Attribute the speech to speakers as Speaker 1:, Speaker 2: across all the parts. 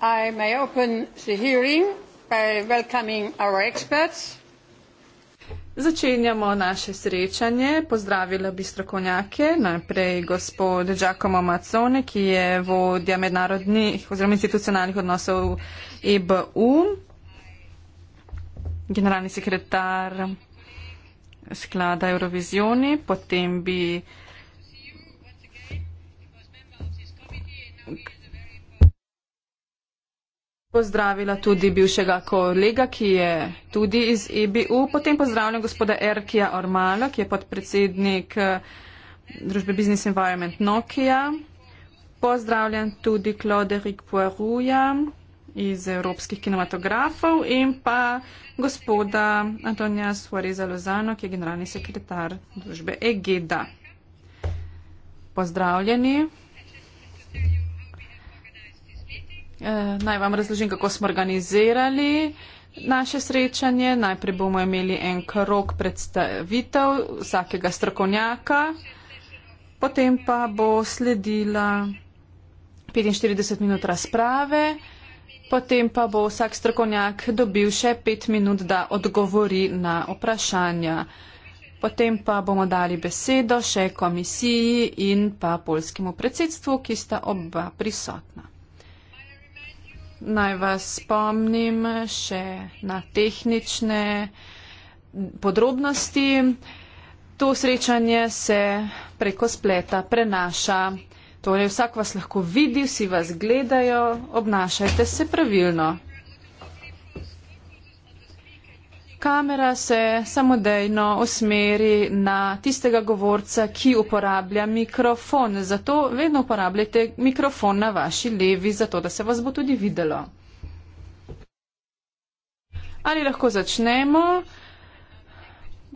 Speaker 1: i may open the hearing by welcoming our experts. Začenjamo naše srečanje. Pozdravila bi strokovnjake, najprej gospod Giacomo Mazzone, ki je vodja mednarodnih oziroma institucionalnih odnosov EBU, generalni sekretar sklada Eurovizioni, potem bi uh, Pozdravila tudi bivšega kolega, ki je tudi iz EBU. Potem pozdravljam gospoda Erkija Ormala, ki je podpredsednik eh, družbe Business Environment Nokia. Pozdravljam tudi Kloderik Poeruja iz evropskih kinematografov in pa gospoda Antonija Suareza Lozano, ki je generalni sekretar družbe EGEDA. Pozdravljeni. Eh, naj vam razložim, kako smo organizirali naše srečanje. Najprej bomo imeli en krok predstavitev vsakega strokovnjaka, potem pa bo sledila 45 minut razprave, potem pa bo vsak strokovnjak dobil še 5 minut, da odgovori na vprašanja. Potem pa bomo dali besedo še komisiji in pa polskemu predsedstvu, ki sta oba prisotna naj vas spomnim še na tehnične podrobnosti. To srečanje se preko spleta prenaša. Torej, vsak vas lahko vidi, vsi vas gledajo, obnašajte se pravilno. Kamera se samodejno usmeri na tistega govorca, ki uporablja mikrofon. Zato vedno uporabljajte mikrofon na vaši levi, zato da se vas bo tudi videlo. Ali lahko začnemo?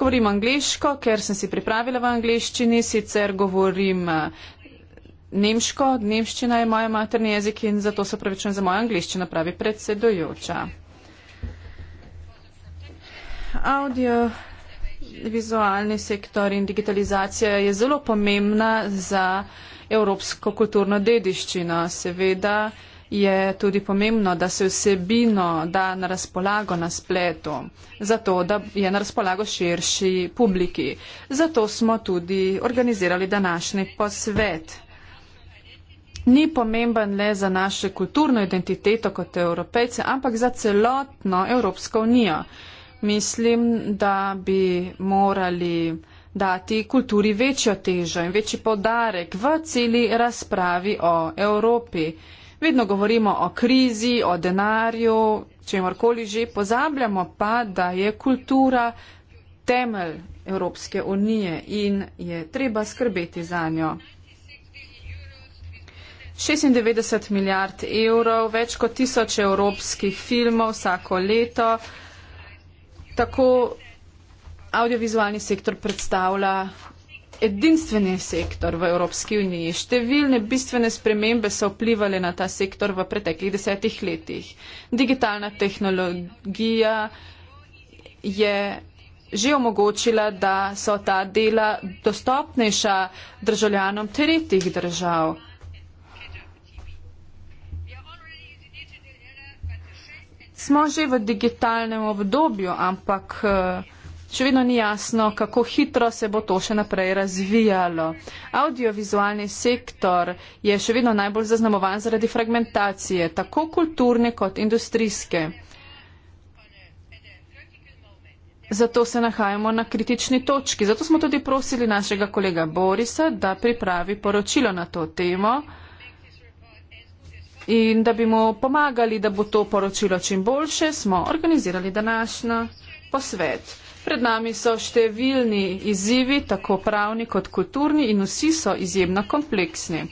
Speaker 1: Govorim angliško, ker sem si pripravila v angliščini, sicer govorim eh, nemško, nemščina je moj materni jezik in zato se pravičujem za mojo angliščino, pravi predsedujoča audio. Vizualni sektor in digitalizacija je zelo pomembna za evropsko kulturno dediščino. Seveda je tudi pomembno, da se vsebino da na razpolago na spletu, zato da je na razpolago širši publiki. Zato smo tudi organizirali današnji posvet. Ni pomemben le za našo kulturno identiteto kot evropejce, ampak za celotno Evropsko unijo mislim, da bi morali dati kulturi večjo težo in večji podarek v celi razpravi o Evropi. Vedno govorimo o krizi, o denarju, če morkoli že, pozabljamo pa, da je kultura temelj Evropske unije in je treba skrbeti za njo. 96 milijard evrov, več kot tisoč evropskih filmov vsako leto tako audiovizualni sektor predstavlja edinstveni sektor v Evropski uniji. Številne bistvene spremembe so vplivali na ta sektor v preteklih desetih letih. Digitalna tehnologija je že omogočila, da so ta dela dostopnejša državljanom tretjih držav. smo že v digitalnem obdobju, ampak eh, še vedno ni jasno, kako hitro se bo to še naprej razvijalo. Audiovizualni sektor je še vedno najbolj zaznamovan zaradi fragmentacije, tako kulturne kot industrijske. Zato se nahajamo na kritični točki. Zato smo tudi prosili našega kolega Borisa, da pripravi poročilo na to temo. In da bi mu pomagali, da bo to poročilo čim boljše, smo organizirali današnjo posvet. Pred nami so številni izzivi, tako pravni kot kulturni in vsi so izjemno kompleksni.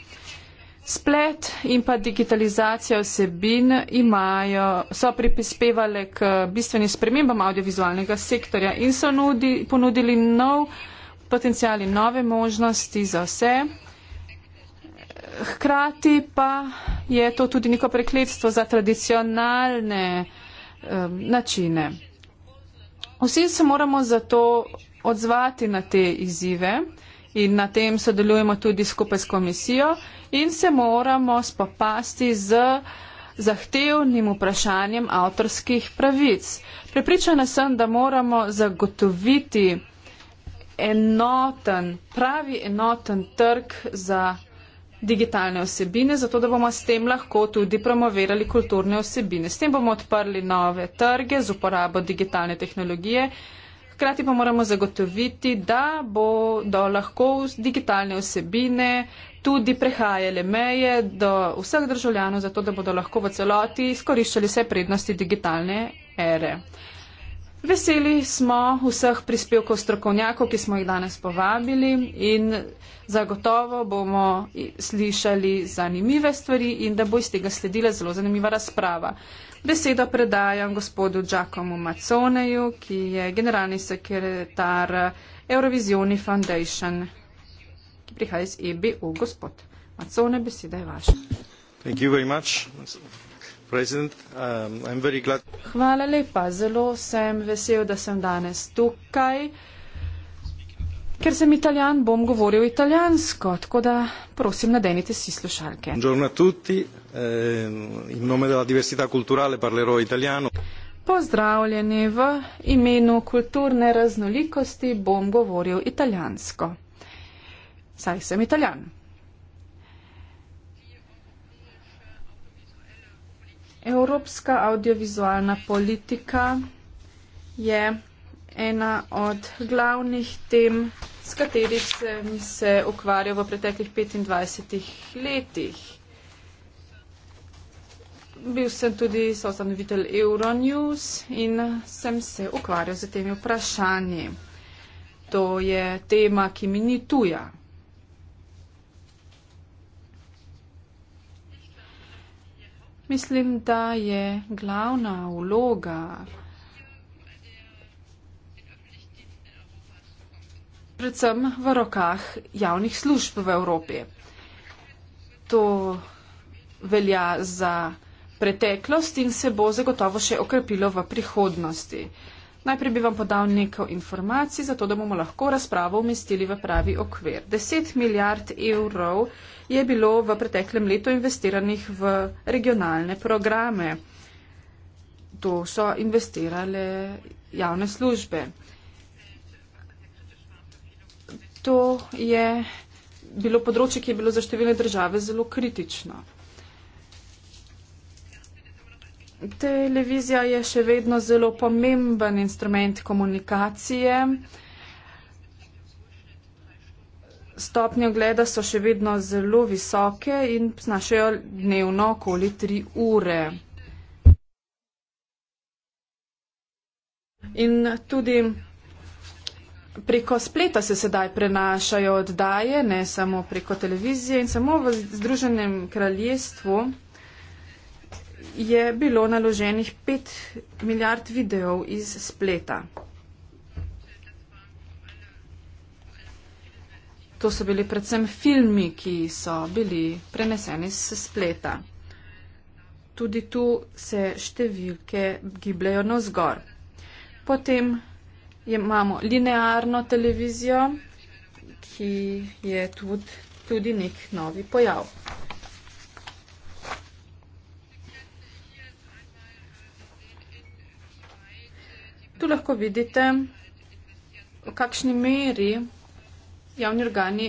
Speaker 1: Splet in pa digitalizacija vsebin imajo, so pripispevale k bistvenim spremembam audiovizualnega sektorja in so nudi, ponudili nov potencijal in nove možnosti za vse, hkrati pa je to tudi neko prekletstvo za tradicionalne um, načine. Vsi se moramo zato odzvati na te izzive in na tem sodelujemo tudi skupaj s komisijo in se moramo spopasti z zahtevnim vprašanjem avtorskih pravic. Pripričana sem, da moramo zagotoviti enoten, pravi enoten trg za digitalne osebine, zato da bomo s tem lahko tudi promovirali kulturne osebine. S tem bomo odprli nove trge z uporabo digitalne tehnologije. Hkrati pa moramo zagotoviti, da bodo lahko digitalne osebine tudi prehajale meje do vseh državljanov, zato da bodo lahko v celoti izkoriščali vse prednosti digitalne ere. Veseli smo vseh prispevkov strokovnjakov, ki smo jih danes povabili in zagotovo bomo slišali zanimive stvari in da bo iz tega sledila zelo zanimiva razprava. Besedo predajam gospodu Giacomo Maconeju, ki je generalni sekretar Eurovisioni Foundation, ki prihaja iz EBU. Gospod Macone, beseda je vaša.
Speaker 2: Hvala. Um,
Speaker 1: Hvala lepa, zelo sem vesel, da sem danes tukaj. Ker sem italijan, bom govoril italijansko, tako da prosim, nadenite si slušalke. Ehm, Pozdravljeni v imenu kulturne raznolikosti, bom govoril italijansko. Saj sem italijan. Evropska audiovizualna politika je ena od glavnih tem, s katerih sem se ukvarjal v preteklih 25 letih. Bil sem tudi sostanovitelj Euronews in sem se ukvarjal z temi vprašanji. To je tema, ki mi ni tuja. Mislim, da je glavna vloga predvsem v rokah javnih služb v Evropi. To velja za preteklost in se bo zagotovo še okrepilo v prihodnosti. Najprej bi vam podal nekaj informacij, zato da bomo lahko razpravo umestili v pravi okvir. 10 milijard evrov je bilo v preteklem letu investiranih v regionalne programe. To so investirale javne službe. To je bilo področje, ki je bilo za številne države zelo kritično. Televizija je še vedno zelo pomemben instrument komunikacije. Uh, stopnje ogleda so še vedno zelo visoke in znašajo dnevno okoli tri ure. In tudi preko spleta se sedaj prenašajo oddaje, ne samo preko televizije in samo v Združenem kraljestvu je bilo naloženih 5 milijard videov iz spleta. To so bili predvsem filmi, ki so bili preneseni s spleta. Tudi tu se številke gibljajo navzgor. Potem imamo linearno televizijo, ki je tudi, tudi nek novi pojav. Tu lahko vidite, v kakšni meri javni organi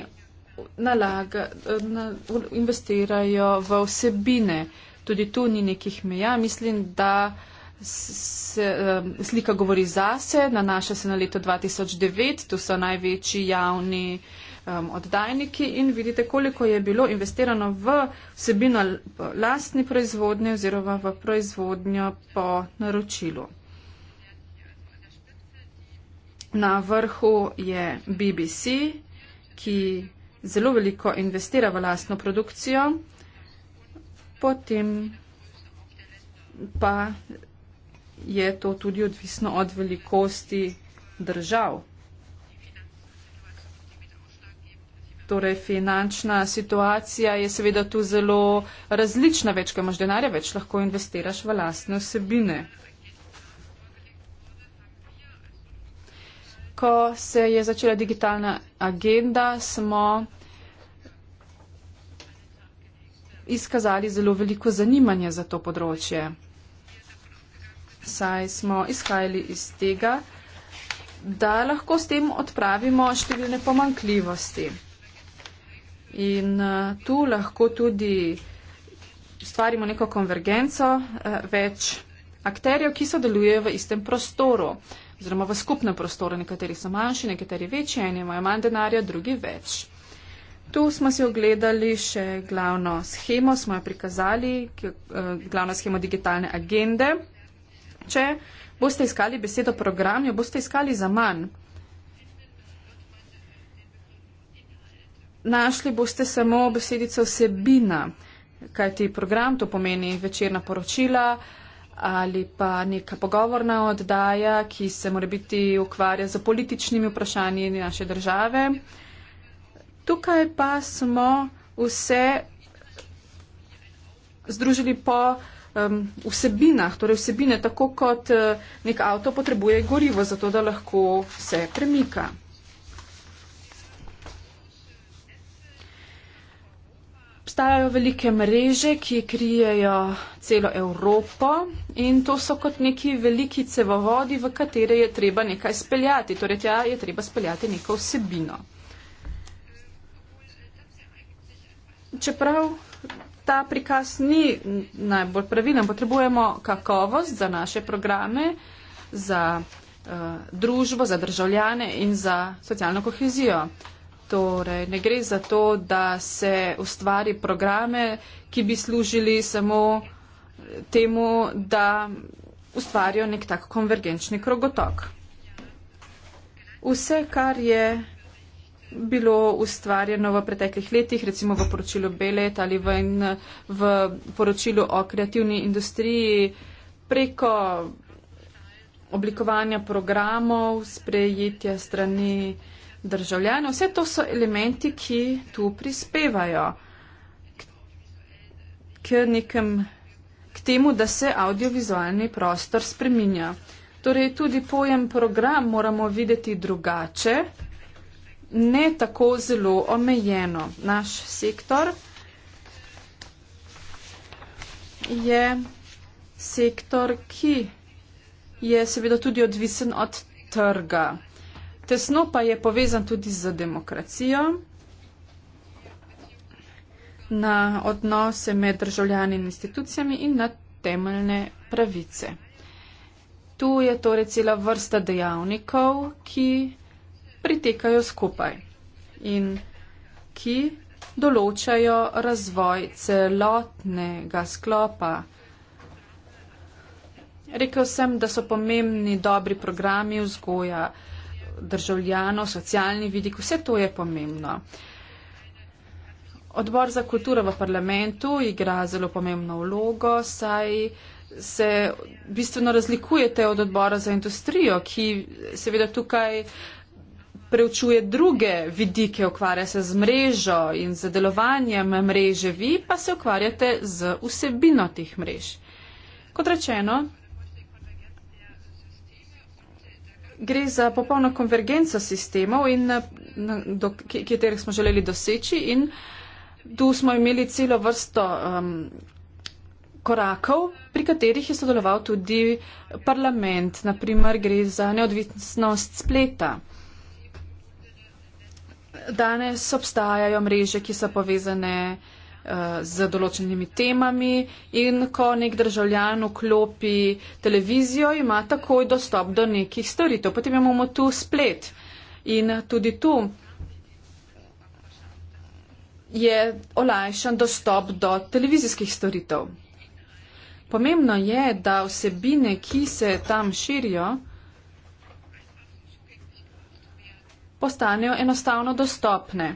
Speaker 1: nalaga, na, investirajo v osebine. Tudi tu ni nekih meja. Mislim, da se um, slika govori zase, nanaša se na leto 2009, tu so največji javni um, oddajniki in vidite, koliko je bilo investirano v vsebino lastni proizvodnje oziroma v proizvodnjo po naročilu. Na vrhu je BBC, ki zelo veliko investira v lastno produkcijo, potem pa je to tudi odvisno od velikosti držav. Torej, finančna situacija je seveda tu zelo različna. Več, ko imaš denarja, več lahko investiraš v lastne vsebine. ko se je začela digitalna agenda, smo izkazali zelo veliko zanimanje za to področje. Saj smo izhajali iz tega, da lahko s tem odpravimo številne pomankljivosti. In eh, tu lahko tudi ustvarimo neko konvergenco eh, več akterjev, ki sodelujejo v istem prostoru oziroma v skupnem prostoru. Nekateri so manjši, nekateri večji, eni imajo manj denarja, drugi več. Tu smo si ogledali še glavno schemo, smo jo prikazali, eh, glavno schemo digitalne agende. Če boste iskali besedo program, jo boste iskali za manj. Našli boste samo besedico vsebina, kajti program to pomeni večerna poročila, uh, ali pa neka pogovorna oddaja, ki se mora biti ukvarja z političnimi vprašanji naše države. Tukaj pa smo vse združili po um, vsebinah, torej vsebine, tako kot uh, nek avto potrebuje gorivo, zato da lahko se premika. Obstajajo velike mreže, ki krijejo celo Evropo in to so kot neki veliki cevovodi, v katere je treba nekaj speljati. Torej, tja je treba speljati neko vsebino. Čeprav ta prikaz ni najbolj pravilen, potrebujemo kakovost za naše programe, za uh, družbo, za državljane in za socialno kohezijo. Torej, ne gre za to, da se ustvari programe, ki bi služili samo temu, da ustvarijo nek tak konvergenčni krogotok. Vse, kar je bilo ustvarjeno v preteklih letih, recimo v poročilu Belet ali v, in, v poročilu o kreativni industriji, preko oblikovanja programov, sprejetja strani državljanov. Vse to so elementi, ki tu prispevajo k, k, nekem, k temu, da se audiovizualni prostor spreminja. Torej tudi pojem program moramo videti drugače, ne tako zelo omejeno. Naš sektor je sektor, ki je seveda tudi odvisen od trga tesno pa je povezan tudi z demokracijo, na odnose med državljani in institucijami in na temeljne pravice. Tu je torej cela vrsta dejavnikov, ki pritekajo skupaj in ki določajo razvoj celotnega sklopa. Rekel sem, da so pomembni dobri programi vzgoja, državljanov, socialni vidik, vse to je pomembno. Odbor za kulturo v parlamentu igra zelo pomembno vlogo, saj se bistveno razlikujete od odbora za industrijo, ki seveda tukaj preučuje druge vidike, ukvarja se z mrežo in z delovanjem mreže, vi pa se ukvarjate z vsebino teh mrež. Kot rečeno, gre za popolno konvergenco sistemov, in, eh, na, do, katerih smo želeli doseči. Tu smo imeli celo vrsto um, korakov, pri katerih je sodeloval tudi parlament. Naprimer, gre za neodvisnost spleta. Danes obstajajo mreže, ki so povezane uh, Eh, z določenimi temami in ko nek državljan vklopi televizijo, ima takoj dostop do nekih storitev. Potem imamo tu splet in tudi tu je olajšan dostop do televizijskih storitev. Pomembno je, da vsebine, ki se tam širijo, postanejo enostavno dostopne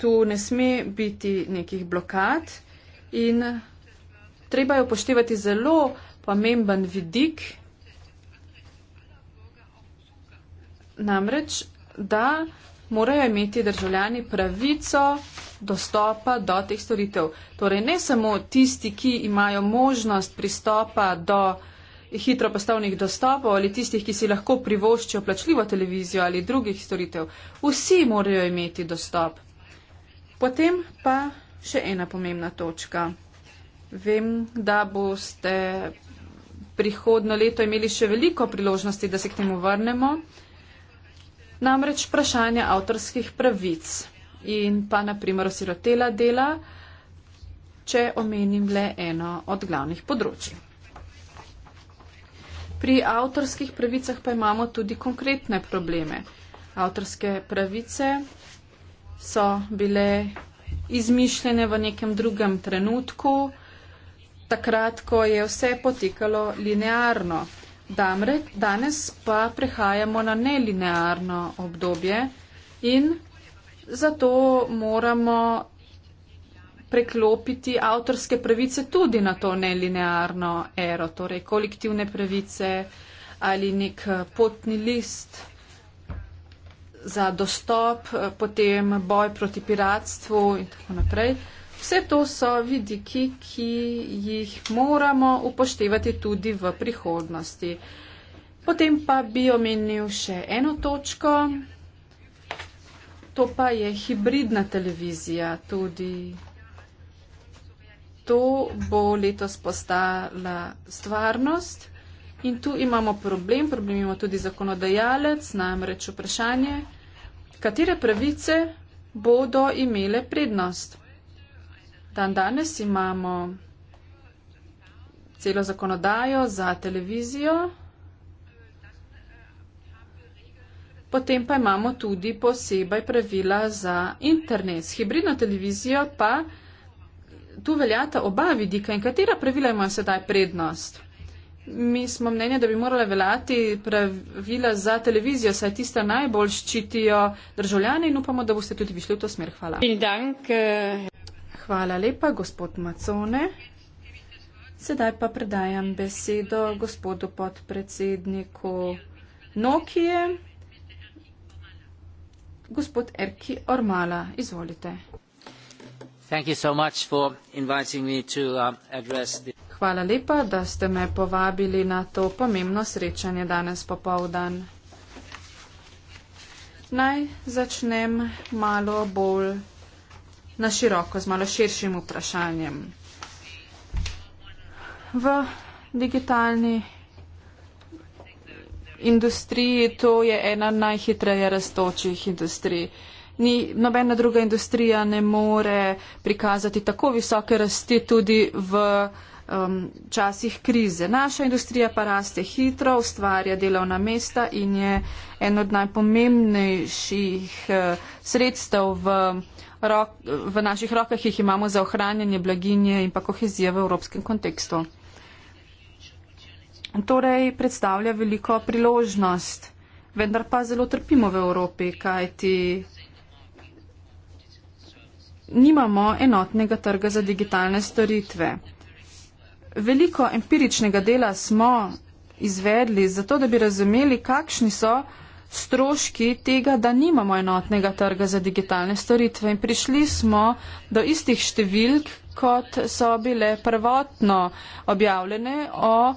Speaker 1: tu ne sme biti nekih blokad in treba je upoštevati zelo pomemben vidik, namreč, da morajo imeti državljani pravico dostopa do teh storitev. Torej ne samo tisti, ki imajo možnost pristopa do hitro postavnih dostopov ali tistih, ki si lahko privoščijo plačljivo televizijo ali drugih storitev. Vsi morajo imeti dostop. Potem pa še ena pomembna točka. Vem, da boste prihodno leto imeli še veliko priložnosti, da se k temu vrnemo. Namreč vprašanje avtorskih pravic in pa naprimer osirotela dela, če omenim le eno od glavnih področji. Pri avtorskih pravicah pa imamo tudi konkretne probleme. Avtorske pravice so bile izmišljene v nekem drugem trenutku, takrat, ko je vse potekalo linearno. Danes pa prehajamo na nelinearno obdobje in zato moramo preklopiti avtorske pravice tudi na to nelinearno ero, torej kolektivne pravice ali nek potni list za dostop, eh, potem boj proti piratstvu in tako naprej. Vse to so vidiki, ki jih moramo upoštevati tudi v prihodnosti. Potem pa bi omenil še eno točko, to pa je hibridna televizija. Tudi to bo letos postala stvarnost. In tu imamo problem, problem ima tudi zakonodajalec, namreč vprašanje, katere pravice bodo imele prednost. Dan danes imamo celo zakonodajo za televizijo, potem pa imamo tudi posebej pravila za internet. S hibridno televizijo pa tu veljata oba vidika in katera pravila imajo sedaj prednost. Mi smo mnenja, da bi morale veljati pravila za televizijo, saj tista najbolj ščitijo državljane in upamo, da boste tudi višli v to smer. Hvala. Eh. Hvala lepa, gospod Macone. Sedaj pa predajam besedo gospodu podpredsedniku Nokije, gospod Erki Ormala. Izvolite.
Speaker 2: Thank you so much for inviting me to uh, address the.
Speaker 1: Hvala lepa, da ste me povabili na to pomembno srečanje danes popovdan. Naj začnem malo bolj na široko, z malo širšim vprašanjem. V digitalni industriji to je ena najhitreje raztočih industrij. Ni, nobena druga industrija ne more prikazati tako visoke rasti tudi v um, časih krize. Naša industrija pa raste hitro, ustvarja delovna mesta in je en od najpomembnejših uh, sredstev v, rok, v naših rokah, ki jih imamo za ohranjanje blaginje in pa kohezije v evropskem kontekstu. Torej predstavlja veliko priložnost, vendar pa zelo trpimo v Evropi, kajti nimamo enotnega trga za digitalne storitve. Veliko empiričnega dela smo izvedli zato, da bi razumeli, kakšni so stroški tega, da nimamo enotnega trga za digitalne storitve. In prišli smo do istih številk, kot so bile prvotno objavljene o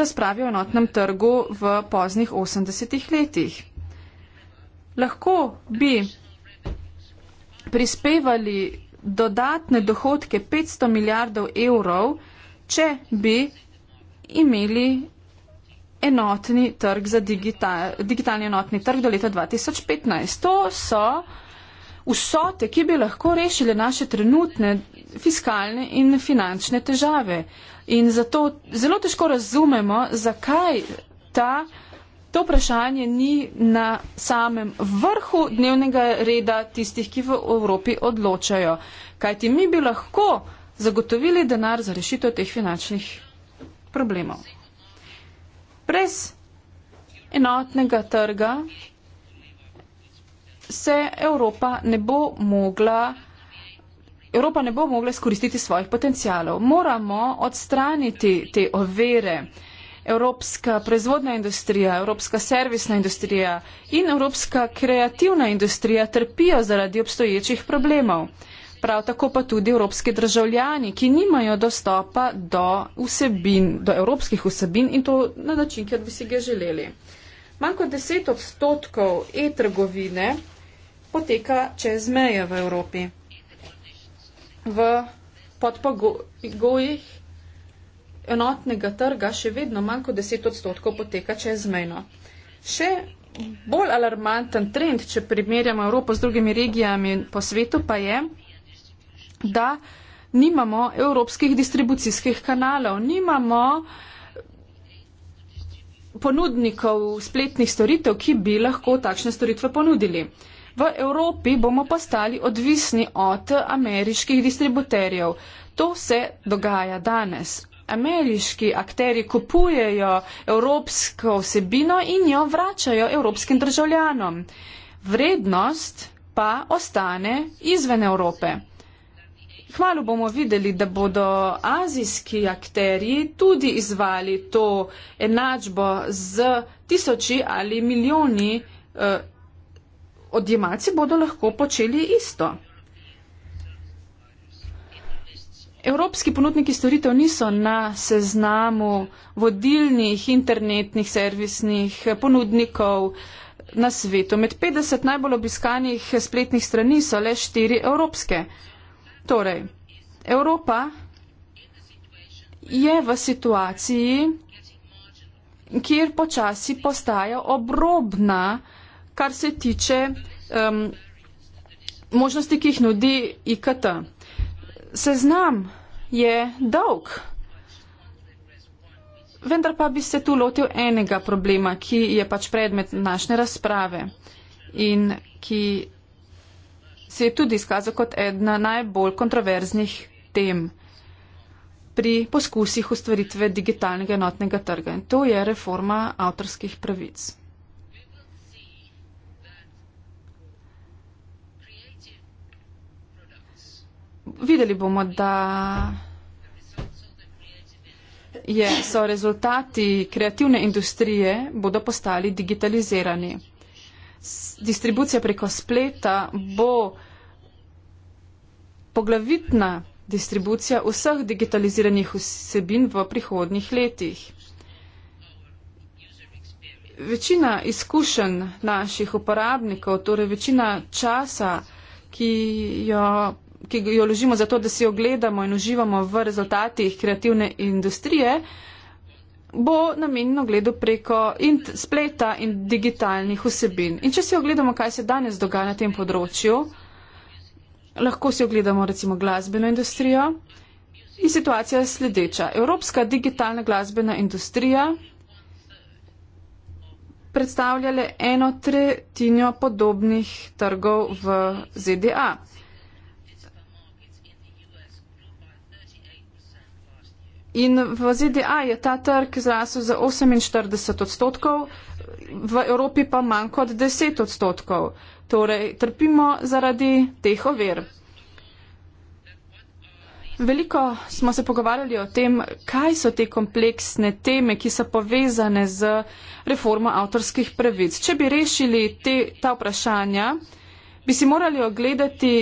Speaker 1: razpravi o enotnem trgu v poznih 80-ih letih. Lahko bi prispevali dodatne dohodke 500 milijardov evrov, če bi imeli enotni trg za digital, digitalni enotni trg do leta 2015. To so vsote, ki bi lahko rešile naše trenutne fiskalne in finančne težave. In zato zelo težko razumemo, zakaj ta, to vprašanje ni na samem vrhu dnevnega reda tistih, ki v Evropi odločajo. Kajti mi bi lahko zagotovili denar za rešitev teh finančnih problemov. Brez enotnega trga se Evropa ne bo mogla. Evropa ne bo mogla izkoristiti svojih potencijalov. Moramo odstraniti te overe. Evropska proizvodna industrija, evropska servisna industrija in evropska kreativna industrija trpijo zaradi obstoječih problemov prav tako pa tudi evropski državljani, ki nimajo dostopa do vsebin, do evropskih vsebin in to na način, kjer bi si ga želeli. Manj kot 10 odstotkov e-trgovine poteka čez meje v Evropi. V podpogojih enotnega trga še vedno manj kot 10 odstotkov poteka čez mejno. Še bolj alarmanten trend, če primerjamo Evropo z drugimi regijami po svetu, pa je, da nimamo evropskih distribucijskih kanalov, nimamo ponudnikov spletnih storitev, ki bi lahko takšne storitve ponudili. V Evropi bomo postali odvisni od ameriških distributerjev. To se dogaja danes. Ameriški akteri kupujejo evropsko vsebino in jo vračajo evropskim državljanom. Vrednost pa ostane izven Evrope. Hvalo bomo videli, da bodo azijski akterji tudi izvali to enačbo z tisoči ali milijoni eh, odjemalci, bodo lahko počeli isto. Evropski ponudniki storitev niso na seznamu vodilnih internetnih servisnih ponudnikov na svetu. Med 50 najbolj obiskanih spletnih strani so le štiri evropske. Torej, Evropa je v situaciji, kjer počasi postaja obrobna, kar se tiče um, možnosti, ki jih nudi IKT. Seznam je dolg, vendar pa bi se tu lotil enega problema, ki je pač predmet naše razprave in ki se je tudi izkazal kot ena najbolj kontroverznih tem pri poskusih ustvaritve digitalnega enotnega trga. In to je reforma avtorskih pravic. Videli bomo, da je, so rezultati kreativne industrije bodo postali digitalizirani. Distribucija preko spleta bo poglavitna distribucija vseh digitaliziranih vsebin v prihodnih letih. Večina izkušenj naših uporabnikov, torej večina časa, ki jo, ki jo ložimo za to, da si jo gledamo in uživamo v rezultatih kreativne industrije, bo namenjeno gledu preko in spleta in digitalnih vsebin. In če si ogledamo, kaj se danes dogaja na tem področju, lahko si ogledamo recimo glasbeno industrijo. In situacija je sledeča. Evropska digitalna glasbena industrija predstavlja le eno tretjino podobnih trgov v ZDA. In v ZDA je ta trg zrasel za 48 odstotkov, v Evropi pa manj kot 10 odstotkov torej trpimo zaradi teh ovir. Veliko smo se pogovarjali o tem, kaj so te kompleksne teme, ki so povezane z reformo avtorskih pravic. Če bi rešili te, ta vprašanja, bi si morali ogledati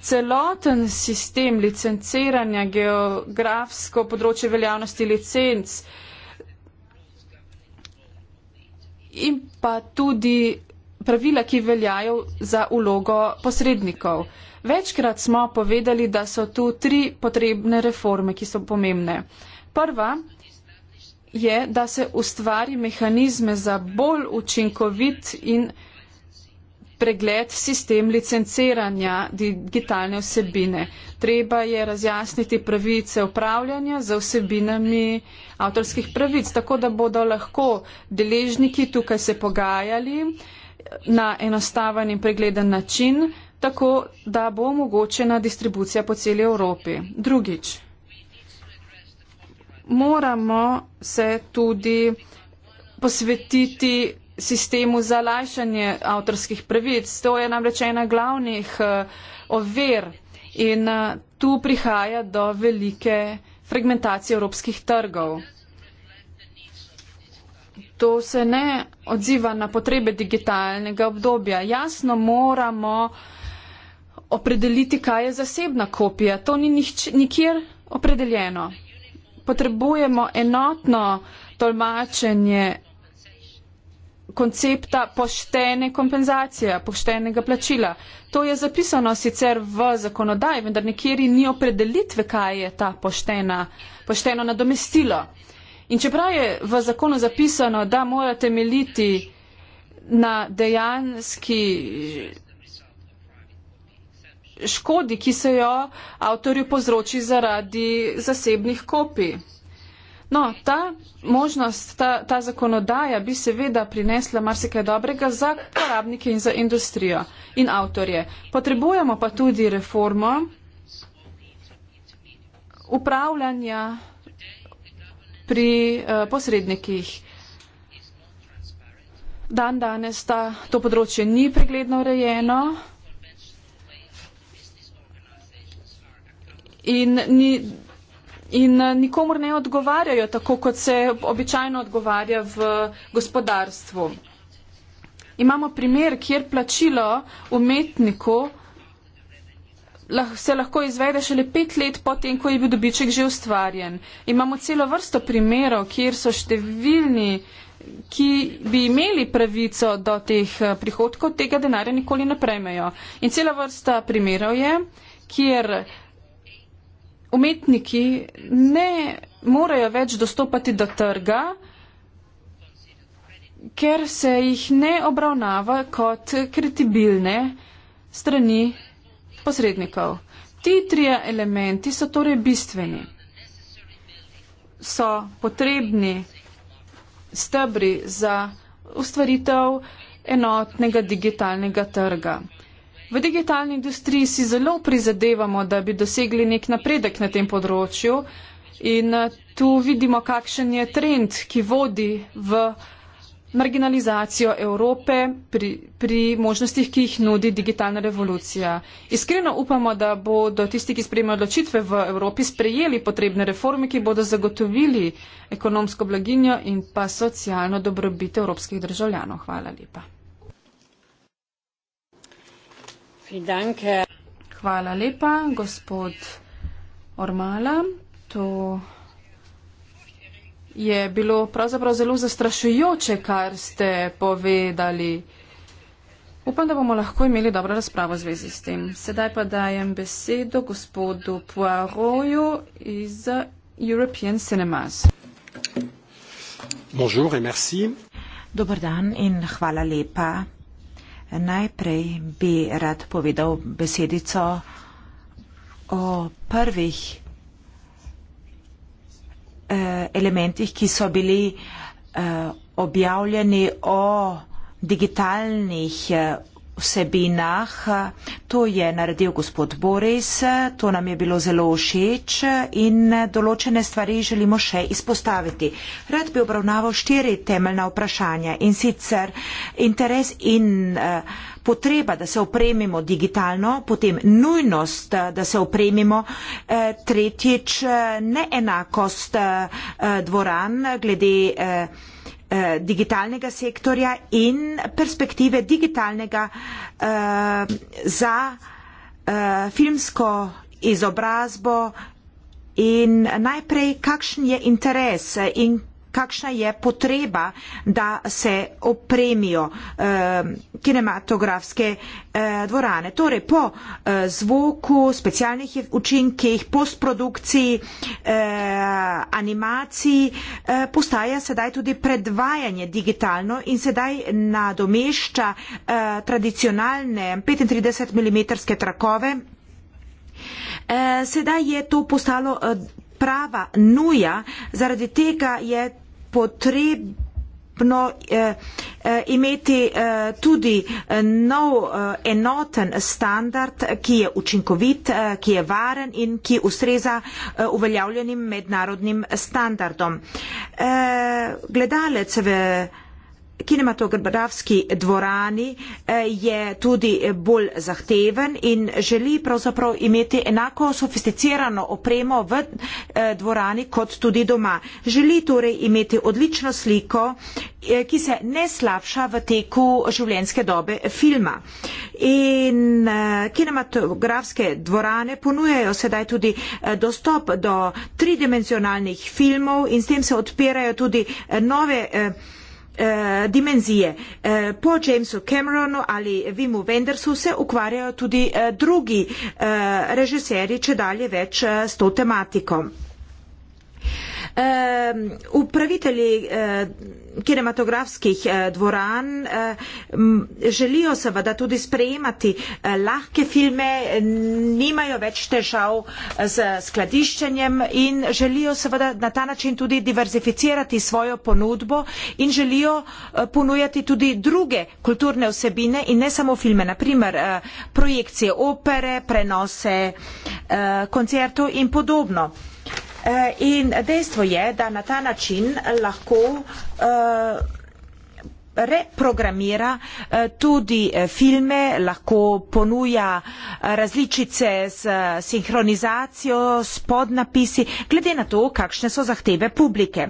Speaker 1: celoten sistem licenciranja, geografsko področje veljavnosti licenc in pa tudi pravila, ki veljajo za ulogo posrednikov. Večkrat smo povedali, da so tu tri potrebne reforme, ki so pomembne. Prva je, da se ustvari mehanizme za bolj učinkovit in pregled sistem licenciranja digitalne vsebine. Treba je razjasniti pravice upravljanja za vsebinami avtorskih pravic, tako da bodo lahko deležniki tukaj se pogajali na enostaven in pregleden način, tako da bo omogočena distribucija po celi Evropi. Drugič, moramo se tudi posvetiti sistemu za lajšanje avtorskih pravic. To je namreč ena glavnih eh, ovir in eh, tu prihaja do velike fragmentacije evropskih trgov to se ne odziva na potrebe digitalnega obdobja. Jasno moramo opredeliti, kaj je zasebna kopija. To ni nič, nikjer opredeljeno. Potrebujemo enotno tolmačenje koncepta poštene kompenzacije, poštenega plačila. To je zapisano sicer v zakonodaji, vendar nekjeri ni opredelitve, kaj je ta poštena, pošteno nadomestilo. In čeprav je v zakonu zapisano, da morate meliti na dejanski škodi, ki se jo avtorju povzroči zaradi zasebnih kopij. No, ta možnost, ta, ta zakonodaja bi seveda prinesla marsikaj dobrega za uporabnike in za industrijo in avtorje. Potrebujemo pa tudi reformo upravljanja pri eh, posrednikih. Dan danes ta to področje ni pregledno urejeno in, ni, in eh, nikomor ne odgovarjajo tako, kot se običajno odgovarja v gospodarstvu. Imamo primer, kjer plačilo umetniku se lahko izvede šele pet let potem, ko je bil dobiček že ustvarjen. Imamo celo vrsto primerov, kjer so številni, ki bi imeli pravico do teh eh, prihodkov, tega denarja nikoli ne prejmejo. In celo vrsta primerov je, kjer umetniki ne morejo več dostopati do trga, ker se jih ne obravnava kot kredibilne strani posrednikov. Ti trije elementi so torej bistveni. So potrebni stebri za ustvaritev enotnega digitalnega trga. V digitalni industriji si zelo prizadevamo, da bi dosegli nek napredek na tem področju in tu vidimo, kakšen je trend, ki vodi v marginalizacijo Evrope pri, pri možnostih, ki jih nudi digitalna revolucija. Iskreno upamo, da bodo tisti, ki sprejemajo odločitve v Evropi, sprejeli potrebne reforme, ki bodo zagotovili ekonomsko blaginjo in pa socialno dobrobit evropskih državljanov. Hvala lepa. Hvala lepa, gospod Ormala. To je bilo pravzaprav zelo zastrašujoče, kar ste povedali. Upam, da bomo lahko imeli dobro razpravo v zvezi s tem. Sedaj pa dajem besedo gospodu Poiroju
Speaker 2: iz European Cinemas.
Speaker 1: Bonjour et merci.
Speaker 2: Dobar dan in hvala lepa. Najprej bi rad povedal besedico o prvih Eh, elementih, ki so bili eh, objavljeni o digitalnih eh, vsebinah. To je naredil gospod Boris, to nam je bilo zelo všeč in določene stvari želimo še izpostaviti. Rad bi obravnaval štiri temeljna vprašanja in sicer interes in uh, potreba, da se opremimo digitalno, potem nujnost, eh, da se opremimo, uh, tretjič neenakost uh, dvoran glede uh, eh, digitalnega sektorja in perspektive digitalnega eh, za eh, filmsko izobrazbo in najprej, kakšen je interes in kakšna je potreba, da se opremijo eh, kinematografske eh, dvorane. Torej, po eh, zvoku, specialnih učinkih, postprodukciji, eh, animaciji, eh, postaja sedaj tudi predvajanje digitalno in sedaj nadomešča eh, tradicionalne 35 mm trakove. Eh, sedaj je to postalo eh, prava nuja, zaradi tega je potrebno eh, eh, imeti eh, tudi nov enoten standard, ki je učinkovit, ki je varen in ki ustreza uveljavljenim mednarodnim standardom. Gledalec v kinematografski dvorani eh, je tudi bolj zahteven in želi pravzaprav imeti enako sofisticirano opremo v eh, dvorani kot tudi doma. Želi torej imeti odlično sliko, eh, ki se ne slabša v teku življenjske dobe filma. In kinematografske dvorane ponujajo sedaj tudi dostop do tridimenzionalnih filmov in s tem se odpirajo tudi nove uh, dimenzije. Uh, po Jamesu Cameronu ali Vimu Wendersu se ukvarjajo tudi uh, drugi uh, režiserji, če dalje več uh, s to tematiko. Ehm, upravitelji eh, kinematografskih eh, dvoran eh, želijo seveda tudi sprejemati lahke filme, nimajo več težav z skladiščenjem in želijo seveda na ta način tudi diverzificirati svojo ponudbo in želijo ponujati tudi druge kulturne osebine in ne samo filme, naprimer projekcije opere, prenose koncertov in podobno. Eh, in dejstvo je, da na ta način lahko eh, reprogramira eh, tudi filme, lahko ponuja različice s sinhronizacijo, s podnapisi, glede na to, kakšne so zahteve publike.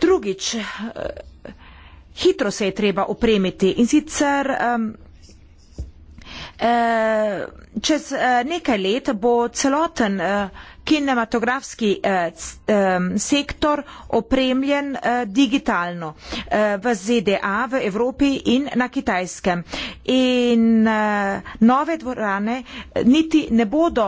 Speaker 2: Drugič, hitro se je treba opremiti in sicer čez nekaj let bo celoten kinematografski eh, sektor opremljen eh, digitalno eh, v ZDA, v Evropi in na Kitajskem. In eh, nove dvorane eh, niti ne bodo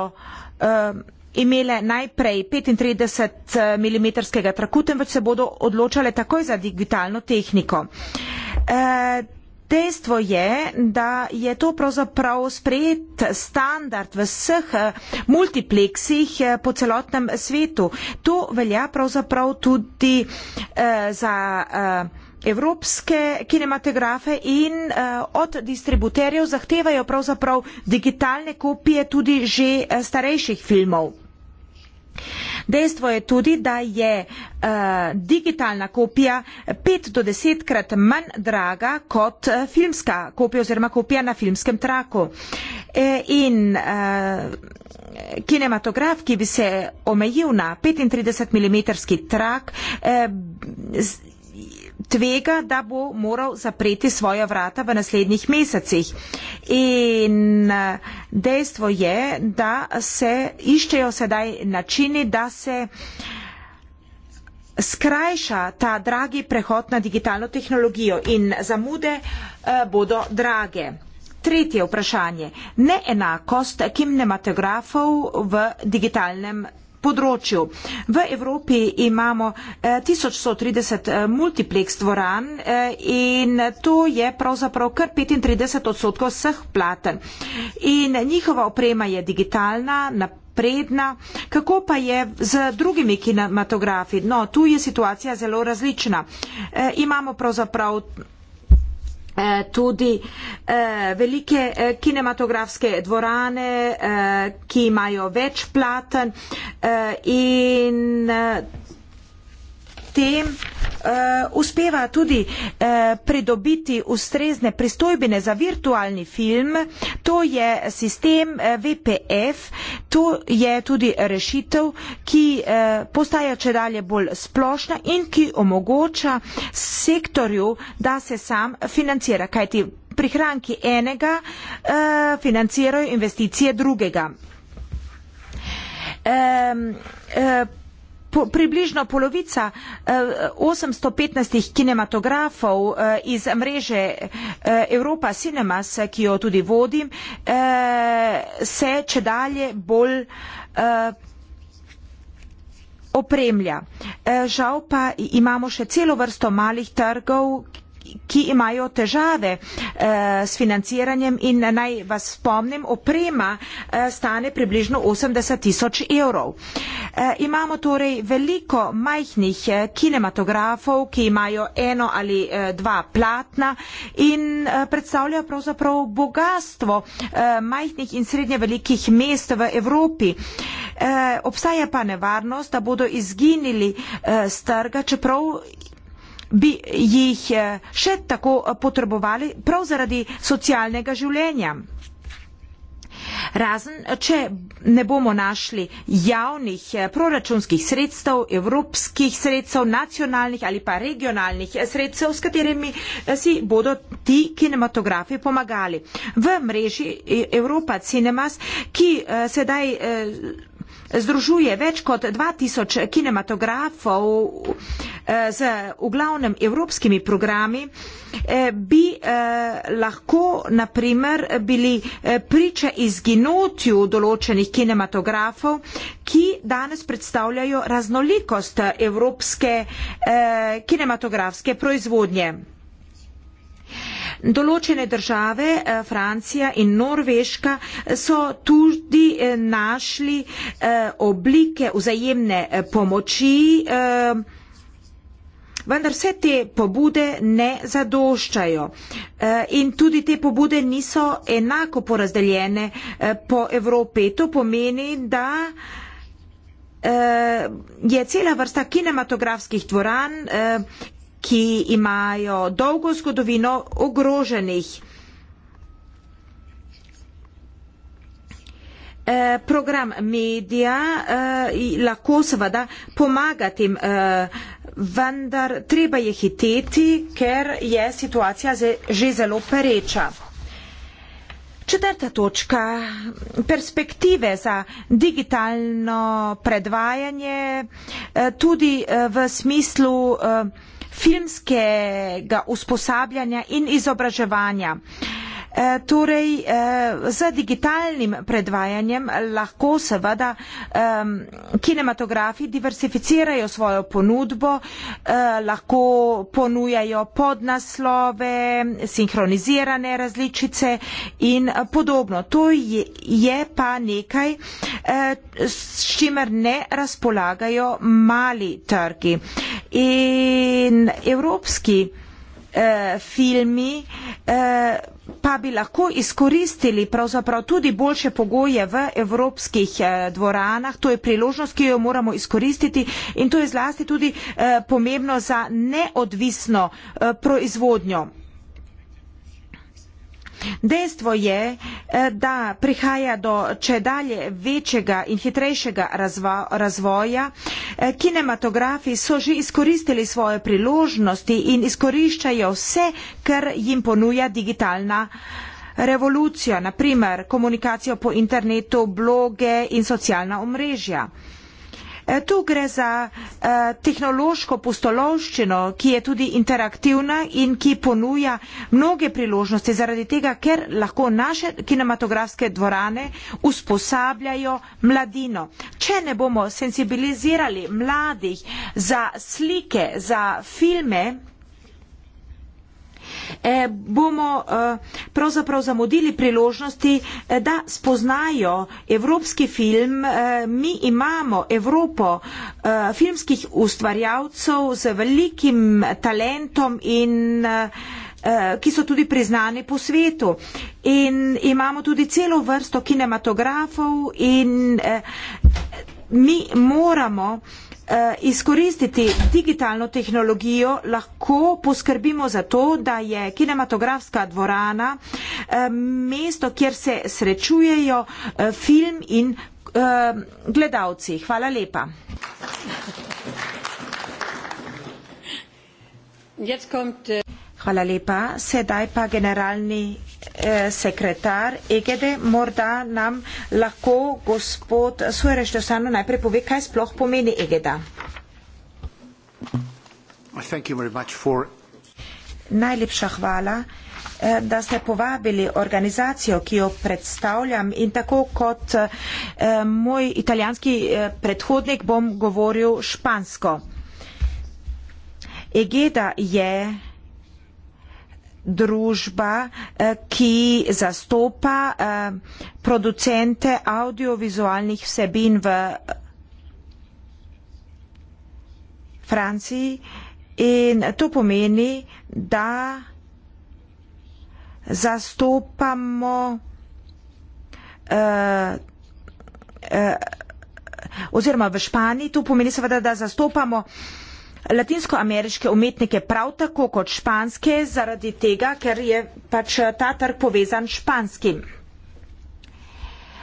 Speaker 2: eh, imele najprej 35 eh, mm traku, temveč se bodo odločale takoj za digitalno tehniko. Eh, Dejstvo je, da je to pravzaprav sprejet standard v vseh eh, multipleksih eh, po celotnem svetu. To velja pravzaprav tudi eh, za eh, evropske kinematografe in uh, od distributerjev zahtevajo pravzaprav digitalne kopije tudi že uh, starejših filmov. Uh, Dejstvo je tudi, da je uh, digitalna kopija pet do desetkrat manj draga kot uh, filmska kopija oziroma kopija na filmskem traku. E, in uh, kinematograf, ki bi se omejil na 35 mm trak, uh, tvega, da bo moral zapreti svoja vrata v naslednjih mesecih. In eh, dejstvo je, da se iščejo sedaj načini, da se skrajša ta dragi prehod na digitalno tehnologijo in zamude eh, bodo drage. Tretje vprašanje. Neenakost kinematografov v digitalnem področju. V Evropi imamo 1130 eh, eh, multipleks dvoran eh, in to je pravzaprav kar 35 odstotkov vseh platen. In njihova oprema je digitalna, napredna. Kako pa je z drugimi kinematografi? No, tu je situacija zelo različna. Imamo pravzaprav Eh, tudi eh, velike eh, kinematografske dvorane, ki imajo več platen in tem uh, uspeva tudi uh, pridobiti ustrezne pristojbine za virtualni film, to je sistem uh, eh, VPF, to je tudi rešitev, ki uh, postaja če dalje bolj splošna in ki omogoča sektorju, da se sam financira, kajti prihranki enega uh, financirajo investicije drugega. Um, uh, po, približno polovica eh, 815 kinematografov eh, iz mreže eh, Evropa Cinemas, ki jo tudi vodim, eh, se če dalje bolj. Eh, opremlja. Eh, žal pa imamo še celo vrsto malih trgov, ki imajo težave eh, s financiranjem in naj vas spomnim, oprema eh, stane približno 80 tisoč evrov. Eh, imamo torej veliko majhnih kinematografov, ki imajo eno ali dva platna in predstavljajo pravzaprav bogatstvo majhnih in srednje velikih mest v Evropi. Obstaja pa nevarnost, da bodo izginili z trga, čeprav bi jih eh, še tako eh, potrebovali prav zaradi socialnega življenja. Razen, če ne bomo našli javnih eh, proračunskih sredstev, evropskih sredstev, nacionalnih ali pa regionalnih sredstev, s katerimi si bodo ti kinematografi pomagali. V mreži Evropa Cinemas, ki sedaj združuje več kot 2000 kinematografov eh, z v glavnem evropskimi programi, eh, bi eh, lahko naprimer bili priče izginotju določenih kinematografov, ki danes predstavljajo raznolikost evropske kinematografske proizvodnje. Določene države, eh, Francija in Norveška, eh, so tudi eh, našli oblike vzajemne pomoči, vendar vse te pobude ne zadoščajo in tudi te pobude niso enako porazdeljene po Evropi. To pomeni, da je cela vrsta kinematografskih dvoran, ki imajo dolgo zgodovino ogroženih. Eh, program medija eh, lahko seveda pomaga tem, eh, vendar treba je hiteti, ker je situacija že zelo pereča. Četrta točka. Perspektive za digitalno predvajanje eh, tudi eh, v smislu. Eh, filmskega usposabljanja in izobraževanja. E, torej, e, z digitalnim predvajanjem lahko seveda e, kinematografi diversificirajo svojo ponudbo, e, lahko ponujajo podnaslove, sinhronizirane različice in podobno. To je, je pa nekaj, e, s čimer ne razpolagajo mali trgi. E, in evropski eh, filmi eh, pa bi lahko izkoristili pravzaprav tudi boljše pogoje v evropskih eh, dvoranah. To je priložnost, ki jo moramo izkoristiti in to je zlasti tudi eh, pomembno za neodvisno eh, proizvodnjo. Dejstvo je, eh, da prihaja do če dalje večjega in hitrejšega razvo razvoja. Eh, Kinematografi so že izkoristili svoje priložnosti in izkoriščajo vse, kar jim ponuja digitalna. Revolucijo, naprimer komunikacijo po internetu, bloge in socialna omrežja. E, tu gre za uh, tehnološko pustolovščino, ki je tudi interaktivna in ki ponuja mnoge priložnosti zaradi tega, ker lahko naše kinematografske dvorane usposabljajo mladino. Če ne bomo sensibilizirali mladih za slike, za filme, eh, bomo eh, pravzaprav zamudili priložnosti, eh, da spoznajo evropski film. Eh, mi imamo Evropo eh, filmskih ustvarjavcev z velikim talentom in eh, eh, ki so tudi priznani po svetu. In imamo tudi celo vrsto kinematografov in eh, mi moramo eh, Eh, izkoristiti digitalno tehnologijo, lahko poskrbimo za to, da je kinematografska dvorana eh, mesto, kjer se srečujejo eh, film in gledalci. Hvala lepa. Jetzt kommt äh Hvala lepa. Sedaj pa generalni eh, sekretar EGD, morda nam lahko gospod Suereš Dosano najprej pove, kaj sploh pomeni EGD. Najlepša hvala, eh, da ste povabili organizacijo, ki jo predstavljam in tako kot eh, moj italijanski eh, predhodnik bom govoril špansko. EGEDA je družba, eh, ki zastopa eh, producente audiovizualnih vsebin v Franciji in to pomeni, da zastopamo eh, oziroma v Španiji, to pomeni seveda, da zastopamo latinskoameriške umetnike prav tako kot španske, zaradi tega, ker je pač eh, ta trg povezan španskim.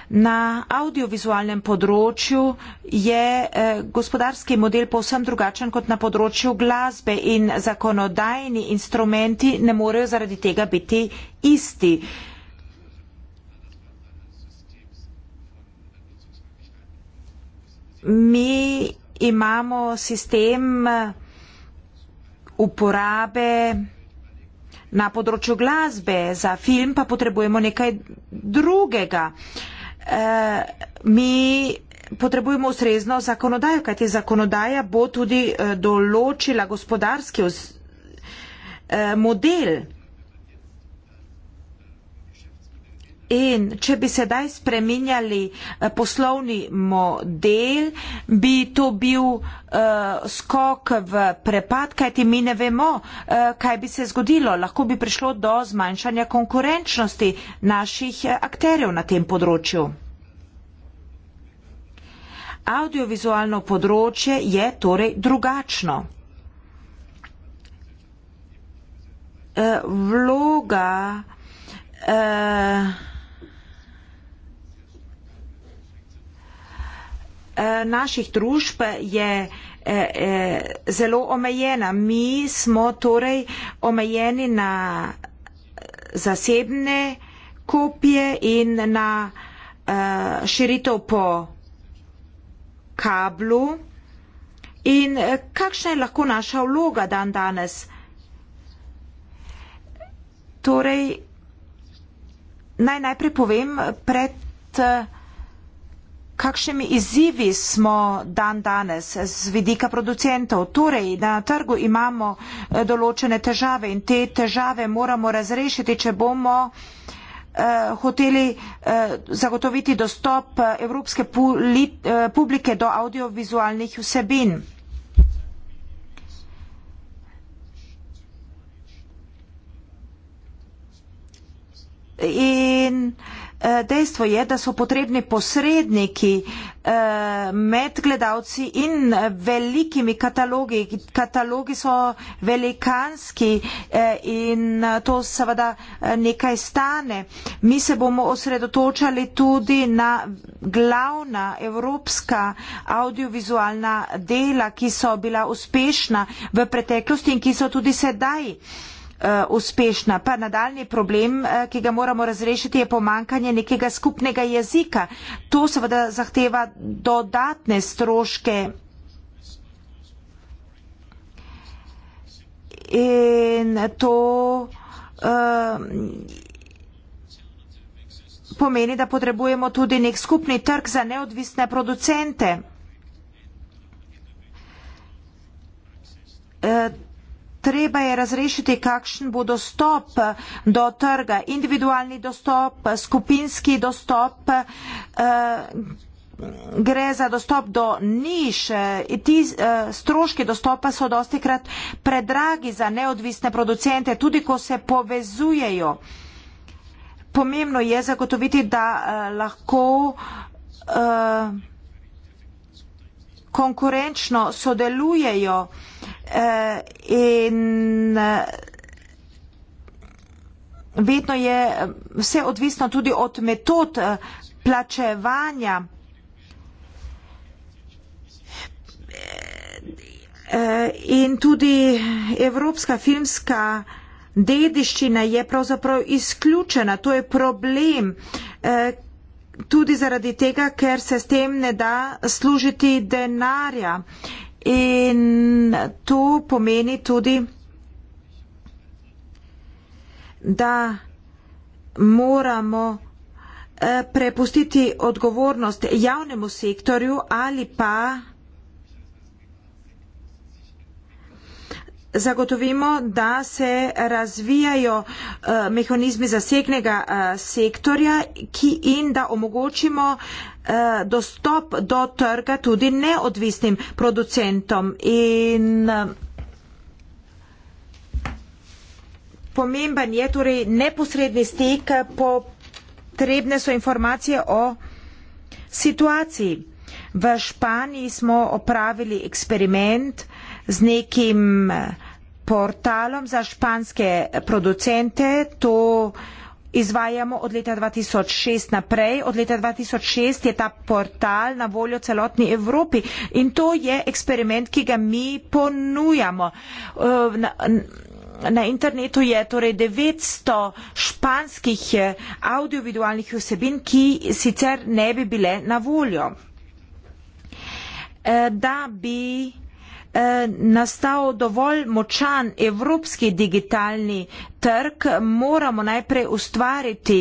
Speaker 2: Na audiovizualnem področju je eh, gospodarski model povsem drugačen kot na področju glasbe in zakonodajni instrumenti ne morejo zaradi tega biti isti. Mi imamo sistem eh, uporabe na področju glasbe, za film pa potrebujemo nekaj drugega. Eh, mi potrebujemo ustrezno zakonodajo, kajti zakonodaja bo tudi eh, določila gospodarski model. In če bi sedaj spreminjali eh, poslovni model, bi to bil uh, skok v prepad, kajti mi ne vemo, uh, kaj bi se zgodilo. Lahko bi prišlo do zmanjšanja konkurenčnosti naših akterjev na tem področju. Audiovizualno področje je torej drugačno. Uh, vloga uh, Eh, naših družb je eh, eh, zelo omejena. Mi smo torej omejeni na zasebne kopije in na širitev po kablu. In kakšna je lahko naša vloga dan danes? Torej, naj najprej povem pred kakšnimi izzivi smo dan danes z vidika producentov. Torej, na trgu imamo eh, določene težave in te težave moramo razrešiti, če bomo eh, hoteli eh, zagotoviti dostop evropske publike do audiovizualnih vsebin. In uh, Eh, dejstvo je, da so potrebni posredniki eh, med gledalci in velikimi katalogi. Katalogi so velikanski eh, in to seveda nekaj stane. Mi se bomo osredotočali tudi na glavna evropska audiovizualna dela, ki so bila uspešna v preteklosti in ki so tudi sedaj. Eh, uspešna. Pa nadaljni problem, eh, ki ga moramo razrešiti, je pomankanje nekega skupnega jezika. To seveda zahteva dodatne stroške. In to um, pomeni, da potrebujemo tudi nek skupni trg za neodvisne producente. Uh, Treba je razrešiti, kakšen bo dostop do trga, individualni dostop, skupinski dostop. Uh, gre za dostop do niše. Ti uh, stroški dostopa so dosti krat predragi za neodvisne producente, tudi ko se povezujejo. Pomembno je zagotoviti, da uh, lahko. Uh, konkurenčno sodelujejo eh, in eh, vedno je vse odvisno tudi od metod eh, plačevanja. Eh, in tudi evropska filmska dediščina je pravzaprav izključena. To je problem, eh, tudi zaradi tega, ker se s tem ne da služiti denarja. In to pomeni tudi, da moramo eh, prepustiti odgovornost javnemu sektorju ali pa zagotovimo, da se razvijajo eh, mehanizmi zasegnega eh, sektorja in da omogočimo eh, dostop do trga tudi neodvisnim producentom. In pomemben je torej neposredni stik, potrebne so informacije o situaciji. V Španiji smo opravili eksperiment, z nekim eh, portalom za španske producente. To izvajamo od leta 2006 naprej. Od leta 2006 je ta portal na voljo celotni Evropi in to je eksperiment, ki ga mi ponujamo. Eh, na, Na internetu je torej 900 španskih eh, audiovizualnih vsebin, ki sicer ne bi bile na voljo. Da bi Eh, nastal dovolj močan evropski digitalni trg, moramo najprej ustvariti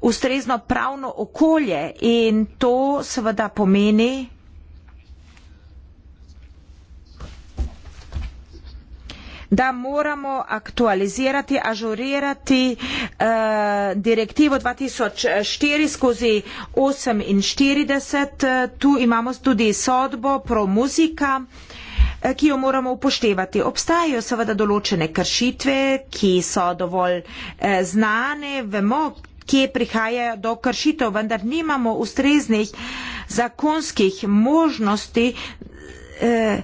Speaker 2: ustrezno pravno okolje in to seveda pomeni da moramo aktualizirati, ažurirati eh, direktivo 2004 skozi 48. Tu imamo tudi sodbo pro muzika. Eh, ki jo moramo upoštevati. Obstajajo seveda določene kršitve, ki so dovolj eh, znane, vemo, kje prihajajo do kršitev, vendar nimamo ustreznih zakonskih možnosti, eh,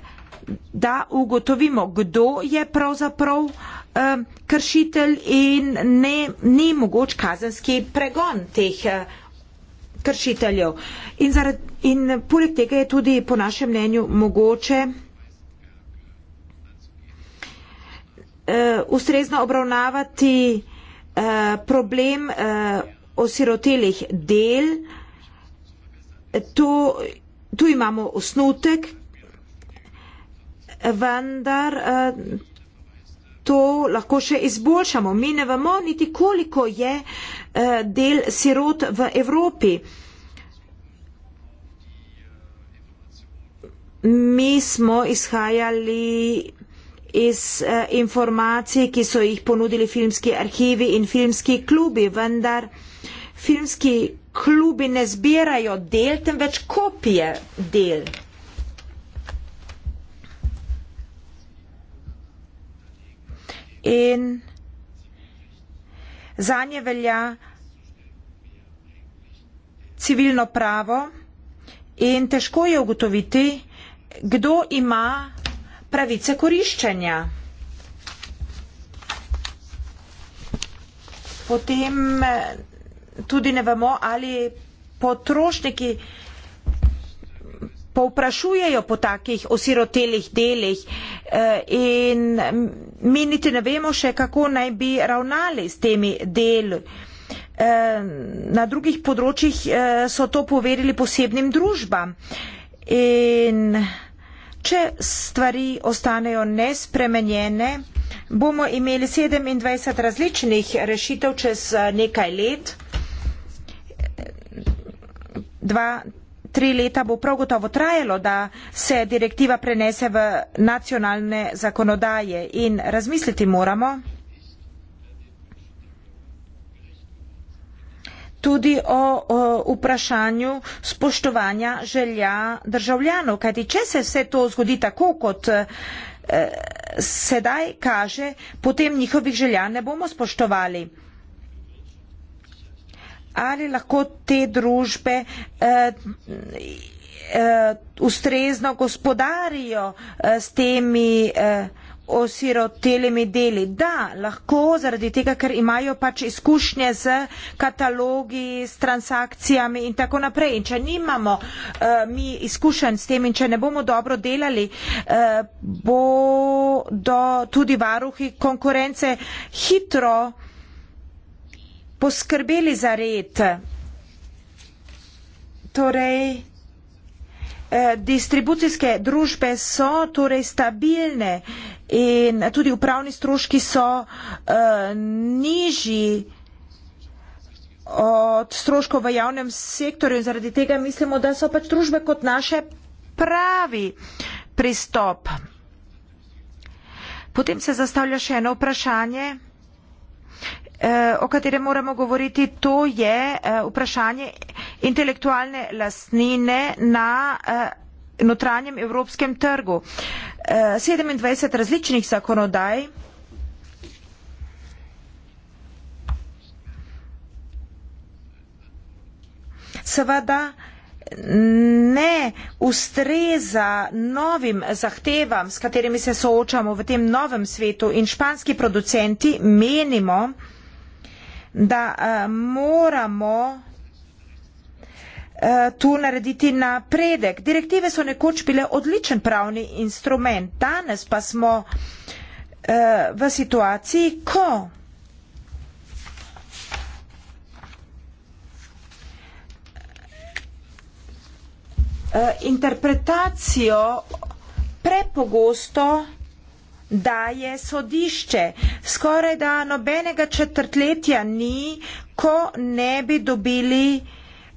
Speaker 2: da ugotovimo, kdo je pravzaprav kršitelj in ne, ni mogoč kazenski pregon teh kršiteljev. In, zaradi, in poleg tega je tudi po našem mnenju mogoče uh, ustrezno obravnavati uh, problem uh, osirotelih del. To, tu imamo osnutek, vendar uh, to lahko še izboljšamo. Mi ne vemo niti koliko je uh, del sirot v Evropi. Mi smo izhajali iz eh, informacij, ki so jih ponudili filmski arhivi in filmski klubi, vendar filmski klubi ne zbirajo del, temveč kopije del. In za nje velja civilno pravo in težko je ugotoviti, kdo ima pravice koriščenja. Potem eh, tudi ne vemo, ali potrošniki povprašujejo po takih osirotelih delih eh, in mi niti ne vemo še, kako naj bi ravnali s temi deli. Eh, na drugih področjih so to poverili posebnim družbam. In Če stvari ostanejo nespremenjene, bomo imeli 27 različnih rešitev čez eh, nekaj let. Dva, tri leta bo prav gotovo trajalo, da se direktiva prenese v nacionalne zakonodaje in razmisliti moramo. tudi o, o vprašanju spoštovanja želja državljanov. Kajti, če se vse to zgodi tako, kot eh, sedaj kaže, potem njihovih želja ne bomo spoštovali. Ali lahko te družbe eh, eh, ustrezno gospodarijo eh, s temi. Eh, osirotelimi deli. Da, lahko zaradi tega, ker imajo pač izkušnje z katalogi, s transakcijami in tako naprej. In če nimamo uh, mi izkušenj s tem in če ne bomo dobro delali, uh, bodo tudi varuhi konkurence hitro poskrbeli za red. Torej, Eh, distribucijske družbe so torej stabilne in tudi upravni stroški so uh, nižji od stroškov v javnem sektorju in zaradi tega mislimo, da so pač družbe kot naše pravi pristop. Potem se zastavlja še eno vprašanje. Eh, o katerem moramo govoriti, to je eh, vprašanje intelektualne lastnine na eh, notranjem evropskem trgu. 27 različnih zakonodaj seveda ne ustreza novim zahtevam, s katerimi se soočamo v tem novem svetu in španski producenti menimo, da uh, moramo eh, tu narediti napredek. Direktive so nekoč bile odličen pravni instrument, danes pa smo uh, v situaciji, ko uh, interpretacijo prepogosto da je sodišče skoraj da nobenega četrtletja ni, ko ne bi dobili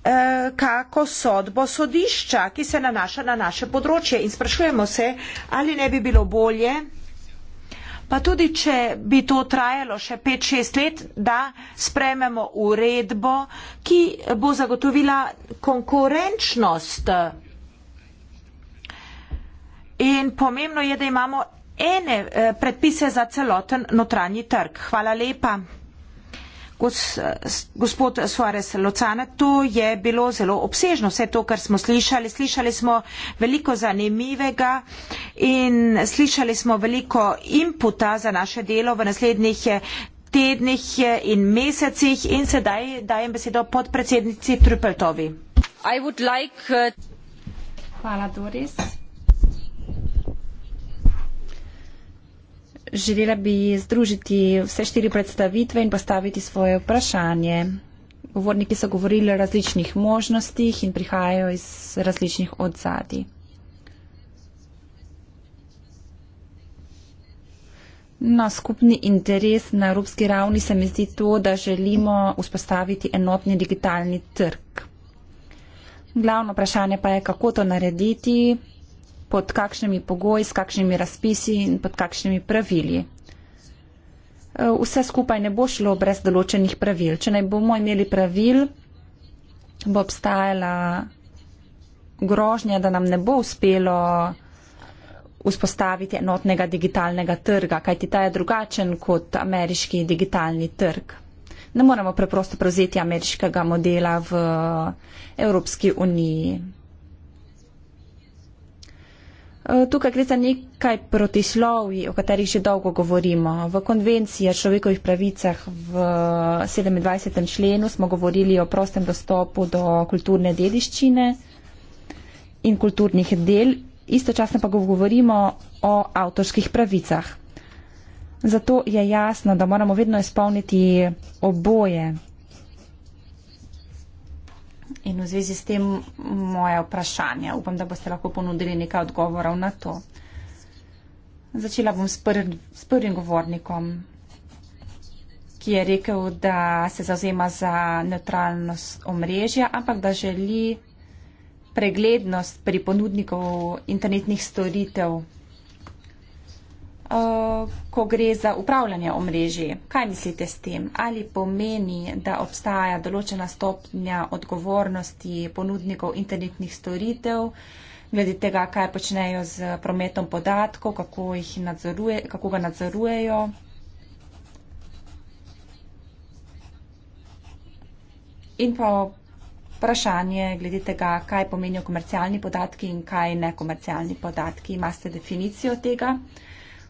Speaker 2: eh, kako sodbo sodišča, ki se nanaša na naše področje in sprašujemo se, ali ne bi bilo bolje, pa tudi če bi to trajalo še 5-6 let, da sprememo uredbo, ki bo zagotovila konkurenčnost. In pomembno je, da imamo ene eh, predpise za celoten notranji trg. Hvala lepa. Gospod Suarez Locana, to je bilo zelo obsežno, vse to, kar smo slišali. Slišali smo veliko zanimivega in slišali smo veliko inputa za naše delo v naslednjih eh, tednih eh, in mesecih in sedaj dajem besedo podpredsednici Trupeltovi.
Speaker 3: Like, uh... Hvala, Doris. želela bi združiti vse štiri predstavitve in postaviti svoje vprašanje. Govorniki so govorili o različnih možnostih in prihajajo iz različnih odzadij. No, skupni interes na evropski ravni se mi zdi to, da želimo vzpostaviti enotni digitalni trg. Glavno vprašanje pa je, kako to narediti, pod kakšnimi pogoji, s kakšnimi razpisi in pod kakšnimi pravili. E, vse skupaj ne bo šlo brez določenih pravil. Če naj bomo imeli pravil, bo obstajala grožnja, da nam ne bo uspelo vzpostaviti enotnega digitalnega trga, kajti ta je drugačen kot ameriški digitalni trg. Ne moremo preprosto prevzeti ameriškega modela v Evropski uniji. Tukaj gre za nekaj protislovij, o katerih že dolgo govorimo. V konvenciji o človekovih pravicah v 27. členu smo govorili o prostem dostopu do kulturne dediščine in kulturnih del, istočasno pa govorimo o avtorskih pravicah. Zato je jasno, da moramo vedno izpolniti oboje In v zvezi s tem moje vprašanje. Upam, da boste lahko ponudili nekaj odgovorov na to. Začela bom s, prv, s prvim govornikom, ki je rekel, da se zauzema za neutralnost omrežja, ampak da želi preglednost pri ponudnikov internetnih storitev Eh, ko gre za upravljanje omrežij. Kaj mislite s tem? Ali pomeni, da obstaja določena stopnja odgovornosti ponudnikov internetnih storitev, glede tega, kaj počnejo z prometom podatkov, kako, nadzoruje, kako ga nadzorujejo? In pa vprašanje glede tega, kaj pomenijo komercialni podatki in kaj nekomercialni podatki. Imate definicijo tega? Uh,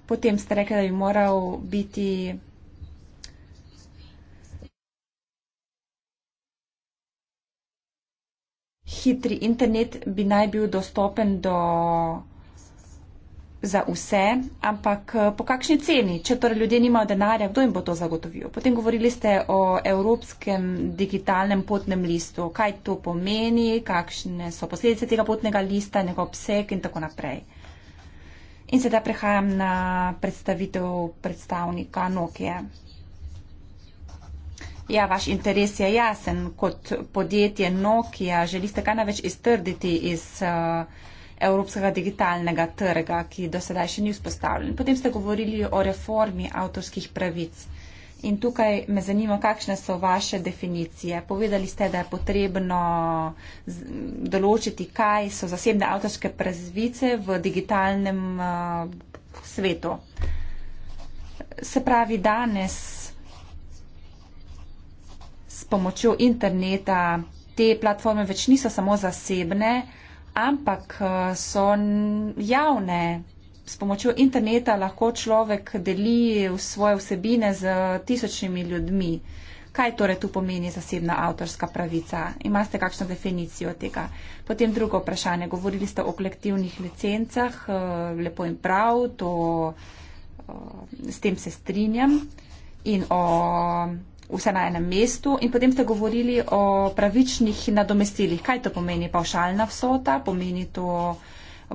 Speaker 3: potem ste rekli, da bi moral biti. Hitri internet bi naj bil dostopen do, za vse, ampak po kakšni ceni? Če torej ljudje nimajo denarja, kdo jim bo to zagotovil? Potem govorili ste o evropskem digitalnem potnem listu. Kaj to pomeni, kakšne so posledice tega potnega lista, njegov obseg in tako naprej. In sedaj prehajam na predstavitev predstavnika Nokia. Ja, vaš interes je jasen. Kot podjetje Nokia želite kaj največ iztrditi iz eh, evropskega digitalnega trga, ki do sedaj še ni vzpostavljen. Potem ste govorili o reformi avtorskih pravic. In tukaj me zanima, kakšne so vaše definicije. Povedali ste, da je potrebno določiti, kaj so zasebne avtorske prezvice v digitalnem eh, svetu. Se pravi, danes s pomočjo interneta te platforme več niso samo zasebne, ampak eh, so javne s pomočjo interneta lahko človek deli svoje vsebine z tisočimi ljudmi. Kaj torej tu pomeni zasebna avtorska pravica? Imate kakšno definicijo tega? Potem drugo vprašanje. Govorili ste o kolektivnih licencah, eh, lepo in prav, to, eh, s tem se strinjam in o vse na enem mestu. In potem ste govorili o pravičnih nadomestilih. Kaj to pomeni? Pavšalna vsota? Pomeni to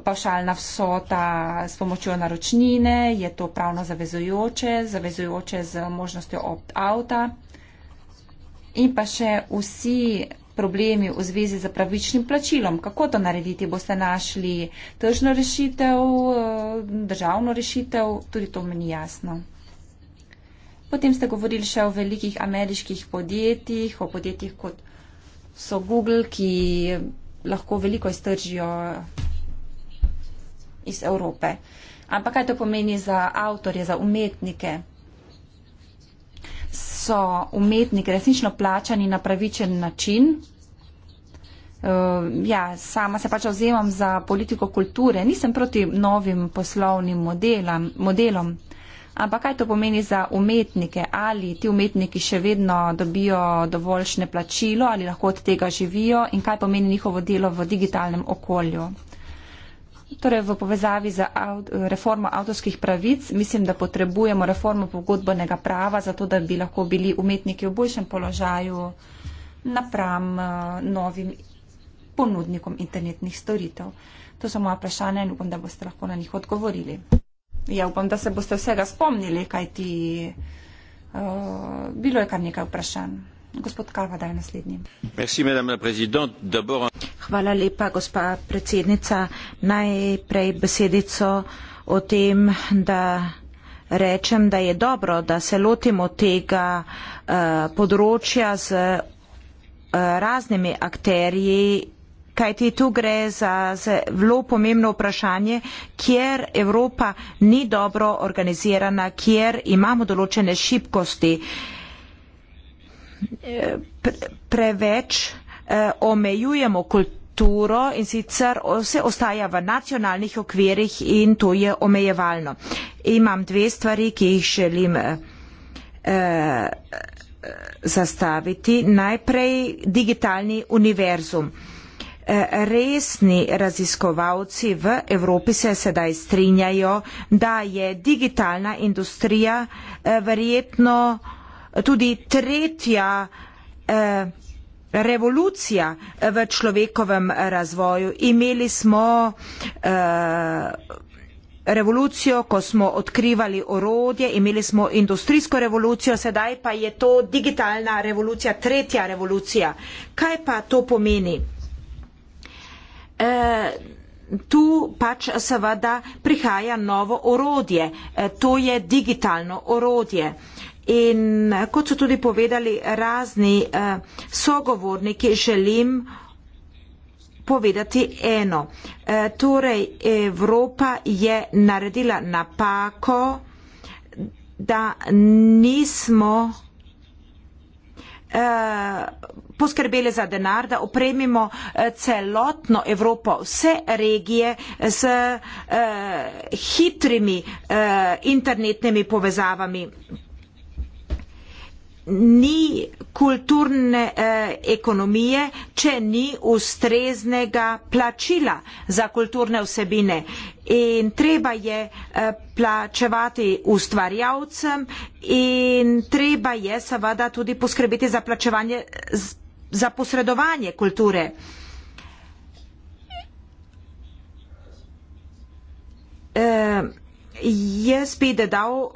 Speaker 3: pavšalna vsota s pomočjo naročnine, je to pravno zavezujoče, zavezujoče z možnostjo opt-outa in pa še vsi problemi v zvezi z pravičnim plačilom. Kako to narediti? Boste našli tržno rešitev, eh, državno rešitev? Tudi to mi ni jasno. Potem ste govorili še o velikih ameriških podjetjih, o podjetjih kot so Google, ki lahko veliko iztržijo iz Evrope. Ampak kaj to pomeni za avtorje, za umetnike? So umetniki resnično plačani na pravičen način? Uh, ja, sama se pač ozemam za politiko kulture, nisem proti novim poslovnim modelam, modelom, ampak kaj to pomeni za umetnike, ali ti umetniki še vedno dobijo dovoljšne plačilo, ali lahko od tega živijo in kaj pomeni njihovo delo v digitalnem okolju. Torej, v povezavi z av, reformo avtorskih pravic mislim, da potrebujemo reformo pogodbenega prava, zato da bi lahko bili umetniki v boljšem položaju napram eh, novim ponudnikom internetnih storitev. To so moja vprašanja in upam, da boste lahko na njih odgovorili. Ja, upam, da se boste vsega spomnili, kaj ti uh, eh, bilo je kar nekaj vprašanj. Gospod Kava, da je naslednji.
Speaker 2: Merci, Hvala lepa, gospa predsednica. Najprej besedico o tem, da rečem, da je dobro, da se lotimo tega uh, področja z uh, raznimi akterji. Kajti tu gre za zelo pomembno vprašanje, kjer Evropa ni dobro organizirana, kjer imamo določene šibkosti. Uh, preveč eh, omejujemo kulturo in sicer vse ostaja v nacionalnih okvirih in to je omejevalno. Imam dve stvari, ki jih želim eh, eh, zastaviti. Najprej digitalni univerzum. Resni raziskovalci v Evropi se sedaj strinjajo, da je digitalna industrija verjetno tudi tretja eh, revolucija v človekovem razvoju. Imeli smo eh, revolucijo, ko smo odkrivali orodje, imeli smo industrijsko revolucijo, sedaj pa je to digitalna revolucija, tretja revolucija. Kaj pa to pomeni? E, tu pač seveda prihaja novo orodje, e, to je digitalno orodje. E, In eh, kot so tudi povedali razni eh, sogovorniki, želim povedati eno. Eh, torej, Evropa je naredila napako, da nismo poskrbeli za denar, da opremimo celotno Evropo, vse regije s hitrimi internetnimi povezavami ni kulturne eh, ekonomije, če ni ustreznega plačila za kulturne vsebine. In treba je eh, plačevati ustvarjavcem in treba je seveda tudi poskrbeti za plačevanje, za posredovanje kulture. Eh, jaz bi dedal,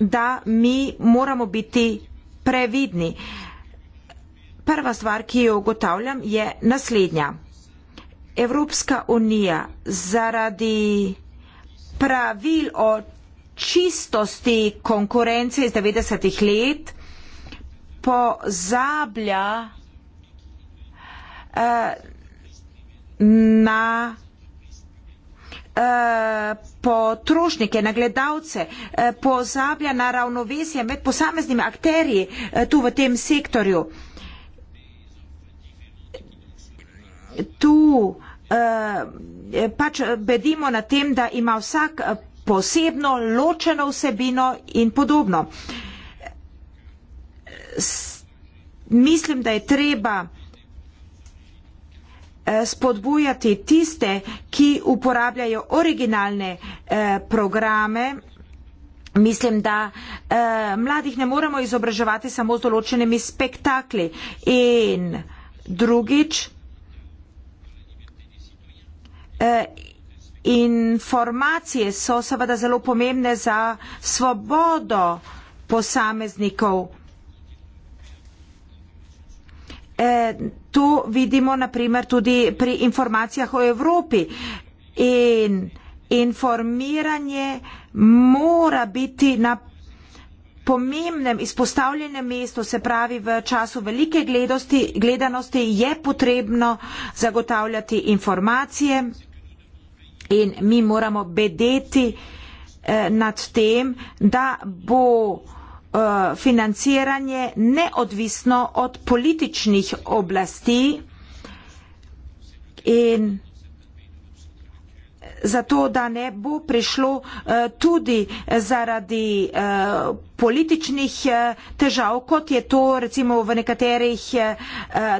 Speaker 2: da mi moramo biti previdni. Prva stvar, ki jo ugotavljam, je naslednja. Evropska unija zaradi pravil o čistosti konkurence iz 90-ih let pozablja eh, na eh, potrošnike, na gledalce, eh, pozablja na ravnovesje med posameznimi akterji eh, tu v tem sektorju. Tu eh, pač bedimo na tem, da ima vsak posebno ločeno vsebino in podobno. Mislim, da je treba Eh, spodbujati tiste, ki uporabljajo originalne eh, programe. Mislim, da eh, mladih ne moramo izobraževati samo z določenimi spektakli. In drugič, informacije so seveda zelo pomembne za svobodo posameznikov Eh, tu vidimo naprimer tudi pri informacijah o Evropi in informiranje mora biti na pomembnem izpostavljenem mestu, se pravi v času velike gledosti, gledanosti je potrebno zagotavljati informacije in mi moramo bedeti eh, nad tem, da bo eh, Eh, financiranje neodvisno od političnih oblasti in zato, da ne bo prišlo eh, tudi zaradi eh, političnih težav, kot je to recimo v nekaterih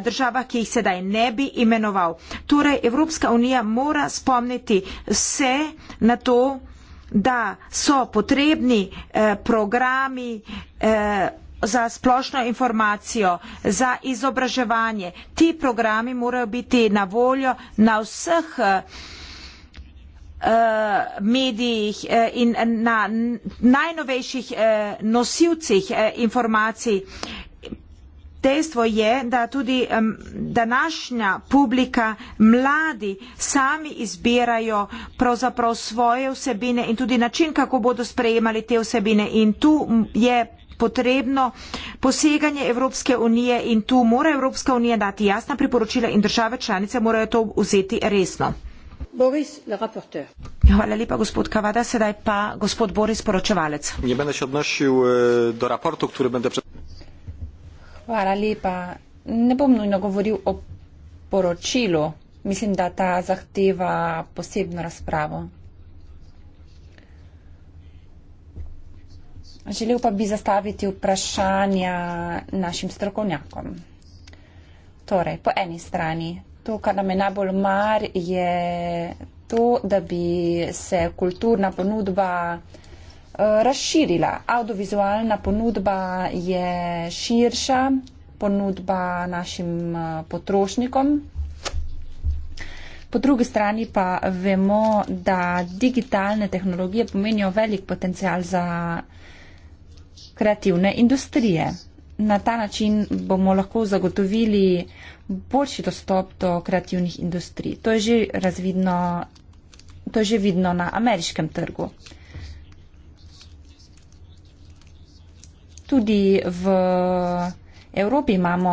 Speaker 2: državah, ki jih sedaj ne bi imenoval. Torej, Evropska unija mora spomniti vse na to, da so potrebni eh, programi eh, za splošno informacijo, za izobraževanje. Ti programi morajo biti na voljo na vseh eh, medijih eh, in na najnovejših eh, nosilcih eh, informacij dejstvo je, da tudi um, današnja publika, mladi, sami izbirajo pravzaprav svoje vsebine in tudi način, kako bodo sprejemali te vsebine. In tu je potrebno poseganje Evropske unije in tu mora Evropska unija dati jasna priporočila in države članice morajo to vzeti resno. Boris, Hvala lepa, gospod Kavada. Sedaj pa gospod Boris, poročevalec.
Speaker 3: Hvala lepa. Ne bom nujno govoril o poročilu. Mislim, da ta zahteva posebno razpravo. Želel pa bi zastaviti vprašanja našim strokovnjakom. Torej, po eni strani, to, kar nam je najbolj mar, je to, da bi se kulturna ponudba Eh, razširila. Audiovizualna ponudba je širša ponudba našim eh, potrošnikom. Po drugi strani pa vemo, da digitalne tehnologije pomenijo velik potencial za kreativne industrije. Na ta način bomo lahko zagotovili boljši dostop do kreativnih industrij. To je že, razvidno, to je že vidno na ameriškem trgu. tudi v Evropi imamo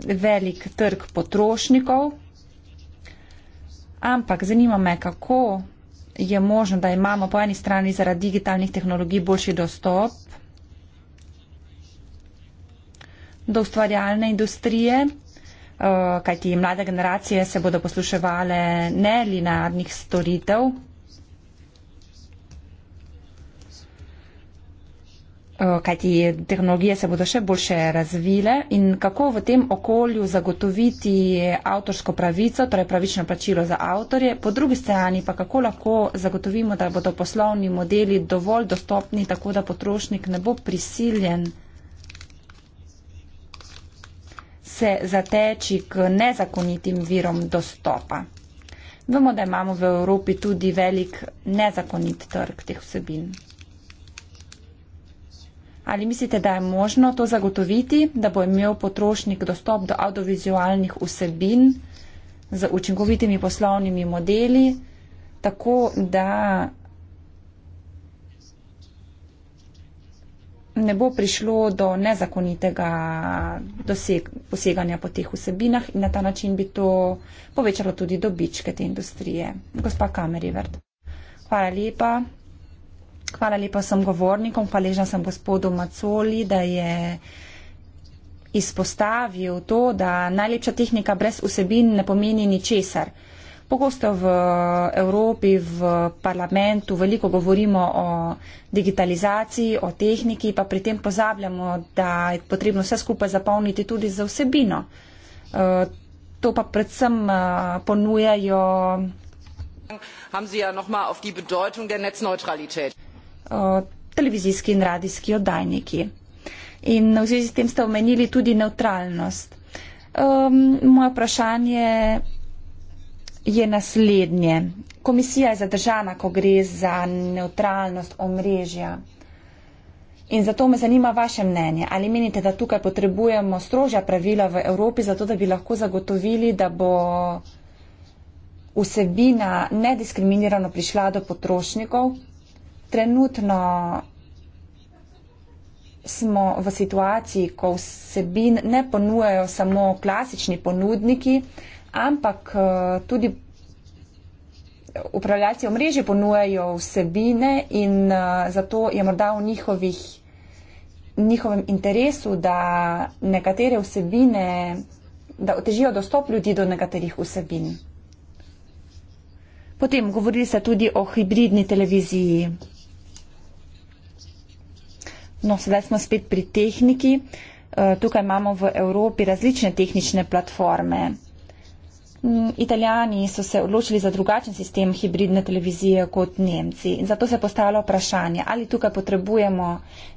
Speaker 3: velik trg potrošnikov, ampak zanima me, kako je možno, da imamo po eni strani zaradi digitalnih tehnologij boljši dostop do ustvarjalne industrije, eh, kajti mlade generacije se bodo posluševale ne linearnih storitev, Eh, kaj ti tehnologije se bodo še boljše razvile in kako v tem okolju zagotoviti avtorsko pravico, torej pravično plačilo za avtorje, po drugi strani pa kako lahko zagotovimo, da bodo poslovni modeli dovolj dostopni, tako da potrošnik ne bo prisiljen se zateči k nezakonitim virom dostopa. Vemo, da imamo v Evropi tudi velik nezakonit trg teh vsebin. Ali mislite, da je možno to zagotoviti, da bo imel potrošnik dostop do audiovizualnih vsebin z učinkovitimi poslovnimi modeli, tako da ne bo prišlo do nezakonitega doseg, poseganja po teh vsebinah in na ta način bi to povečalo tudi dobičke te industrije? Gospa Kamerivert. Hvala lepa. Hvala lepa vsem govornikom, hvaležna sem gospodu Macoli, da je izpostavil to, da najlepša tehnika brez vsebin ne pomeni ničesar. Pogosto v Evropi, v parlamentu veliko govorimo o digitalizaciji, o tehniki, pa pri tem pozabljamo, da je potrebno vse skupaj zapolniti tudi za vsebino. Eh, to pa predvsem eh, ponujajo televizijski in radijski oddajniki. In v zvezi s tem ste omenili tudi neutralnost. Um, moje vprašanje je naslednje. Komisija je zadržana, ko gre za neutralnost omrežja. In zato me zanima vaše mnenje. Ali menite, da tukaj potrebujemo strožja pravila v Evropi, zato da bi lahko zagotovili, da bo vsebina nediskriminirano prišla do potrošnikov, trenutno smo v situaciji, ko vsebin ne ponujajo samo klasični ponudniki, ampak eh, tudi upravljalci omrežja ponujajo vsebine in eh, zato je morda v njihovih, njihovem interesu, da nekatere vsebine, da otežijo dostop ljudi do nekaterih vsebin. Potem govorili ste tudi o hibridni televiziji. No, sedaj smo spet pri tehniki. Eh, tukaj imamo v Evropi različne tehnične platforme. Mm, Italijani so se odločili za drugačen sistem hibridne televizije kot Nemci. In zato se je postavilo vprašanje, ali tukaj potrebujemo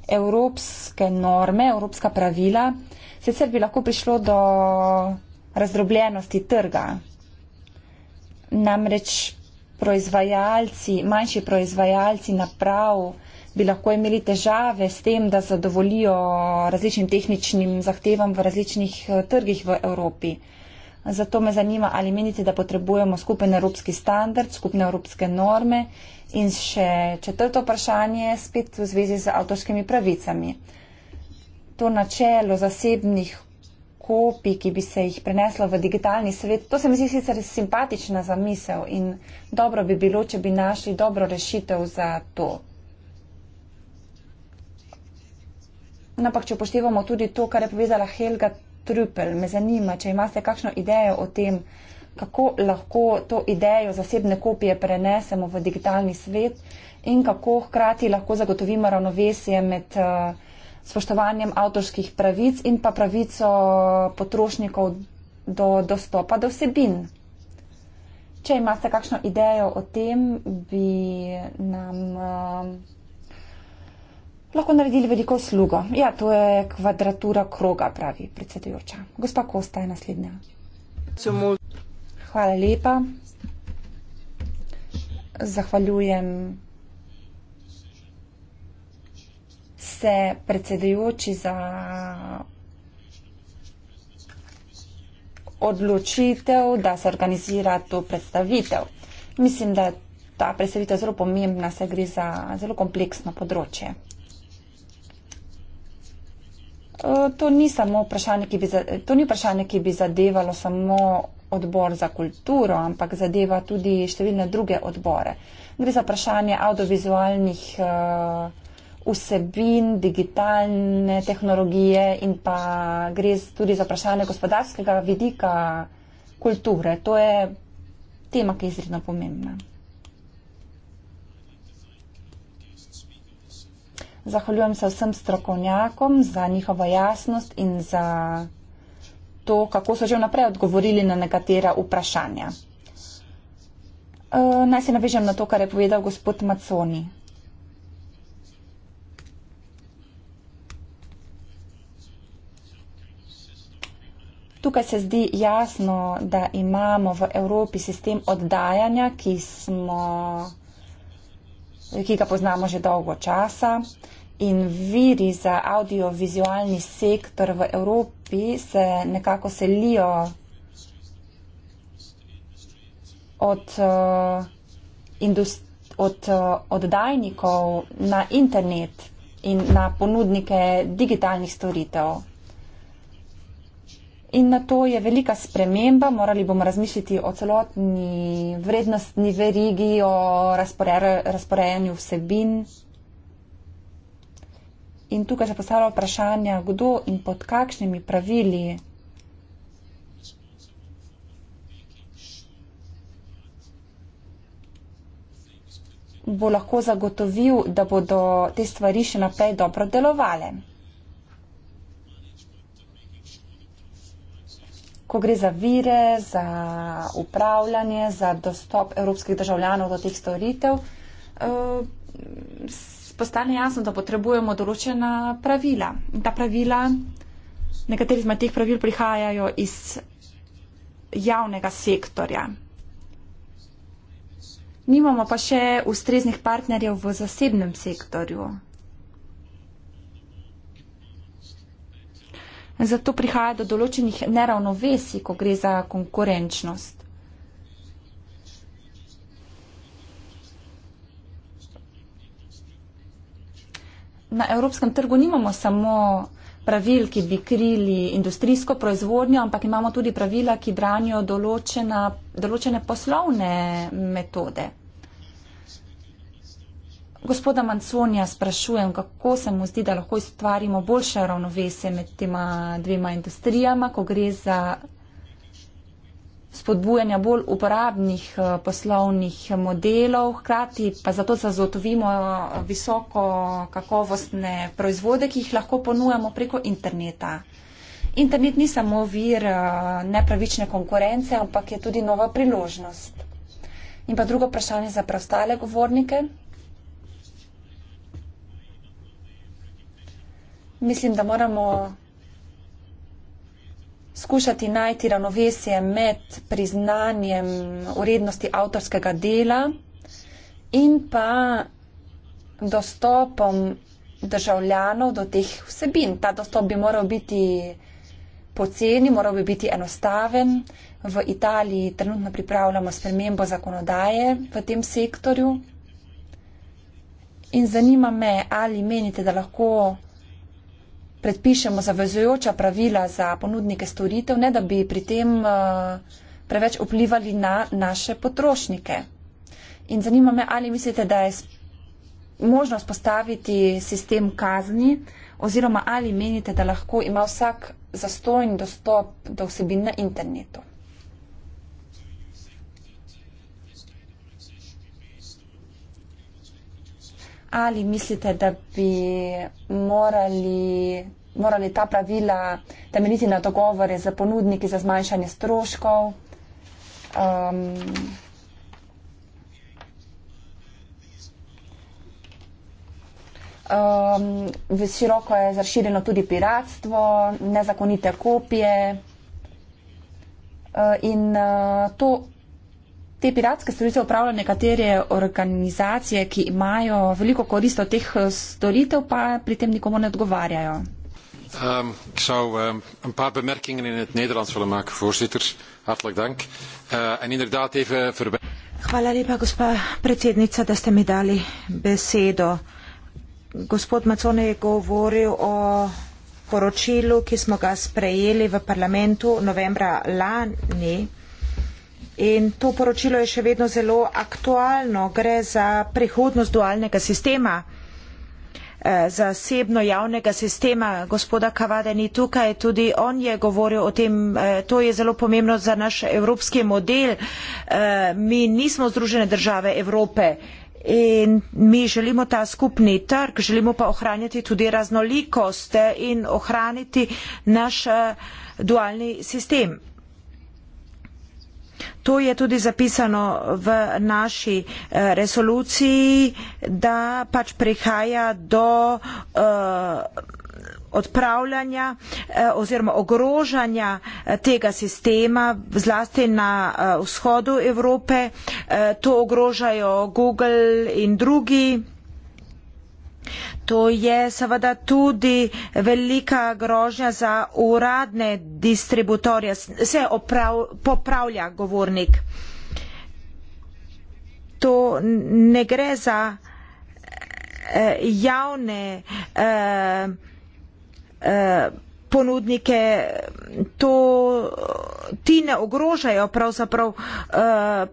Speaker 3: evropske norme, evropska pravila. Sicer bi lahko prišlo do razdrobljenosti trga. Namreč proizvajalci, manjši proizvajalci naprav, bi lahko imeli težave s tem, da zadovolijo različnim tehničnim zahtevam v različnih eh, trgih v Evropi. Zato me zanima, ali menite, da potrebujemo skupen evropski standard, skupne evropske norme in še četrto vprašanje spet v zvezi z avtorskimi pravicami. To načelo zasebnih kopij, ki bi se jih preneslo v digitalni svet, to se mi zdi sicer simpatična zamisel in dobro bi bilo, če bi našli dobro rešitev za to. Ampak, če upoštevamo tudi to, kar je povezala Helga Trupel, me zanima, če imate kakšno idejo o tem, kako lahko to idejo zasebne kopije prenesemo v digitalni svet in kako hkrati lahko zagotovimo ravnovesje med uh, spoštovanjem avtorskih pravic in pa pravico potrošnikov do dostopa do vsebin. Če imate kakšno idejo o tem, bi nam. Uh, lahko naredili veliko slugo. Ja, to je kvadratura kroga, pravi predsedujoča. Gospa Kosta je naslednja. Hvala lepa. Zahvaljujem se predsedujoči za odločitev, da se organizira to predstavitev. Mislim, da je ta predstavitev zelo pomembna, se gre za zelo kompleksno področje. Eh, to ni samo vprašanje, ki bi, to ni vprašanje, ki bi zadevalo samo odbor za kulturo, ampak zadeva tudi številne druge odbore. Gre za vprašanje audiovizualnih eh, vsebin, digitalne tehnologije in pa gre tudi za vprašanje gospodarskega vidika kulture. To je tema, ki je izredno pomembna. Zahvaljujem se vsem strokovnjakom za njihovo jasnost in za to, kako so že vnaprej odgovorili na nekatera vprašanja. E, naj se navežem na to, kar je povedal gospod Maconi. Tukaj se zdi jasno, da imamo v Evropi sistem oddajanja, ki smo ki ga poznamo že dolgo časa. In viri za audiovizualni sektor v Evropi se nekako selijo od, uh, od uh, oddajnikov na internet in na ponudnike digitalnih storitev in na to je velika sprememba. Morali bomo razmišljati o celotni vrednostni verigi, o razporejanju vsebin. In tukaj se postavlja vprašanje, kdo in pod kakšnimi pravili. bo lahko zagotovil, da bodo te stvari še naprej dobro delovale. ko gre za vire, za upravljanje, za dostop evropskih državljanov do teh storitev, eh, postane jasno, da potrebujemo določena pravila. Ta pravila, nekateri izmed teh pravil prihajajo iz javnega sektorja. Nimamo pa še ustreznih partnerjev v zasebnem sektorju. in zato prihaja do določenih neravnovesij, ko gre za konkurenčnost. Na evropskem trgu nimamo samo pravil, ki bi krili industrijsko proizvodnjo, ampak imamo tudi pravila, ki branijo določena, določene poslovne metode gospoda Manconija sprašujem, kako se mu zdi, da lahko ustvarimo boljše ravnovese med tema dvema industrijama, ko gre za spodbujanja bolj uporabnih eh, poslovnih modelov, hkrati pa zato zazotovimo eh, visoko kakovostne proizvode, ki jih lahko ponujamo preko interneta. Internet ni samo vir eh, nepravične konkurence, ampak je tudi nova priložnost. In pa drugo vprašanje za preostale govornike. mislim, da moramo skušati najti ravnovesje med priznanjem urednosti avtorskega dela in pa dostopom državljanov do teh vsebin. Ta dostop bi moral biti poceni, moral bi biti enostaven. V Italiji trenutno pripravljamo spremembo zakonodaje v tem sektorju. In zanima me, ali menite, da lahko predpišemo zavezujoča pravila za ponudnike storitev, ne da bi pri tem eh, preveč vplivali na naše potrošnike. In zanima me, ali mislite, da je možno spostaviti sistem kazni oziroma ali menite, da lahko ima vsak zastojni dostop do vsebin na internetu. ali mislite, da bi morali, morali ta pravila temeljiti na dogovore za ponudniki za zmanjšanje stroškov? Um, Um, široko je zaširjeno tudi piratstvo, nezakonite kopije uh, in uh, to te piratske storitve upravljajo nekatere organizacije, ki imajo veliko korist od teh eh, storitev, pa pri tem nikomu ne odgovarjajo.
Speaker 1: Um, ik zou um, een paar bemerkingen in het Nederlands willen maken, voorzitter. Hartelijk dank. Uh, en inderdaad even verwijzen.
Speaker 2: Hvala lepa, gospa predsednica, da ste mi dali besedo. Gospod Macone je govoril o poročilu, ki smo ga sprejeli v parlamentu novembra lani. In to poročilo je še vedno zelo aktualno. Gre za prihodnost dualnega sistema, eh, zasebno javnega sistema. Gospoda Kavade ni tukaj, tudi on je govoril o tem. Eh, to je zelo pomembno za naš evropski model. Eh, mi nismo združene države Evrope. In mi želimo ta skupni trg, želimo pa ohranjati tudi raznolikost in ohraniti naš dualni sistem. To je tudi zapisano v naši eh, resoluciji, da pač prihaja do eh, odpravljanja eh, oziroma ogrožanja tega sistema, zlasti na vzhodu Evrope. To ogrožajo Google in drugi. To je seveda tudi velika grožnja za uradne distributorje. Se oprav, popravlja govornik. To ne gre za eh, javne eh, eh, ponudnike. To, ti ne ogrožajo pravzaprav eh,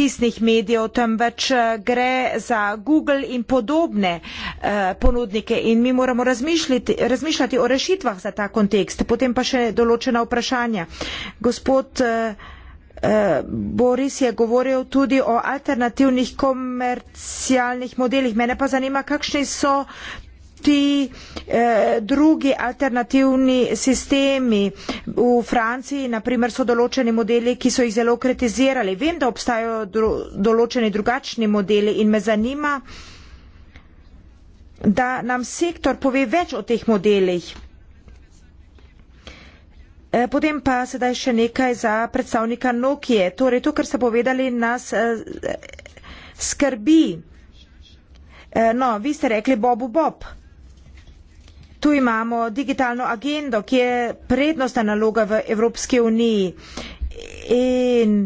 Speaker 2: pisnih medijev, temveč eh, gre za Google in podobne eh, ponudnike. In mi moramo razmišljati, razmišljati o rešitvah za ta kontekst. Potem pa še določena vprašanja. Gospod eh, Boris je govoril tudi o alternativnih komercialnih modelih. Mene pa zanima, kakšni so ti e, drugi alternativni sistemi. V Franciji, na primer, so določeni modeli, ki so jih zelo kritizirali. Vem, da obstajajo dru, določeni drugačni modeli in me zanima, da nam sektor pove več o teh modelih. E, potem pa sedaj še nekaj za predstavnika Nokije. Torej, to, kar ste povedali, nas e, skrbi. No, vi ste rekli Bobu Bob. -bob. Tu imamo digitalno agendo, ki je prednostna naloga v Evropski uniji. In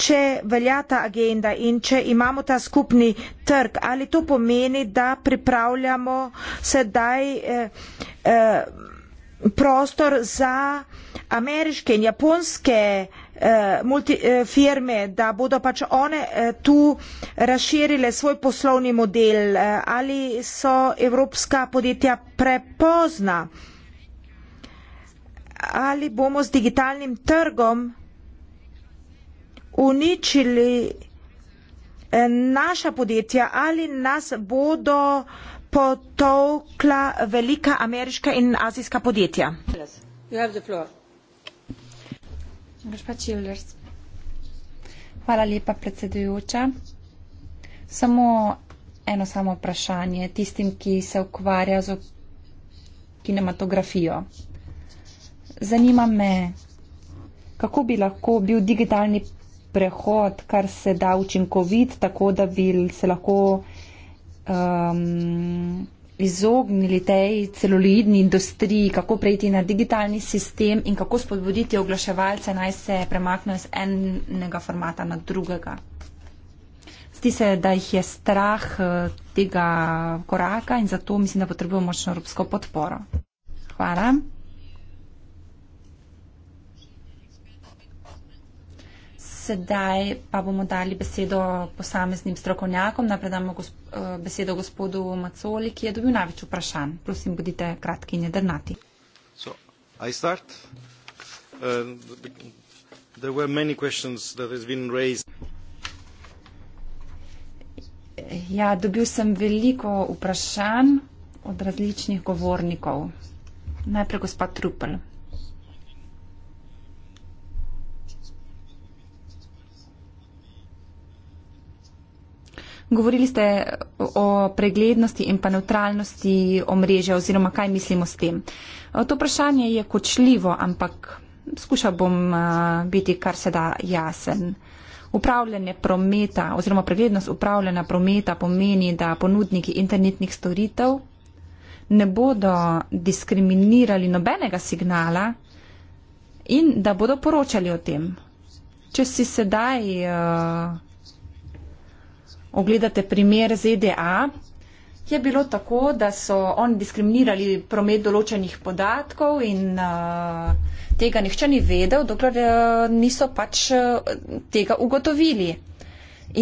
Speaker 2: če velja ta agenda in če imamo ta skupni trg, ali to pomeni, da pripravljamo sedaj eh, eh, prostor za ameriške in japonske Eh, multi, eh, firme, da bodo pač one eh, tu razširile svoj poslovni model eh, ali so evropska podjetja prepozna ali bomo z digitalnim trgom uničili eh, naša podjetja ali nas bodo potokla velika ameriška in azijska podjetja.
Speaker 3: You have the floor. Gospa Čivljers. Hvala lepa, predsedujoča. Samo eno samo vprašanje tistim, ki se ukvarja z kinematografijo. Zanima me, kako bi lahko bil digitalni prehod, kar se da učinkovit, tako da bi se lahko. Um, izognili tej celuloidni industriji, kako preiti na digitalni sistem in kako spodbuditi oglaševalce, naj se premaknejo z enega formata na drugega. Zdi se, da jih je strah eh, tega koraka in zato mislim, da potrebujemo močno evropsko podporo. Hvala. sedaj pa bomo dali besedo posameznim strokovnjakom. Najprej damo gosp eh, besedo gospodu Macoli, ki je dobil največ vprašanj. Prosim, bodite kratki in jedrnati.
Speaker 2: So, um,
Speaker 3: Ja, dobil sem veliko vprašanj od različnih govornikov. Najprej gospod Trupel. Govorili ste o preglednosti in pa neutralnosti omrežja oziroma kaj mislimo s tem. Eh, to vprašanje je kočljivo, ampak skušal bom eh, biti kar se da jasen. Upravljanje prometa oziroma preglednost upravljanja prometa pomeni, da ponudniki internetnih storitev ne bodo diskriminirali nobenega signala in da bodo poročali o tem. Če si sedaj uh, ogledate primer ZDA, je bilo tako, da so oni diskriminirali promet določenih podatkov in uh, tega nihče ni vedel, dokler uh, niso pač uh, tega ugotovili.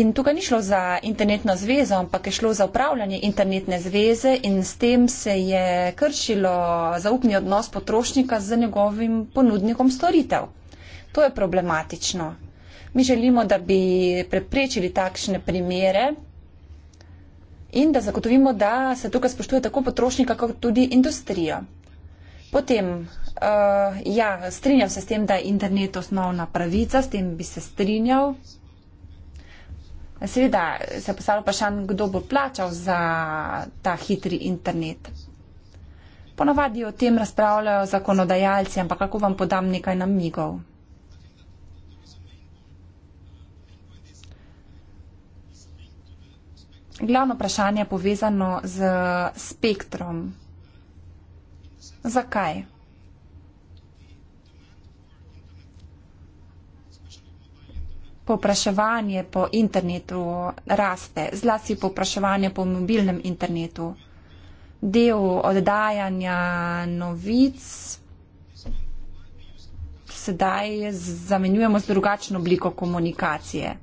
Speaker 3: In tukaj ni šlo za internetno zvezo, ampak je šlo za upravljanje internetne zveze in s tem se je kršilo zaupni odnos potrošnika z njegovim ponudnikom storitev. To je problematično. Mi želimo, da bi preprečili takšne primere in da zagotovimo, da se tukaj spoštuje tako potrošnika, kot tudi industrija. Potem, uh, ja, strinjam se s tem, da je internet osnovna pravica, s tem bi se strinjal. Seveda se postavlja vprašanje, kdo bo plačal za ta hitri internet. Ponavadi o tem razpravljajo zakonodajalci, ampak kako vam podam nekaj namigov? Na glavno vprašanje povezano z spektrom. Zakaj? Popraševanje po internetu raste, zlasti popraševanje po mobilnem internetu. Del oddajanja novic sedaj zamenjujemo z drugačno obliko komunikacije.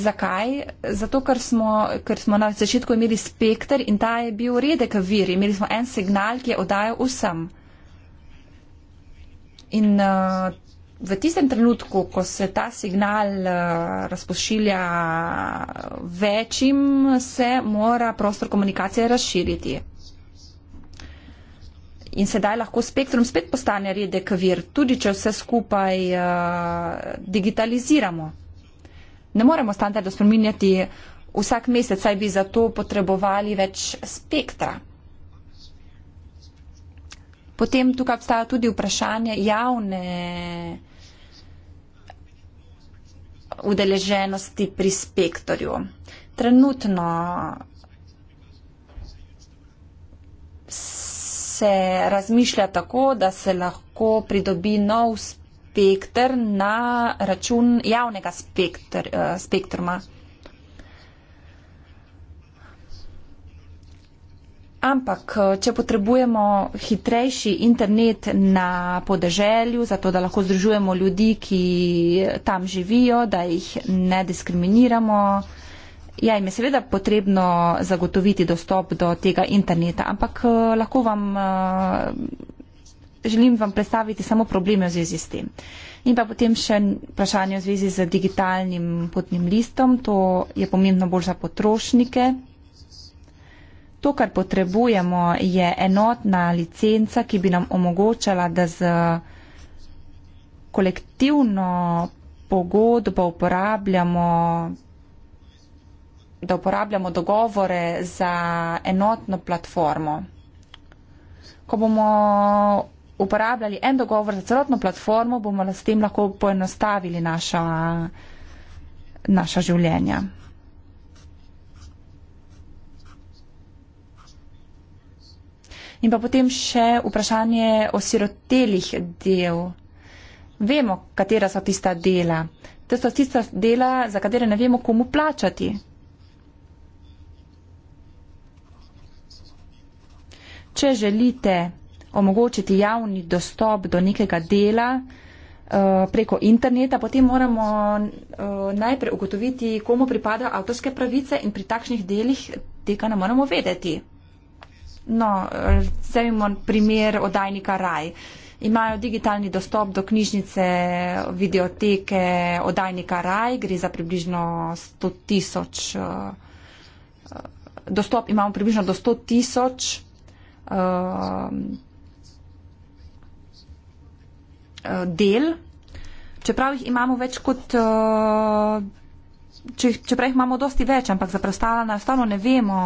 Speaker 3: Zakaj? Zato, ker smo, ker smo na začetku imeli spektr in ta je bil redek vir. Imeli smo en signal, ki je oddajal vsem. In uh, v tistem trenutku, ko se ta signal uh, razpošilja večjim, se mora prostor komunikacije razširiti. In sedaj lahko spektrum spet postane redek vir, tudi če vse skupaj uh, digitaliziramo ne moremo standardov spreminjati vsak mesec, saj bi za to potrebovali več spektra. Potem tukaj obstaja tudi vprašanje javne udeleženosti pri spektorju. Trenutno se razmišlja tako, da se lahko pridobi nov spektr spektr na račun javnega spektr, eh, spektruma. Ampak, eh, če potrebujemo hitrejši internet na podeželju, zato da lahko združujemo ljudi, ki tam živijo, da jih ne diskriminiramo, ja, jim je seveda potrebno zagotoviti dostop do tega interneta. Ampak eh, lahko vam želim vam predstaviti samo probleme v zvezi s tem. In pa potem še vprašanje v zvezi z digitalnim potnim listom. To je pomembno bolj za potrošnike. To, kar potrebujemo, je enotna licenca, ki bi nam omogočala, da z kolektivno pogodbo uporabljamo da uporabljamo dogovore za enotno platformo. Ko bomo uporabljali en dogovor za celotno platformo, bomo s tem lahko poenostavili naša, naša življenja. In pa potem še vprašanje o sirotelih del. Vemo, katera so tista dela. To so tista dela, za katere ne vemo, komu plačati. Če želite omogočiti javni dostop do nekega dela eh, preko interneta, potem moramo eh, najprej ugotoviti, komu pripadajo avtorske pravice in pri takšnih delih tega ne moramo vedeti. No, vzemimo primer oddajnika Raj. Imajo digitalni dostop do knjižnice, videoteke oddajnika Raj, gre za približno 100 tisoč. Eh, dostop imamo približno do 100 tisoč. Eh, del, čeprav jih imamo več kot. Eh, če, čeprav jih imamo dosti več, ampak za preostala enostavno ne vemo,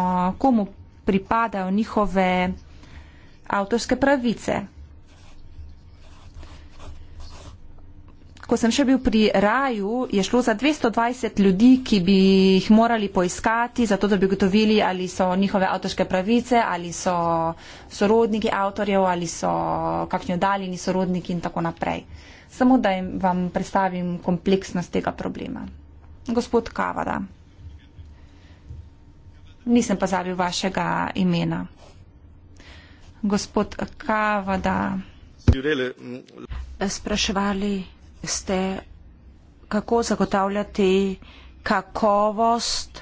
Speaker 3: komu pripadajo njihove avtorske pravice. ko sem še bil pri raju, je šlo za 220 ljudi, ki bi jih morali poiskati, zato da bi gotovili, ali so njihove avtorske pravice, ali so sorodniki avtorjev, ali so kakšni odaljeni sorodniki in tako naprej. Samo da vam predstavim kompleksnost tega problema. Gospod Kavada, nisem pozabil vašega imena. Gospod
Speaker 2: Kavada. Spraševali ste, kako zagotavljati kakovost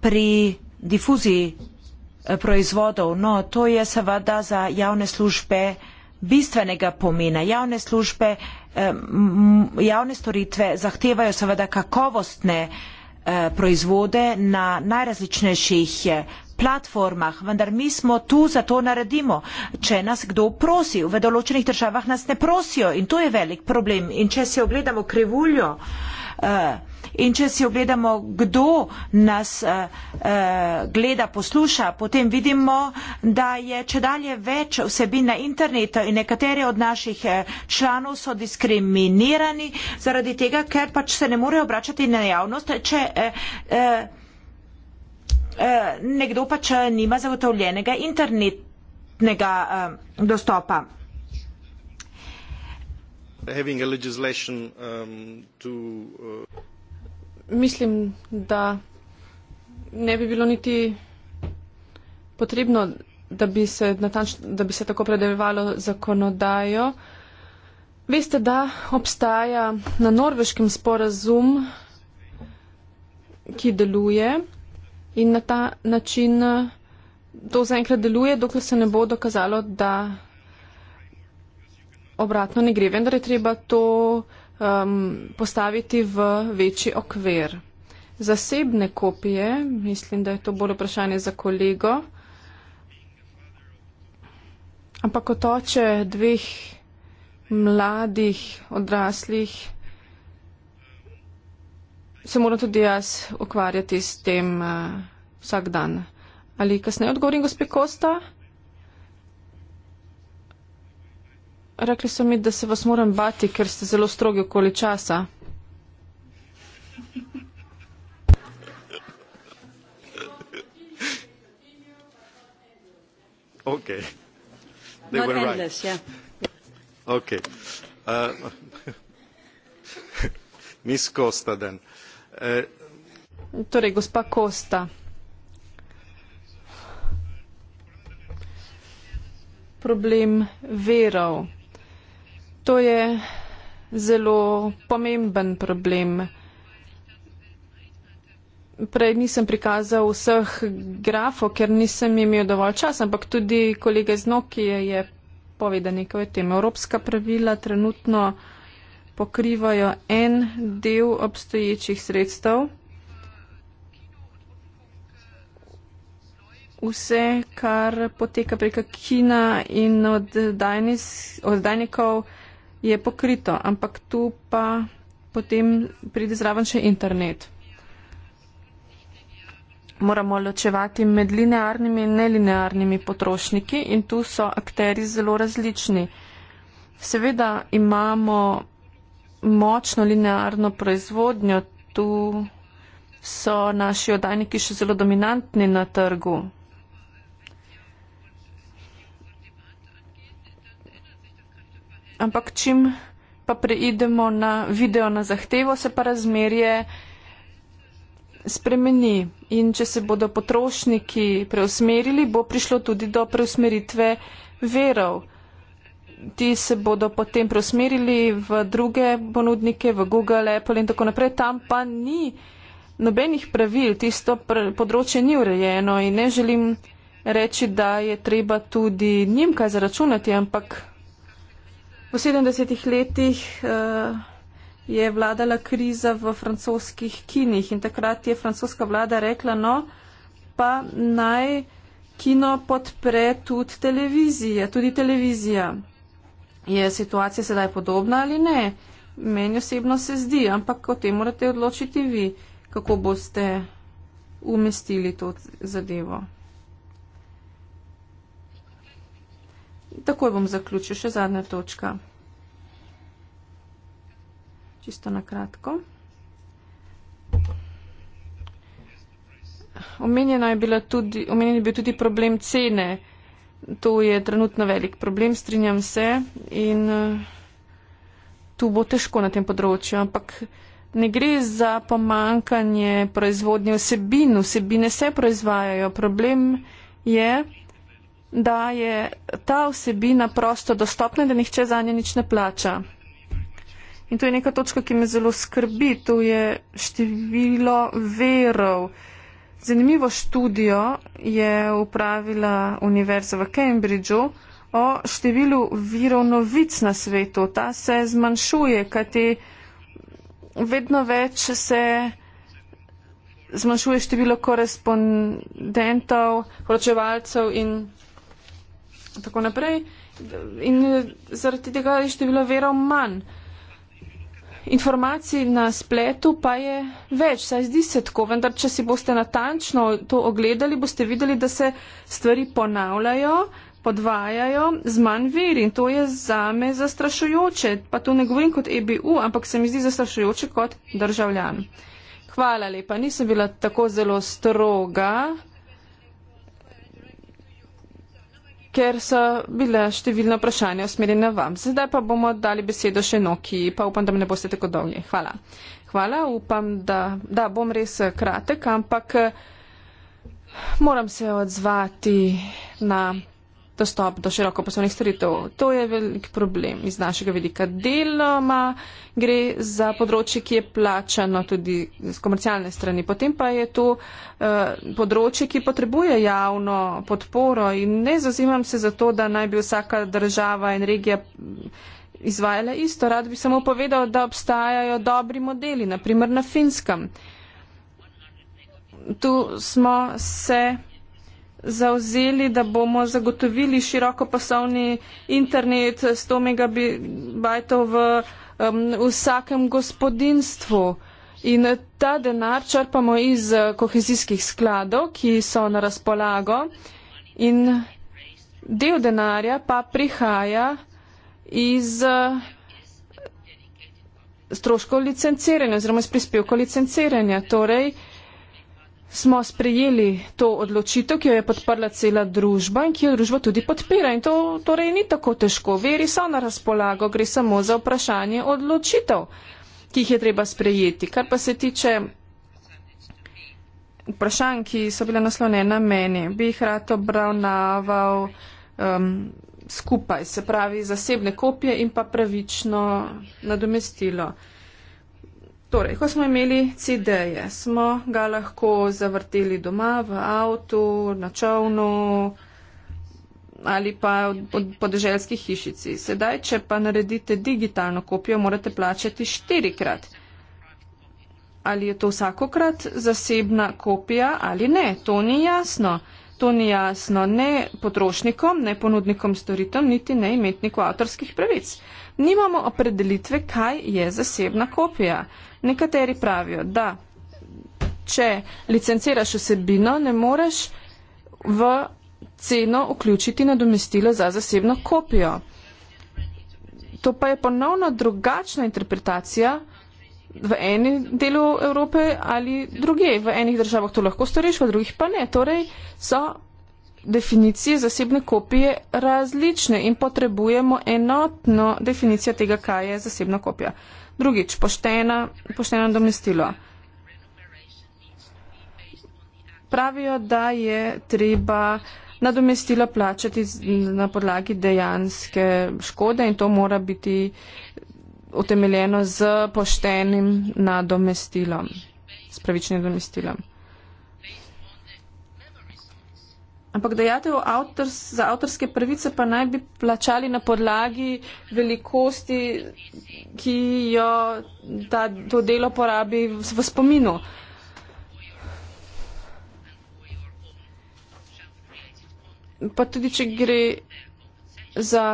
Speaker 2: pri difuziji eh, proizvodov. No, to je seveda za javne službe bistvenega pomena. Javne službe, eh, javne storitve zahtevajo seveda kakovostne eh, proizvode na najrazličnejših platformah, vendar mi smo tu za to naredimo, če nas kdo prosi. V določenih državah nas ne prosijo in to je velik problem. In če si ogledamo krivuljo uh, in če si ogledamo, kdo nas uh, uh, gleda, posluša, potem vidimo, da je če dalje več vsebin na internetu in nekateri od naših članov so diskriminirani zaradi tega, ker pač se ne morejo obračati na javnost, če uh, uh, Eh, nekdo pač eh, nima zagotovljenega internetnega eh, dostopa.
Speaker 1: Um, uh,
Speaker 2: Mislim, da
Speaker 1: ne bi bilo niti potrebno, da bi se, natanč, da bi se tako predelevalo zakonodajo. Veste, da obstaja na norveškem sporazum, ki deluje in na ta način eh, to zaenkrat deluje, dokler se ne bo dokazalo, da obratno ne gre. Vendar je treba to um, postaviti v večji okvir. Zasebne kopije, mislim, da je to bolj vprašanje za kolego, ampak otoče dveh mladih odraslih se moram tudi jaz ukvarjati s tem uh, vsak dan. Ali kasneje odgovorim, gospe Kosta? Rekli so mi, da se vas moram bati, ker ste zelo strogi okoli časa.
Speaker 2: Ok. They
Speaker 1: Not were endless, right.
Speaker 2: Yeah. Ok. Uh, Miss Costa then. Eh.
Speaker 1: Torej, gospa Kosta. Problem verov. To je zelo pomemben problem. Prej nisem prikazal vseh grafov, ker nisem imel dovolj časa, ampak tudi kolega Znoki je povedal nekaj o tem. Evropska pravila trenutno pokrivajo en del obstoječih sredstev. Vse, kar poteka preko kina in oddajnikov, je pokrito, ampak tu pa potem pride zraven še internet. Moramo ločevati med linearnimi in nelinearnimi potrošniki in tu so akteri zelo različni. Seveda imamo močno linearno proizvodnjo, tu so naši oddajniki še zelo dominantni na trgu. Ampak čim pa preidemo na video na zahtevo, se pa razmerje spremeni. In če se bodo potrošniki preusmerili, bo prišlo tudi do preusmeritve verov ti se bodo potem preusmerili v druge ponudnike, v Google, Apple in tako naprej. Tam pa ni nobenih pravil, tisto pr področje ni urejeno in ne želim reči, da je treba tudi njim kaj zaračunati, ampak v 70-ih letih. Uh, je vladala kriza v francoskih kinih in takrat je francoska vlada rekla, no, pa naj kino podpre tudi televizija, tudi televizija je situacija sedaj podobna ali ne. Meni osebno se zdi, ampak o tem morate odločiti vi, kako boste umestili to zadevo. Takoj bom zaključil še zadnja točka. Čisto na kratko. Omenjeno je bila tudi, omenjen je bil tudi problem cene to je trenutno velik problem, strinjam se in eh, tu bo težko na tem področju, ampak ne gre za pomankanje proizvodnje vsebin, vsebine se proizvajajo, problem je, da je ta vsebina prosto dostopna, da nihče za nje nič ne plača. In to je neka točka, ki me zelo skrbi, to je število verov. Zanimivo študijo je upravila Univerza v Cambridgeu o številu virov novic na svetu. Ta se zmanjšuje, kajti vedno več se zmanjšuje število korespondentov, poročevalcev in tako naprej. In zaradi tega je število verov manj informacij na spletu pa je več, saj zdi se tako, vendar če si boste natančno to ogledali, boste videli, da se stvari ponavljajo, podvajajo z manj veri in to je zame zastrašujoče. Pa to ne govorim kot EBU, ampak se mi zdi zastrašujoče kot državljan. Hvala lepa, nisem bila tako zelo stroga. ker so bila številna vprašanja usmerjena vam. Zdaj pa bomo dali besedo še Noki, pa upam, da me ne boste tako dolgi. Hvala. Hvala, upam, da, da bom res eh, kratek, ampak eh, moram se odzvati na dostop do široko poslovnih storitev. To je velik problem iz našega vidika. Deloma gre za področje, ki je plačano tudi z komercialne strani. Potem pa je to uh, področje, ki potrebuje javno podporo in ne zazimam se za to, da naj bi vsaka država in regija mm, izvajala isto. Rad bi samo povedal, da obstajajo dobri modeli, naprimer na finskem. Tu smo se zauzeli, da bomo zagotovili širokopasovni internet 100 megabajtov v um, vsakem gospodinstvu. In ta denar črpamo iz eh, kohezijskih skladov, ki so na razpolago. In del denarja pa prihaja iz eh, stroškov licenciranja oziroma iz prispevkov licenciranja. Torej, smo sprejeli to odločitev, ki jo je podprla cela družba in ki jo družba tudi podpira. In to torej ni tako težko. Veri so na razpolago, gre samo za vprašanje odločitev, ki jih je treba sprejeti. Kar pa se tiče vprašanj, ki so bile naslovljene na meni, bi jih rad obravnaval um, skupaj, se pravi zasebne kopije in pa pravično nadomestilo. Torej, ko smo imeli CD-je, smo ga lahko zavrteli doma, v avtu, na čovnu ali pa v podeželski hišici. Sedaj, če pa naredite digitalno kopijo, morate plačati štirikrat. Ali je to vsakokrat zasebna kopija ali ne? To ni jasno. To ni jasno ne potrošnikom, ne ponudnikom storitev, niti ne imetniku avtorskih pravic. Nimamo opredelitve, kaj je zasebna kopija. Nekateri pravijo, da če licenciraš vsebino, ne moreš v ceno vključiti nadomestilo za zasebno kopijo. To pa je ponovno drugačna interpretacija v enem delu Evrope ali druge. V enih državah to lahko storiš, v drugih pa ne. Torej so definicije zasebne kopije različne in potrebujemo enotno definicijo tega, kaj je zasebna kopija. Drugič, poštena, pošteno domestilo. Pravijo, da je treba nadomestilo plačati na podlagi dejanske škode in to mora biti utemeljeno z poštenim nadomestilom, s pravičnim domestilom. Ampak dejatev avtors, za avtorske prvice pa naj bi plačali na podlagi velikosti, ki jo ta, to delo porabi v, v spominu. Pa tudi, če gre za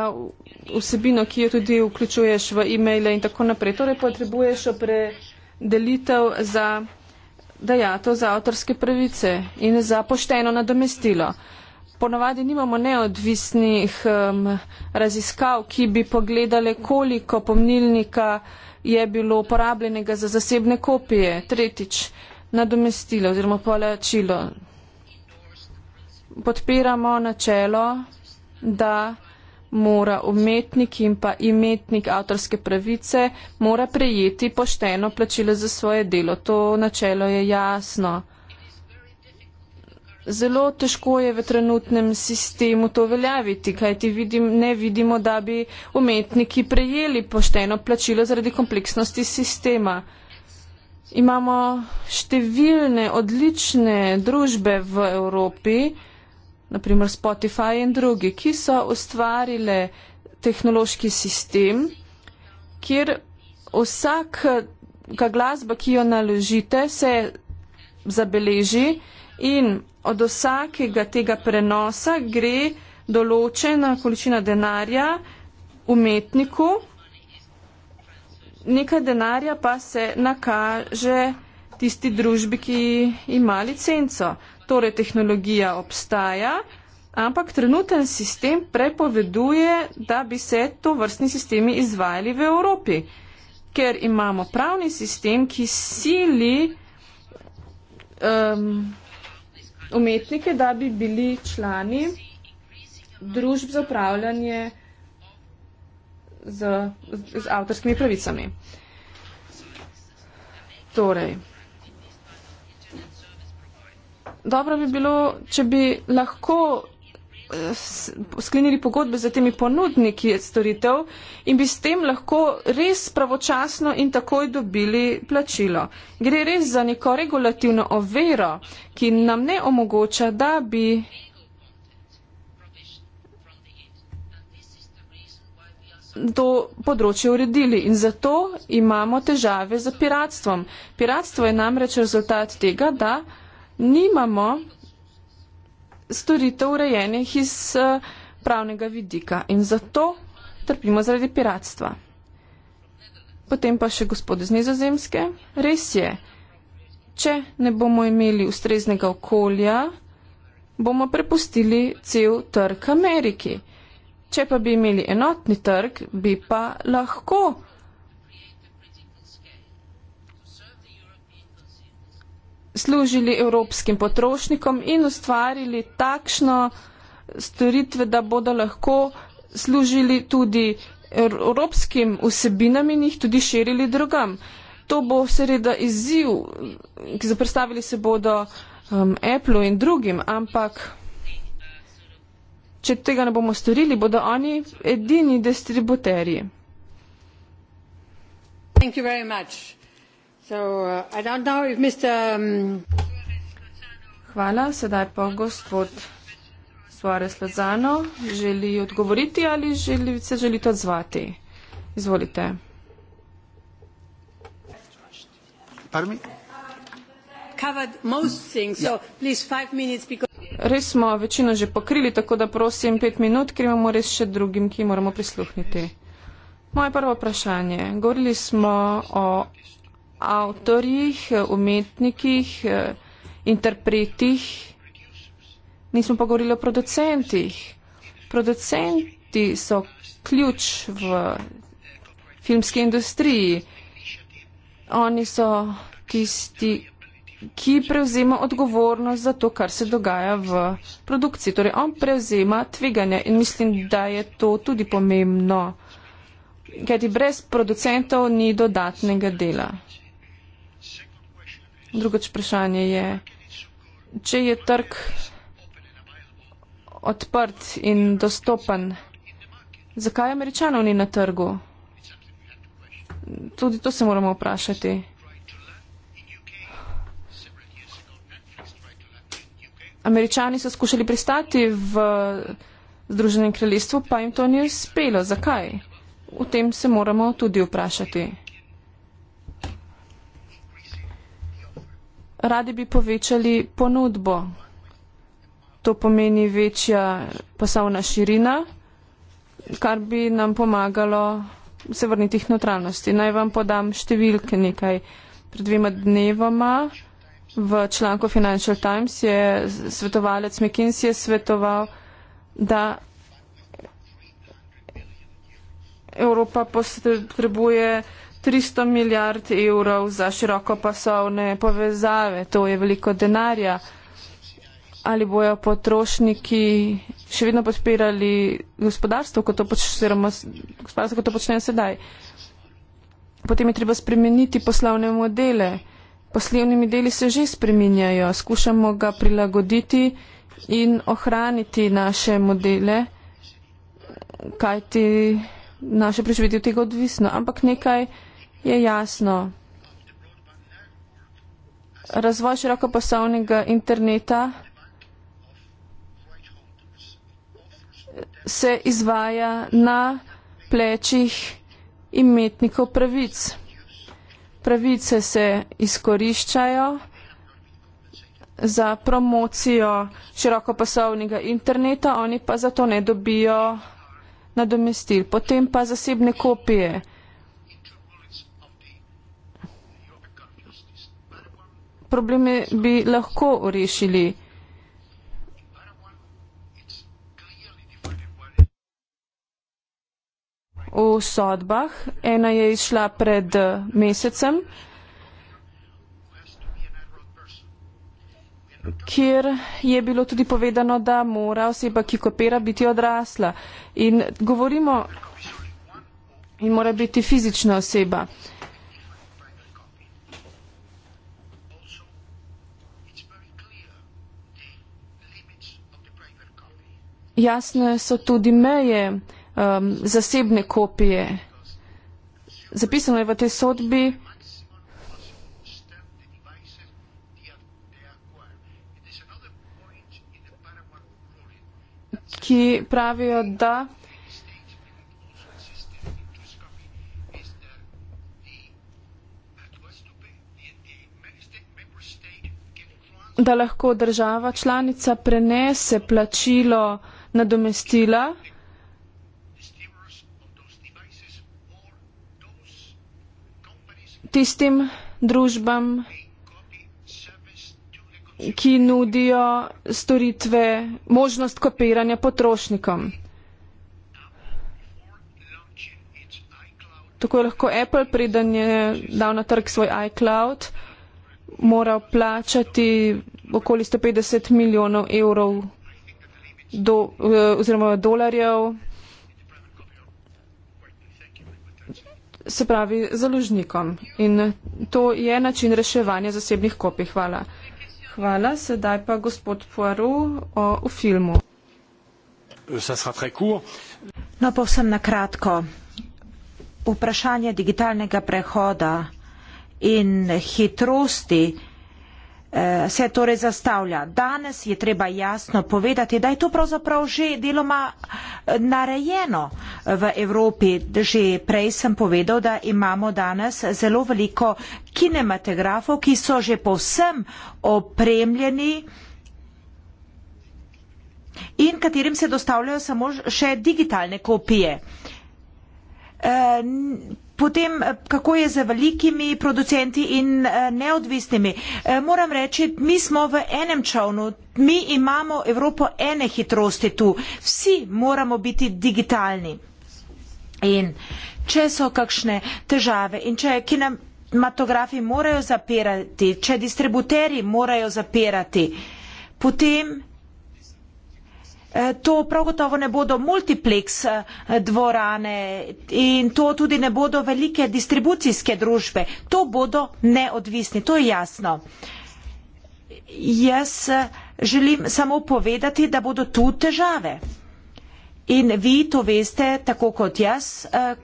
Speaker 1: vsebino, ki jo tudi vključuješ v e-maile in tako naprej. Torej potrebuješ opredelitev za dejato za avtorske pravice in za pošteno nadomestilo. Ponovadi nimamo neodvisnih um, raziskav, ki bi pogledali, koliko pomnilnika je bilo uporabljenega za zasebne kopije. Tretjič, nadomestilo oziroma polačilo. Podpiramo načelo, da mora umetnik in pa imetnik avtorske pravice mora prejeti pošteno plačilo za svoje delo. To načelo je jasno. Zelo težko je v trenutnem sistemu to veljaviti, kajti vidim, ne vidimo, da bi umetniki prejeli pošteno plačilo zaradi kompleksnosti sistema. Imamo številne odlične družbe v Evropi, naprimer Spotify in drugi, ki so ustvarile tehnološki sistem, kjer vsaka glasba, ki jo naložite, se zabeleži in od vsakega tega prenosa gre določena količina denarja umetniku, nekaj denarja pa se nakaže tisti družbi, ki ima licenco. Torej, tehnologija obstaja, ampak trenuten sistem prepoveduje, da bi se to vrstni sistemi izvajali v Evropi, ker imamo pravni sistem, ki sili um, umetnike, da bi bili člani družb za upravljanje z, z avtorskimi pravicami. Torej, dobro bi bilo, če bi lahko eh, sklenili pogodbe z temi ponudniki storitev in bi s tem lahko res pravočasno in takoj dobili plačilo. Gre res za neko regulativno overo, ki nam ne omogoča, da bi. to področje uredili in zato imamo težave z piratstvom. Piratstvo je namreč rezultat tega, da nimamo storitev urejenih iz eh, pravnega vidika in zato trpimo zaradi piratstva. Potem pa še gospod iz Nizozemske. Res je, če ne bomo imeli ustreznega okolja, bomo prepustili cel trg Ameriki. Če pa bi imeli enotni trg, bi pa lahko služili evropskim potrošnikom in ustvarili takšno storitve, da bodo lahko služili tudi evropskim vsebinam in jih tudi širili drugam. To bo seveda izziv, ki zaprstavili se bodo um, Apple in drugim, ampak če tega ne bomo storili, bodo oni edini distributerji. Thank you very much. Uh, um, Hvala. Sedaj pa gospod Suarez Lazano želi odgovoriti ali želi, se želite odzvati. Izvolite. Ja. Res smo večino že pokrili, tako da prosim pet minut, ker imamo res še drugim, ki moramo prisluhniti. Moje prvo vprašanje. Govorili smo o avtorjih, umetnikih, interpretih, nismo pa govorili o producentih. Producenti so ključ v filmski industriji. Oni so tisti, ki prevzema odgovornost za to, kar se dogaja v produkciji. Torej, on prevzema tveganja in mislim, da je to tudi pomembno, kajti brez producentov ni dodatnega dela. Drugič vprašanje je, če je trg odprt in dostopen, zakaj američanov ni na trgu? Tudi to se moramo vprašati. Američani so skušali pristati v Združenem kraljestvu, pa jim to ni uspelo. Zakaj? O tem se moramo tudi vprašati. radi bi povečali ponudbo. To pomeni večja pasovna širina, kar bi nam pomagalo se vrniti k neutralnosti. Naj vam podam številke nekaj. Pred dvema dnevoma v članku Financial Times je svetovalec McKinsey svetoval, da Evropa potrebuje posred 300 milijard evrov za širokopasovne povezave, to je veliko denarja. Ali bojo potrošniki še vedno podpirali gospodarstvo, kot to, poč gospodarstvo, kot to počnejo sedaj? Potem je treba spremeniti poslovne modele. Poslovni modeli se že spreminjajo, skušamo ga prilagoditi in ohraniti naše modele, kajti naše preživetje od tega odvisno. Ampak nekaj je jasno. Razvoj širokopasovnega interneta se izvaja na plečih imetnikov pravic. Pravice se izkoriščajo za promocijo širokopasovnega interneta, oni pa zato ne dobijo nadomestil. Potem pa zasebne kopije. probleme bi lahko rešili. V sodbah, ena je izšla pred mesecem, kjer je bilo tudi povedano, da mora oseba, ki kopira, biti odrasla. In govorimo, in mora biti fizična oseba. jasne so tudi meje um, zasebne kopije. Zapisano je v tej sodbi, ki pravijo, da da lahko država članica prenese plačilo nadomestila tistim družbam, ki nudijo storitve, možnost kopiranja potrošnikom. Tako je lahko Apple, preden je dal na trg svoj iCloud, moral plačati okoli 150 milijonov evrov do, eh, oziroma dolarjev, se pravi založnikom. In to je način reševanja zasebnih kopij. Hvala. Hvala. Sedaj pa
Speaker 2: gospod Poirot o, o filmu. No, povsem na kratko. Vprašanje digitalnega prehoda in hitrosti, Eh, se torej zastavlja. Danes je treba jasno povedati, da je to pravzaprav že deloma eh, narejeno eh, v Evropi. Že prej sem povedal, da imamo danes zelo veliko kinematografov, ki so že povsem opremljeni in katerim se dostavljajo samo še digitalne kopije. Potem, eh, kako je z velikimi producenti in eh, neodvisnimi. Eh, moram reči, mi smo v enem čovnu, mi imamo Evropo ene hitrosti tu, vsi moramo biti digitalni. In če so kakšne težave in če kinematografi morajo zapirati, če distributeri morajo zapirati, potem Eh, to prav gotovo ne bodo multipleks eh, dvorane in to tudi ne bodo velike distribucijske družbe. To bodo neodvisni, to je jasno. Jaz eh, želim samo povedati, da bodo tu težave. In vi to veste tako kot jaz,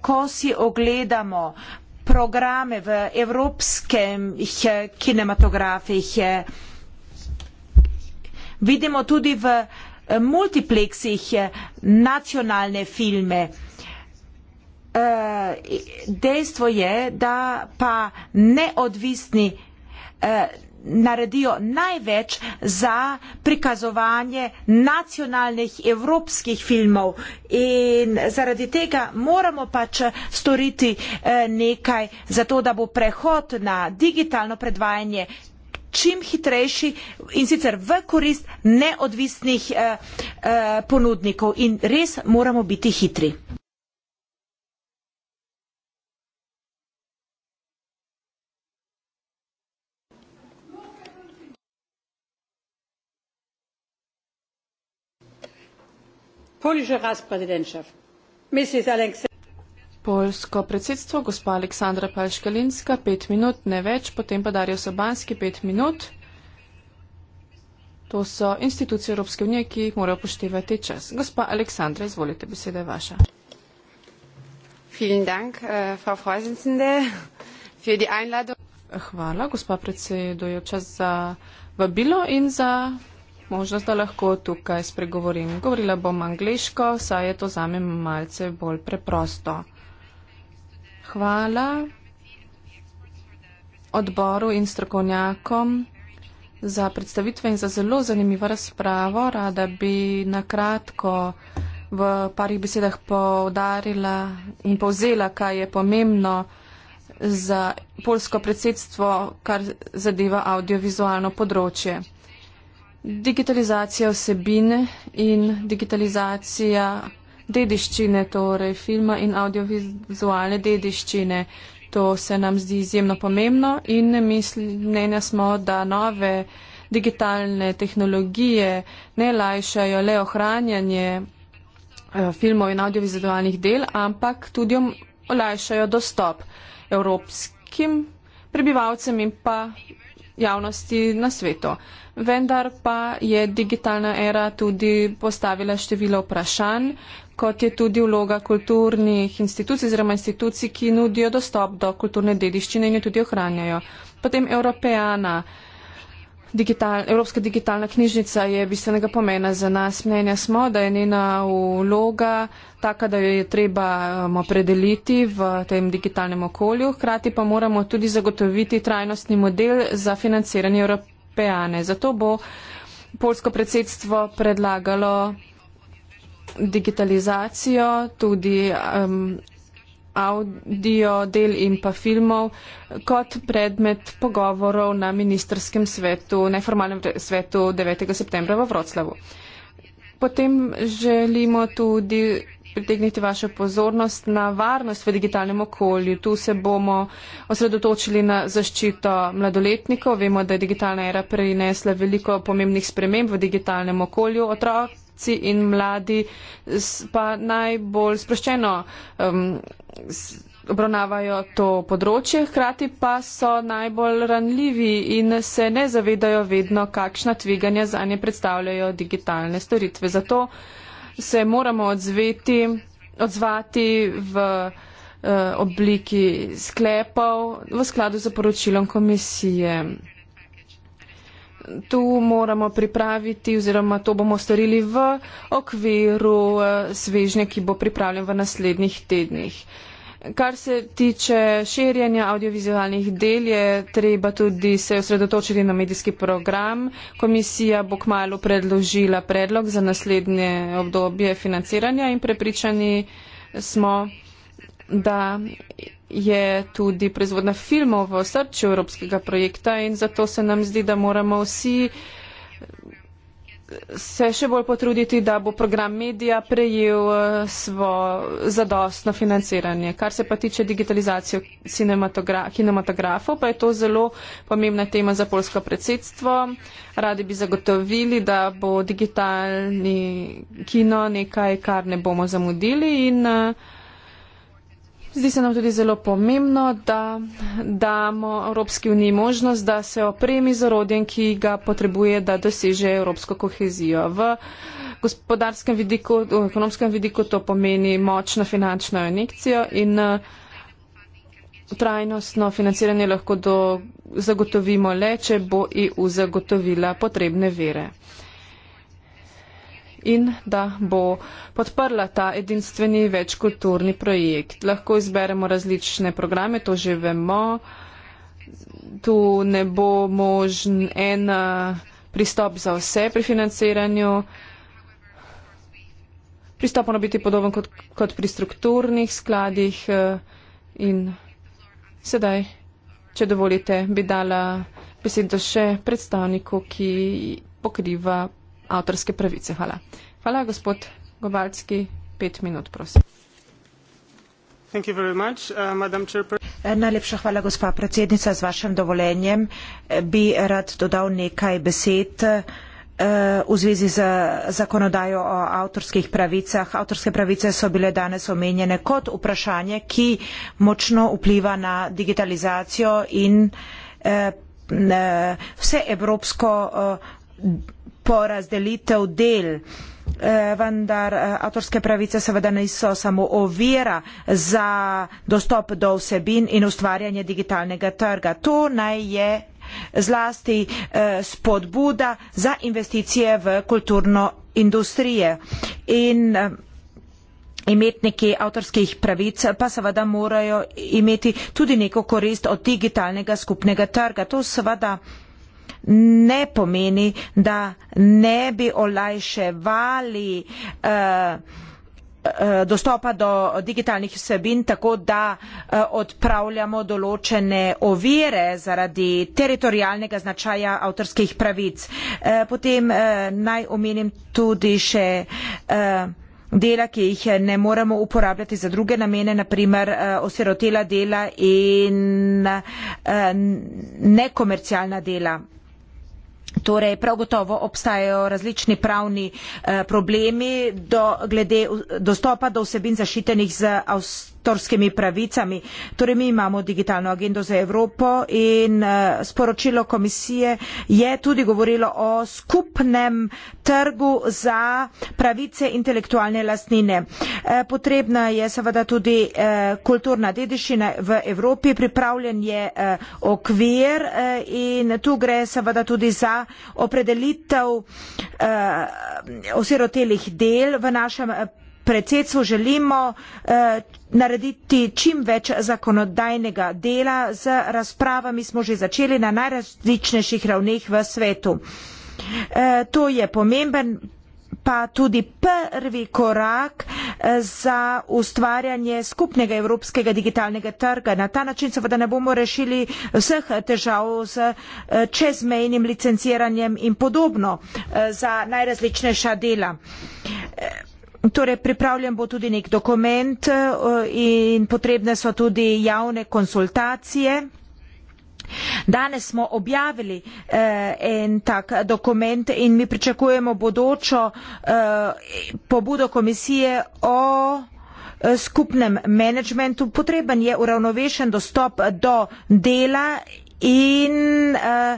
Speaker 2: ko si ogledamo programe v evropskih kinematografih, vidimo tudi v multipleksih eh, nacionalne filme. Eh, dejstvo je, da pa neodvisni eh, naredijo največ za prikazovanje nacionalnih evropskih filmov in zaradi tega moramo pač storiti nekaj za to, da bo prehod na digitalno predvajanje čim hitrejši in sicer v korist neodvisnih eh, eh, ponudnikov in res moramo biti hitri.
Speaker 3: Polska razpredenčav,
Speaker 1: misli Aleksandr. Polsko predsedstvo, gospa Aleksandra Palškalinska, pet minut, ne več, potem pa Darijo Sobanski, pet minut. To so institucije Evropske unije, ki jih morajo poštevati čas. Gospa Aleksandra, izvolite, beseda je vaša. Dank, uh, Hvala, gospa predsedujoča, za vabilo in za možnost, da lahko tukaj spregovorim. Govorila bom angliško, saj je to zame malce bolj preprosto hvala odboru in strokovnjakom za predstavitve in za zelo zanimivo razpravo. Rada bi na kratko v parih besedah povdarila in povzela, kaj je pomembno za polsko predsedstvo, kar zadeva audiovizualno področje. Digitalizacija vsebine in digitalizacija dediščine, torej filma in audiovizualne dediščine. To se nam zdi izjemno pomembno in mnenja smo, da nove digitalne tehnologije ne lajšajo le ohranjanje eh, filmov in audiovizualnih del, ampak tudi olajšajo dostop evropskim prebivalcem in pa javnosti na svetu. Vendar pa je digitalna era tudi postavila število vprašanj, kot je tudi vloga kulturnih institucij oziroma institucij, ki nudijo dostop do kulturne dediščine in jo tudi ohranjajo. Potem Evropejana digital, Evropska digitalna knjižnica je bistvenega pomena za nas. Mnenja smo, da je njena vloga taka, da jo je treba um, opredeliti v tem digitalnem okolju, hkrati pa moramo tudi zagotoviti trajnostni model za financiranje Evropejane. Zato bo polsko predsedstvo predlagalo digitalizacijo, tudi um, audio del in pa filmov kot predmet pogovorov na ministerskem svetu, neformalnem svetu 9. septembra v Vroclavu. Potem želimo tudi pritegniti vašo pozornost na varnost v digitalnem okolju. Tu se bomo osredotočili na zaščito mladoletnikov. Vemo, da je digitalna era prinesla veliko pomembnih sprememb v digitalnem okolju. Otrok otroci in mladi pa najbolj sproščeno um, obravnavajo to področje, hkrati pa so najbolj ranljivi in se ne zavedajo vedno, kakšna tveganja za nje predstavljajo digitalne storitve. Zato se moramo odzveti, odzvati v eh, obliki sklepov v skladu z poročilom komisije tu moramo pripraviti oziroma to bomo storili v okviru eh, svežnja, ki bo pripravljen v naslednjih tednih. Kar se tiče širjenja audiovizualnih del, je treba tudi se osredotočiti na medijski program. Komisija bo kmalo predložila predlog za naslednje obdobje financiranja in prepričani smo, da je tudi proizvodna filmov v srču evropskega projekta in zato se nam zdi, da moramo vsi se še bolj potruditi, da bo program medija prejel eh, svo zadostno financiranje. Kar se pa tiče digitalizacije kinematograf, kinematografov, pa je to zelo pomembna tema za polsko predsedstvo. Radi bi zagotovili, da bo digitalni kino nekaj, kar ne bomo zamudili in uh, Zdi se nam tudi zelo pomembno, da damo Evropski uniji možnost, da se opremi z orodjem, ki ga potrebuje, da doseže evropsko kohezijo. V gospodarskem vidiku, v ekonomskem vidiku to pomeni močno finančno injekcijo in eh, trajnostno financiranje lahko do, zagotovimo le, če bo EU zagotovila potrebne vere in da bo podprla ta edinstveni večkulturni projekt. Lahko izberemo različne programe, to že vemo. Tu ne bo možen en eh, pristop za vse pri financiranju. Pristop mora biti podoben kot, kot pri strukturnih skladih. Eh, in sedaj, če dovolite, bi dala besedo še predstavniku, ki pokriva avtorske pravice. Hvala. Hvala, gospod Gobalski. Pet minut, prosim. Much, uh,
Speaker 2: eh, Najlepša hvala, gospa predsednica. Z vašim dovolenjem eh, bi rad dodal nekaj besed eh, v zvezi z zakonodajo o avtorskih pravicah. Avtorske pravice so bile danes omenjene kot vprašanje, ki močno vpliva na digitalizacijo in vse evropsko porazdelitev del. Eh, vendar eh, avtorske pravice seveda niso samo ovira za dostop do vsebin in ustvarjanje digitalnega trga. To naj je zlasti eh, spodbuda za investicije v kulturno industrijo. In imetniki avtorskih pravic pa seveda morajo imeti tudi neko korist od digitalnega skupnega trga. To seveda ne pomeni, da ne bi olajševali uh, dostopa do digitalnih vsebin, tako da eh, odpravljamo določene ovire zaradi teritorijalnega značaja avtorskih pravic. Potem naj omenim tudi še dela, ki jih ne moremo uporabljati za druge namene, naprimer osirotela dela in nekomercialna dela. Torej, prav gotovo obstajajo različni pravni eh, problemi do, glede dostopa do vsebin zašitenih z avstralijskimi avtorskimi pravicami. Torej mi imamo digitalno agendo za Evropo in eh, sporočilo komisije je tudi govorilo o skupnem trgu za pravice intelektualne lastnine. Eh, potrebna je seveda tudi eh, kulturna dediščina v Evropi, pripravljen je okvir in tu gre seveda tudi za opredelitev osirotelih del v našem predsedstvu želimo eh, narediti čim več zakonodajnega dela. Z razpravami smo že začeli na najrazličnejših ravneh v svetu. Eh, to je pomemben pa tudi prvi korak eh, za ustvarjanje skupnega evropskega digitalnega trga. Na ta način seveda ne bomo rešili vseh težav z čezmejnim licenciranjem in podobno za najrazličnejša dela. Torej, pripravljen bo tudi nek dokument eh, in potrebne so tudi javne konsultacije. Danes smo objavili eh, en tak dokument in mi pričakujemo bodočo eh, pobudo komisije o eh, skupnem menedžmentu. Potreben je uravnovešen dostop do dela in. Eh,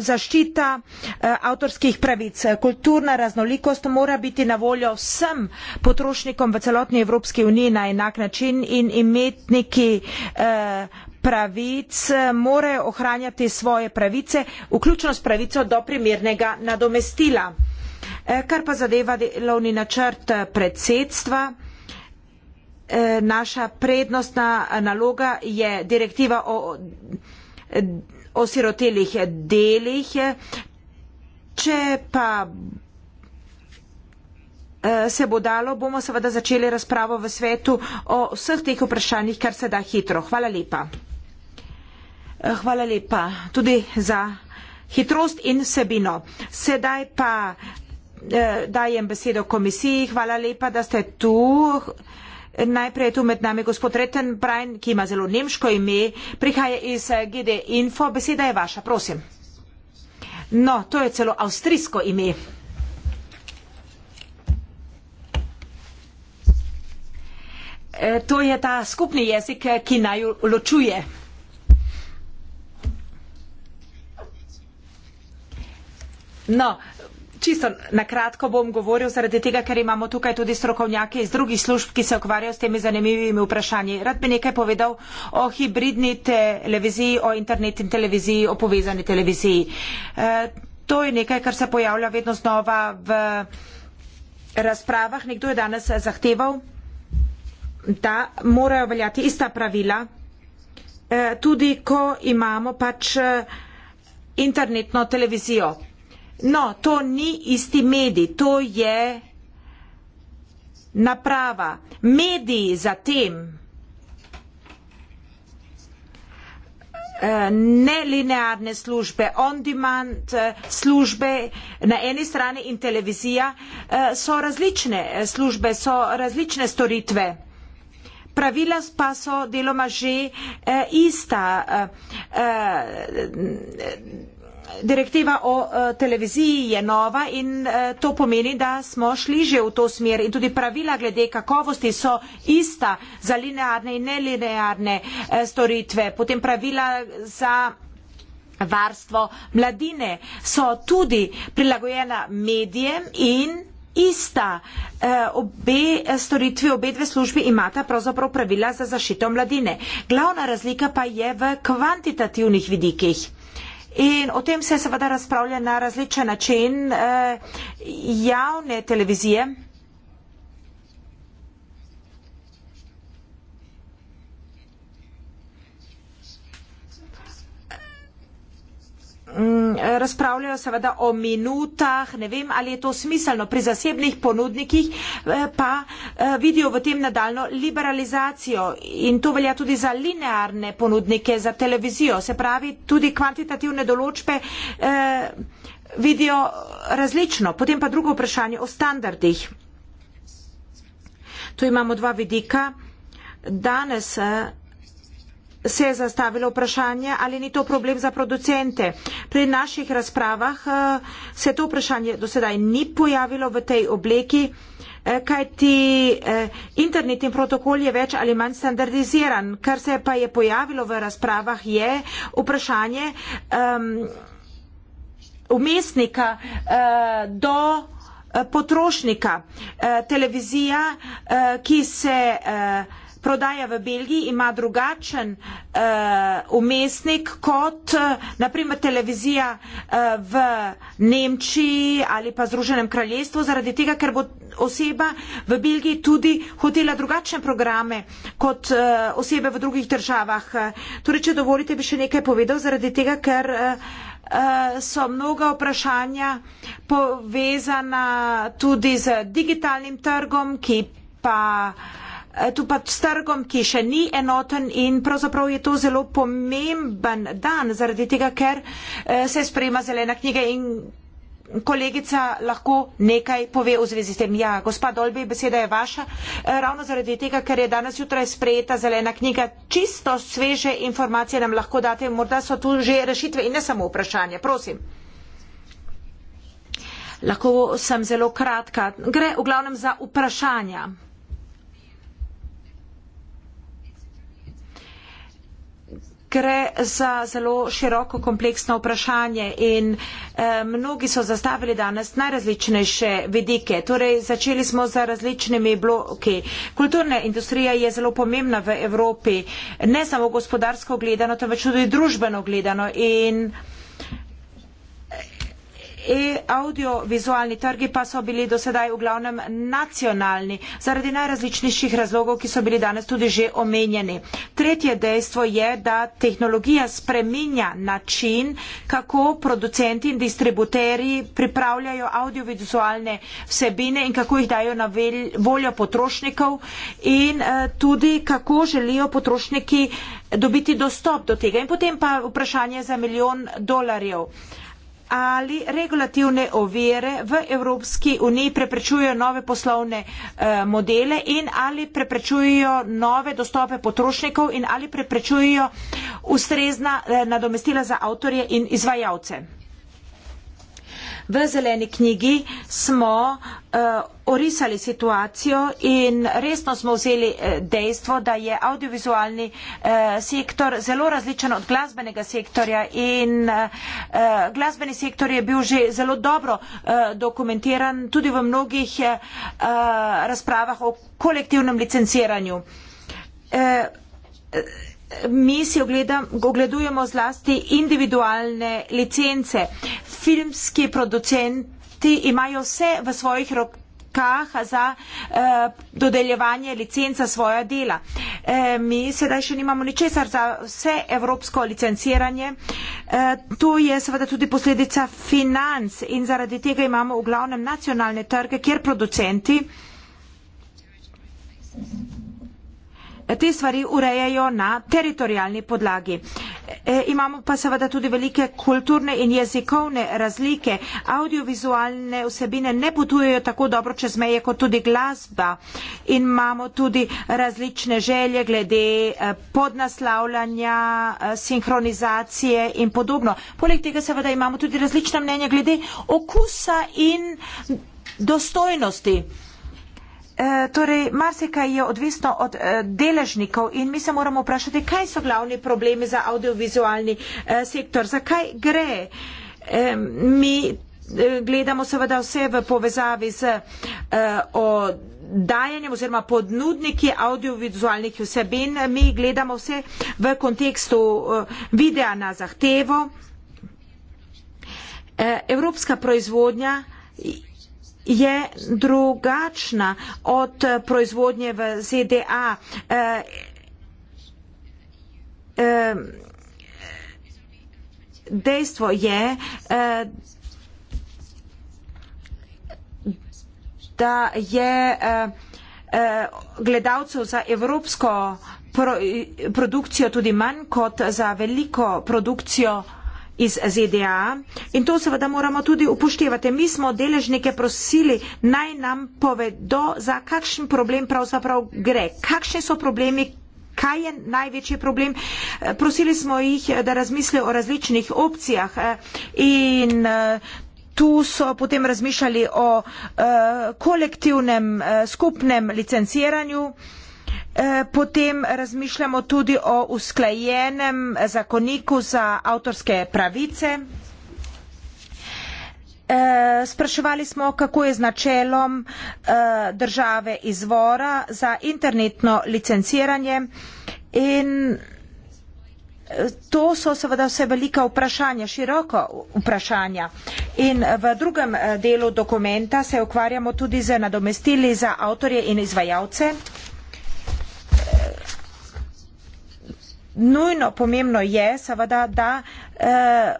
Speaker 2: zaščita eh, avtorskih pravic. Kulturna raznolikost mora biti na voljo vsem potrošnikom v celotni Evropski uniji na enak način in imetniki eh, pravic eh, morajo ohranjati svoje pravice, vključno s pravico do primernega nadomestila. Kar pa zadeva delovni načrt predsedstva, naša prednostna naloga je direktiva o osirotelih delih, če pa eh, se bo dalo, bomo seveda začeli razpravo v svetu o vseh teh vprašanjih, kar se da hitro. Hvala lepa. Eh, hvala lepa tudi za hitrost in sebino. Sedaj pa eh, dajem besedo komisiji. Hvala lepa, da ste tu. Najprej je tu med nami gospod Rettenbrein, ki ima zelo nemško ime, prihaja iz eh, GD Info, beseda je vaša, prosim. No, to je celo avstrijsko ime. Eh, to je ta skupni jezik, eh, ki naj ločuje. No, Čisto na kratko bom govoril, zaradi tega, ker imamo tukaj tudi strokovnjake iz drugih služb, ki se ukvarjajo s temi zanimivimi vprašanji. Rad bi nekaj povedal o hibridni televiziji, o internetni televiziji, o povezani televiziji. E, to je nekaj, kar se pojavlja vedno znova v razpravah. Nekdo je danes zahteval, da morajo veljati ista pravila, e, tudi ko imamo pač e, internetno televizijo. No, to ni isti medij, to je naprava. Mediji za tem eh, nelinearne službe, on-demand eh, službe na eni strani in televizija eh, so različne službe, so različne storitve. Pravila pa so deloma že ista direktiva o uh, televiziji je nova in uh, to pomeni, da smo šli že v to smer in tudi pravila glede kakovosti so ista za linearne in nelinearne uh, storitve. Potem pravila za varstvo mladine so tudi prilagojena medijem in ista. Obe storitvi, obe dve službi imata pravzaprav pravila za zašito mladine. Glavna razlika pa je v kvantitativnih vidikih. In o tem se seveda razpravlja na različen način eh, javne televizije. Mm, razpravljajo seveda o minutah, ne vem, ali je to smiselno. Pri zasebnih ponudnikih eh, pa eh, vidijo v tem nadaljno liberalizacijo in to velja tudi za linearne ponudnike, za televizijo. Se pravi, tudi kvantitativne določbe eh, vidijo različno. Potem pa drugo vprašanje o standardih. Tu imamo dva vidika. Danes se je zastavilo vprašanje, ali ni to problem za producente. Pri naših razpravah eh, se to vprašanje do sedaj ni pojavilo v tej obliki, eh, kajti eh, internet in protokol je več ali manj standardiziran. Kar se pa je pojavilo v razpravah, je vprašanje ehm, umestnika do potrošnika. Televizija, ki se prodaja v Belgiji ima drugačen uh, umestnik kot uh, eh, naprimer televizija uh, v Nemčiji ali pa Združenem kraljestvu, zaradi tega, ker bo oseba v Belgiji tudi hotela drugačne programe kot uh, osebe v drugih državah. Torej, če dovolite, bi še nekaj povedal, zaradi tega, ker uh, so mnoga vprašanja povezana tudi z digitalnim trgom, ki pa uh, Eh, tu pa s trgom, ki še ni enoten in pravzaprav je to zelo pomemben dan, zaradi tega, ker eh, se sprejema zelena knjiga in kolegica lahko nekaj pove v zvezi s tem. Ja, gospa Dolbe, beseda je vaša. Eh, ravno zaradi tega, ker je danes jutraj sprejeta zelena knjiga, čisto sveže informacije nam lahko date. Morda so tu že rešitve in ne samo vprašanje. Prosim. Lahko sem zelo kratka. Gre v glavnem za vprašanja. gre za zelo široko kompleksno vprašanje in e, mnogi so zastavili danes najrazličnejše vidike. Torej, začeli smo z različnimi bloki. Kulturna industrija je zelo pomembna v Evropi, ne samo gospodarsko gledano, temveč tudi družbeno gledano. In E-audiovizualni trgi pa so bili do sedaj v glavnem nacionalni zaradi najrazličnejših razlogov, ki so bili danes tudi že omenjeni. Tretje dejstvo je, da tehnologija spreminja način, kako producenti in distributeri pripravljajo audiovizualne vsebine in kako jih dajo na voljo potrošnikov in eh, tudi kako želijo potrošniki dobiti dostop do tega. In potem pa vprašanje za milijon dolarjev ali regulativne ovire v Evropski uniji preprečujejo nove poslovne eh, modele in ali preprečujejo nove dostope potrošnikov in ali preprečujejo ustrezna eh, nadomestila za avtorje in izvajalce. V zeleni knjigi smo uh, orisali situacijo in resno smo vzeli eh, dejstvo, da je audiovizualni uh, eh, sektor zelo različen od glasbenega sektorja in uh, glasbeni sektor je bil že zelo dobro uh, dokumentiran tudi v mnogih uh, razpravah o kolektivnem licenciranju. Uh, mi si ogledam, ogledujemo zlasti individualne licence. Filmski producenti imajo vse v svojih rokah za eh, dodeljevanje licenca svoja dela. Eh, mi sedaj še nimamo ničesar za vse evropsko licenciranje. Eh, to je seveda tudi posledica financ in zaradi tega imamo v glavnem nacionalne trge, kjer producenti te stvari urejajo na teritorijalni podlagi. E, imamo pa seveda tudi velike kulturne in jezikovne razlike. Audiovizualne vsebine ne potujejo tako dobro čez meje kot tudi glasba. In imamo tudi različne želje glede e, podnaslavljanja, e, sinhronizacije in podobno. Poleg tega seveda imamo tudi različna mnenja glede okusa in dostojnosti. Eh, torej, marsikaj je odvisno od eh, deležnikov in mi se moramo vprašati, kaj so glavni problemi za audiovizualni eh, sektor, zakaj gre. Mi gledamo seveda vse v povezavi z oddajanjem oziroma podnudniki audiovizualnih vsebin, mi gledamo vse v kontekstu videa na zahtevo. Evropska proizvodnja je drugačna od proizvodnje v ZDA. Eh, eh, dejstvo je, eh, da je gledalcev za evropsko produkcijo tudi manj kot za veliko produkcijo iz ZDA in to seveda moramo tudi upoštevati. Mi smo deležnike prosili, naj nam povedo, za kakšen problem pravzaprav gre, kakšni so problemi, kaj je največji problem. Eh, prosili smo jih, eh, da razmislijo o različnih opcijah eh, in tu so potem razmišljali o kolektivnem, skupnem licenciranju. Eh, potem razmišljamo tudi o usklajenem zakoniku za avtorske pravice. Eh, spraševali smo, kako je z načelom eh, države izvora za internetno licenciranje in to so seveda vse velika vprašanja, široko vprašanja. In v drugem delu dokumenta se ukvarjamo tudi z nadomestili za avtorje in izvajalce. nujno pomembno je seveda, da uh,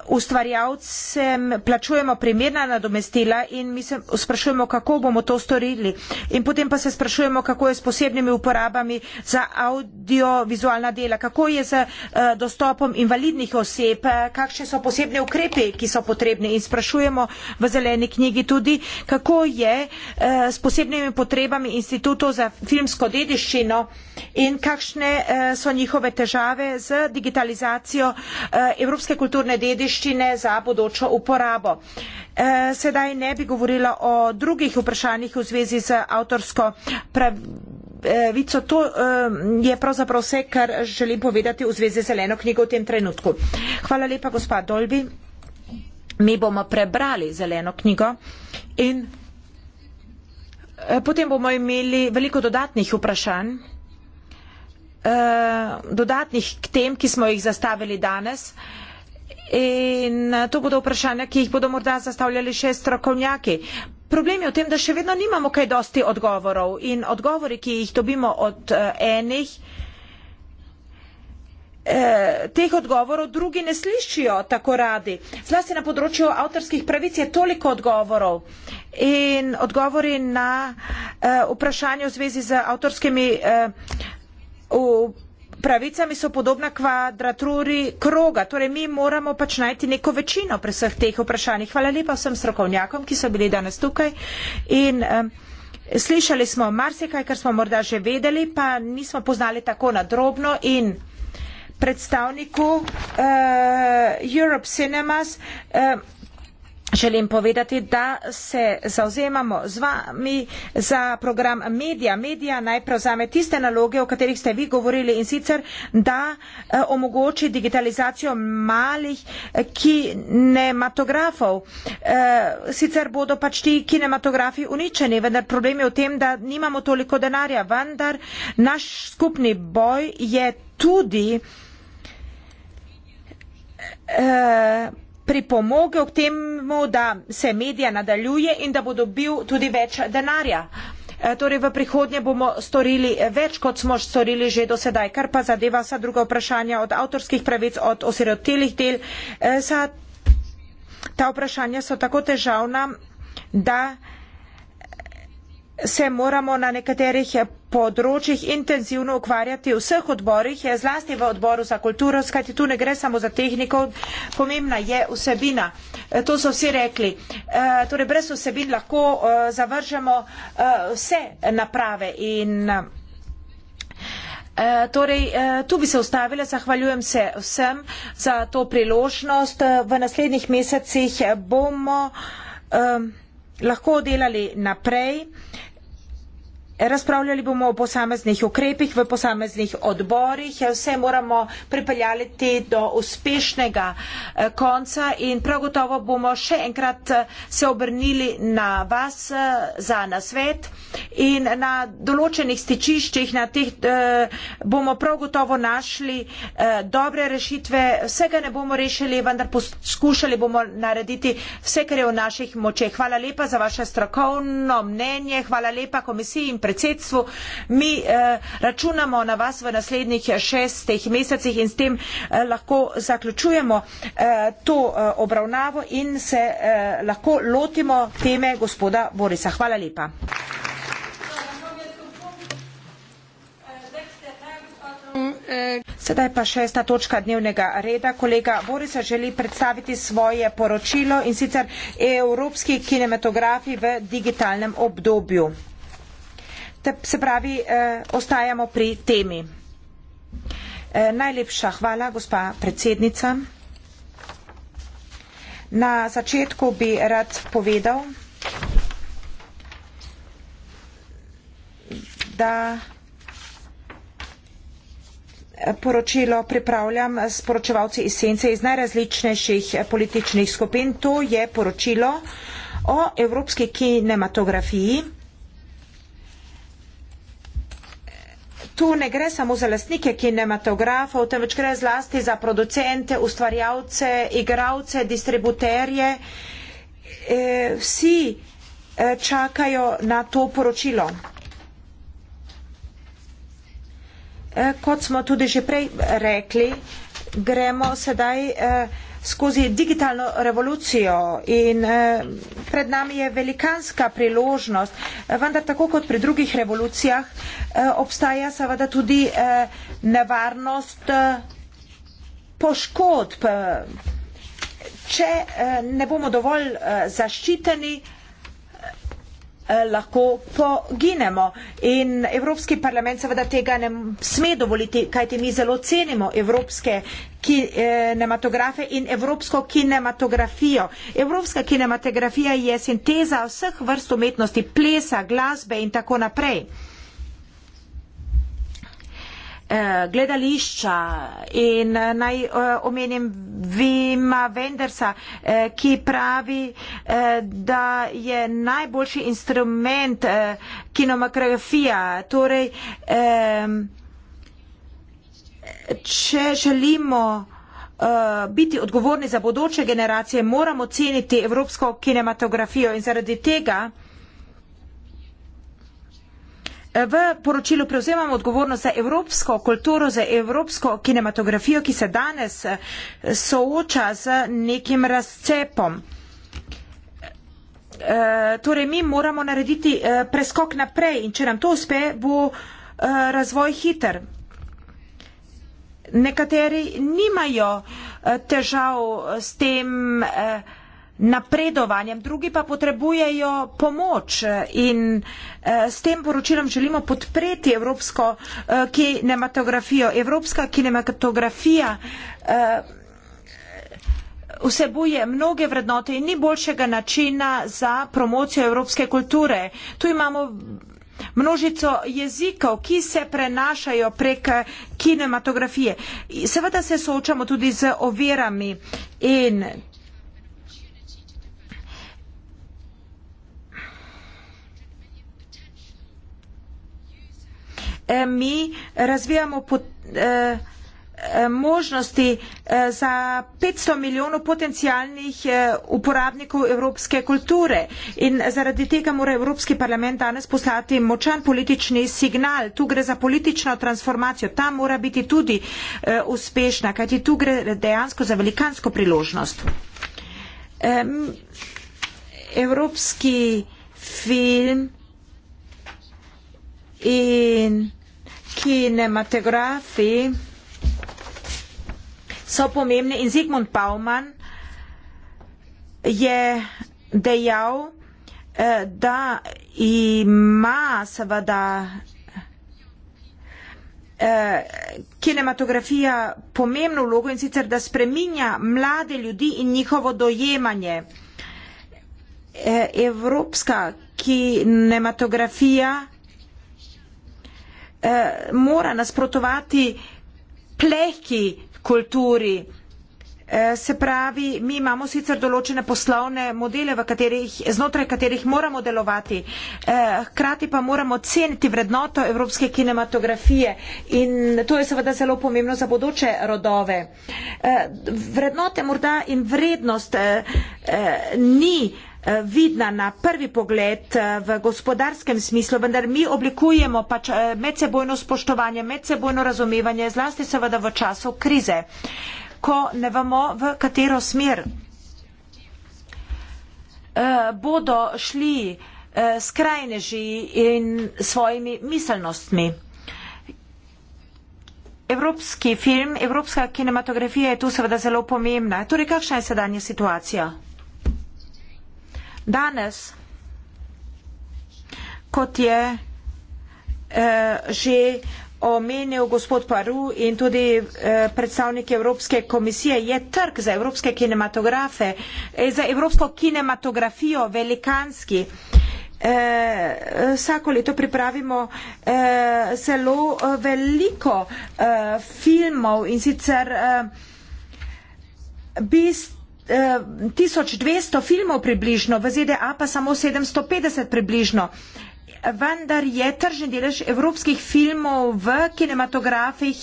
Speaker 2: ustvarjalcem plačujemo primerna nadomestila in mi se sprašujemo, kako bomo to storili. In potem pa se sprašujemo, kako je s posebnimi uporabami za audiovizualna dela, kako je z uh, dostopom invalidnih oseb, eh, kakšne so posebne ukrepe, ki so potrebni. In sprašujemo v zeleni knjigi tudi, kako je uh, s posebnimi potrebami institutov za filmsko dediščino in kakšne uh, so njihove težave povezave z digitalizacijo eh, evropske kulturne dediščine za bodočo uporabo. Eh, sedaj ne bi govorila o drugih vprašanjih v zvezi z avtorsko pravico. To eh, je pravzaprav vse, kar želim povedati v zvezi z zeleno knjigo v tem trenutku. Hvala lepa, gospa Dolbi. Mi bomo prebrali zeleno knjigo in potem bomo imeli veliko dodatnih vprašanj. Eh, dodatnih k tem, ki smo jih zastavili danes. In eh, to bodo vprašanja, ki jih bodo morda zastavljali še strokovnjaki. Problem je v tem, da še vedno nimamo kaj dosti odgovorov in odgovori, ki jih dobimo od eh, enih, teh odgovorov drugi ne slišijo tako radi. Zlasti na področju avtorskih pravic je toliko odgovorov in odgovori na vprašanje v zvezi z avtorskimi pravicami pravicami so podobna kvadraturi kroga. Torej, mi moramo pač najti neko večino pri vseh teh vprašanjih. Hvala lepa vsem strokovnjakom, ki so bili danes tukaj. In, um, slišali smo marsikaj, kar smo morda že vedeli, pa nismo poznali tako nadrobno in predstavniku uh, Europe Cinemas. Uh, Želim povedati, da se zauzemamo z vami za program medija. Medija naj prevzame tiste naloge, o katerih ste vi govorili in sicer, da eh, omogoči digitalizacijo malih eh, kinematografov. Eh, sicer bodo pač ti kinematografi uničeni, vendar problem je v tem, da nimamo toliko denarja, vendar naš skupni boj je tudi. Uh, pripomogel k temu, da se medija nadaljuje in da bo dobil tudi več denarja. E, torej v prihodnje bomo storili več, kot smo storili že do sedaj, kar pa zadeva vsa druga vprašanja od avtorskih pravic, od osirotelih del. E, ta vprašanja so tako težavna, da se moramo na nekaterih področjih intenzivno ukvarjati v vseh odborih, zlasti v odboru za kulturo, skajti tu ne gre samo za tehniko, pomembna je vsebina. E, to so vsi rekli. E, torej, brez vsebin lahko e, zavržemo vse naprave in Torej, tu bi se ustavila, zahvaljujem se vsem za to priložnost. V naslednjih mesecih bomo um, lahko delali naprej, Razpravljali bomo o posameznih ukrepih v posameznih odborih, vse moramo pripeljati do uspešnega eh, konca in prav gotovo bomo še enkrat eh, se obrnili na vas eh, za nasvet in na določenih stičiščih na teh bomo prav gotovo našli dobre rešitve. Vsega ne bomo rešili, vendar poskušali bomo narediti vse, kar je v naših močeh. Hvala lepa za vaše strokovno mnenje, hvala lepa komisiji in predsedstvu. Mi eh, računamo na vas v naslednjih šestih mesecih in s tem eh, lahko zaključujemo eh, to eh, obravnavo in se eh, lahko lotimo teme gospoda Borisa. Hvala lepa. Sedaj pa šesta točka dnevnega reda. Kolega Borisa želi predstaviti svoje poročilo in sicer Evropski kinematografi v digitalnem obdobju. Se pravi, eh, ostajamo pri temi. Eh, najlepša hvala, gospa predsednica. Na začetku bi rad povedal, da poročilo pripravljam s poročevalci iz Sence iz najrazličnejših političnih skupin. To je poročilo o evropski kinematografiji. Tu ne gre samo za lastnike kinematografov, temveč gre zlasti za producente, ustvarjalce, igravce, distributerje. E, vsi e, čakajo na to poročilo. E, kot smo tudi že prej rekli, gremo sedaj. E, skozi digitalno revolucijo in eh, pred nami je velikanska priložnost, eh, vendar tako kot pri drugih revolucijah eh, obstaja seveda tudi nevarnost poškodb. Če ne bomo dovolj zaščiteni, Eh, lahko poginemo. In Evropski parlament seveda tega ne sme dovoliti, kajti mi zelo cenimo evropske kinematografe eh, in evropsko kinematografijo. Evropska kinematografija je sinteza vseh vrst umetnosti, plesa, glasbe in tako naprej eh, gledališča in eh, naj eh, omenim Vima Vendersa, eh, ki pravi, eh, da je najboljši instrument eh, kinematografija. Torej, eh, če želimo eh, biti odgovorni za bodoče generacije, moramo ceniti evropsko kinematografijo in zaradi tega V poročilu prevzemamo odgovornost za evropsko kulturo, za evropsko kinematografijo, ki se danes eh, sooča z nekim razcepom. E, torej, mi moramo narediti e, preskok naprej in če nam to uspe, bo e, razvoj hiter. Nekateri nimajo e, težav s tem. E, napredovanjem, drugi pa potrebujejo pomoč eh, in eh, s tem poročilom želimo podpreti evropsko eh, kinematografijo. Evropska kinematografija vsebuje mnoge vrednote in ni boljšega načina za promocijo evropske kulture. Tu imamo množico jezikov, ki se prenašajo prek kinematografije. Seveda se soočamo tudi z ovirami in Eh, mi razvijamo pot, eh, eh, možnosti za 500 milijonov potencijalnih uporabnikov evropske kulture. In zaradi tega mora Evropski parlament danes poslati močan politični signal. Tu gre za politično transformacijo. Ta mora biti tudi uspešna, kajti tu gre dejansko za velikansko priložnost. Evropski film in kinematografi so pomembni in Zygmunt Bauman je dejal, eh, da ima seveda eh, kinematografija pomembno vlogo in sicer, da spreminja mlade ljudi in njihovo dojemanje. Eh, evropska kinematografija eh, mora nasprotovati plehki kulturi. Eh, se pravi, mi imamo sicer določene poslovne modele, katerih, znotraj katerih moramo delovati, eh, hkrati pa moramo ceniti vrednoto evropske kinematografije in to je seveda zelo pomembno za bodoče rodove. Eh, vrednote morda in vrednost ni vidna na prvi pogled eh, v gospodarskem smislu, vendar mi oblikujemo pač eh, medsebojno spoštovanje, medsebojno razumevanje, zlasti seveda v času krize, ko ne vemo, v katero smer eh, bodo šli skrajneži in svojimi miselnostmi. Evropski film, evropska kinematografija je tu seveda zelo pomembna. Torej, kakšna je sedanja situacija? Danes, kot je eh, že omenil gospod Paru in tudi eh, predstavnik Evropske komisije, je trg za evropske kinematografe, eh, za evropsko kinematografijo velikanski. Eh, vsako leto pripravimo eh, zelo eh, veliko eh, filmov in sicer eh, bist 1200 eh, filmov približno, v ZDA pa samo 750 približno. Vendar je tržni delež evropskih filmov v kinematografih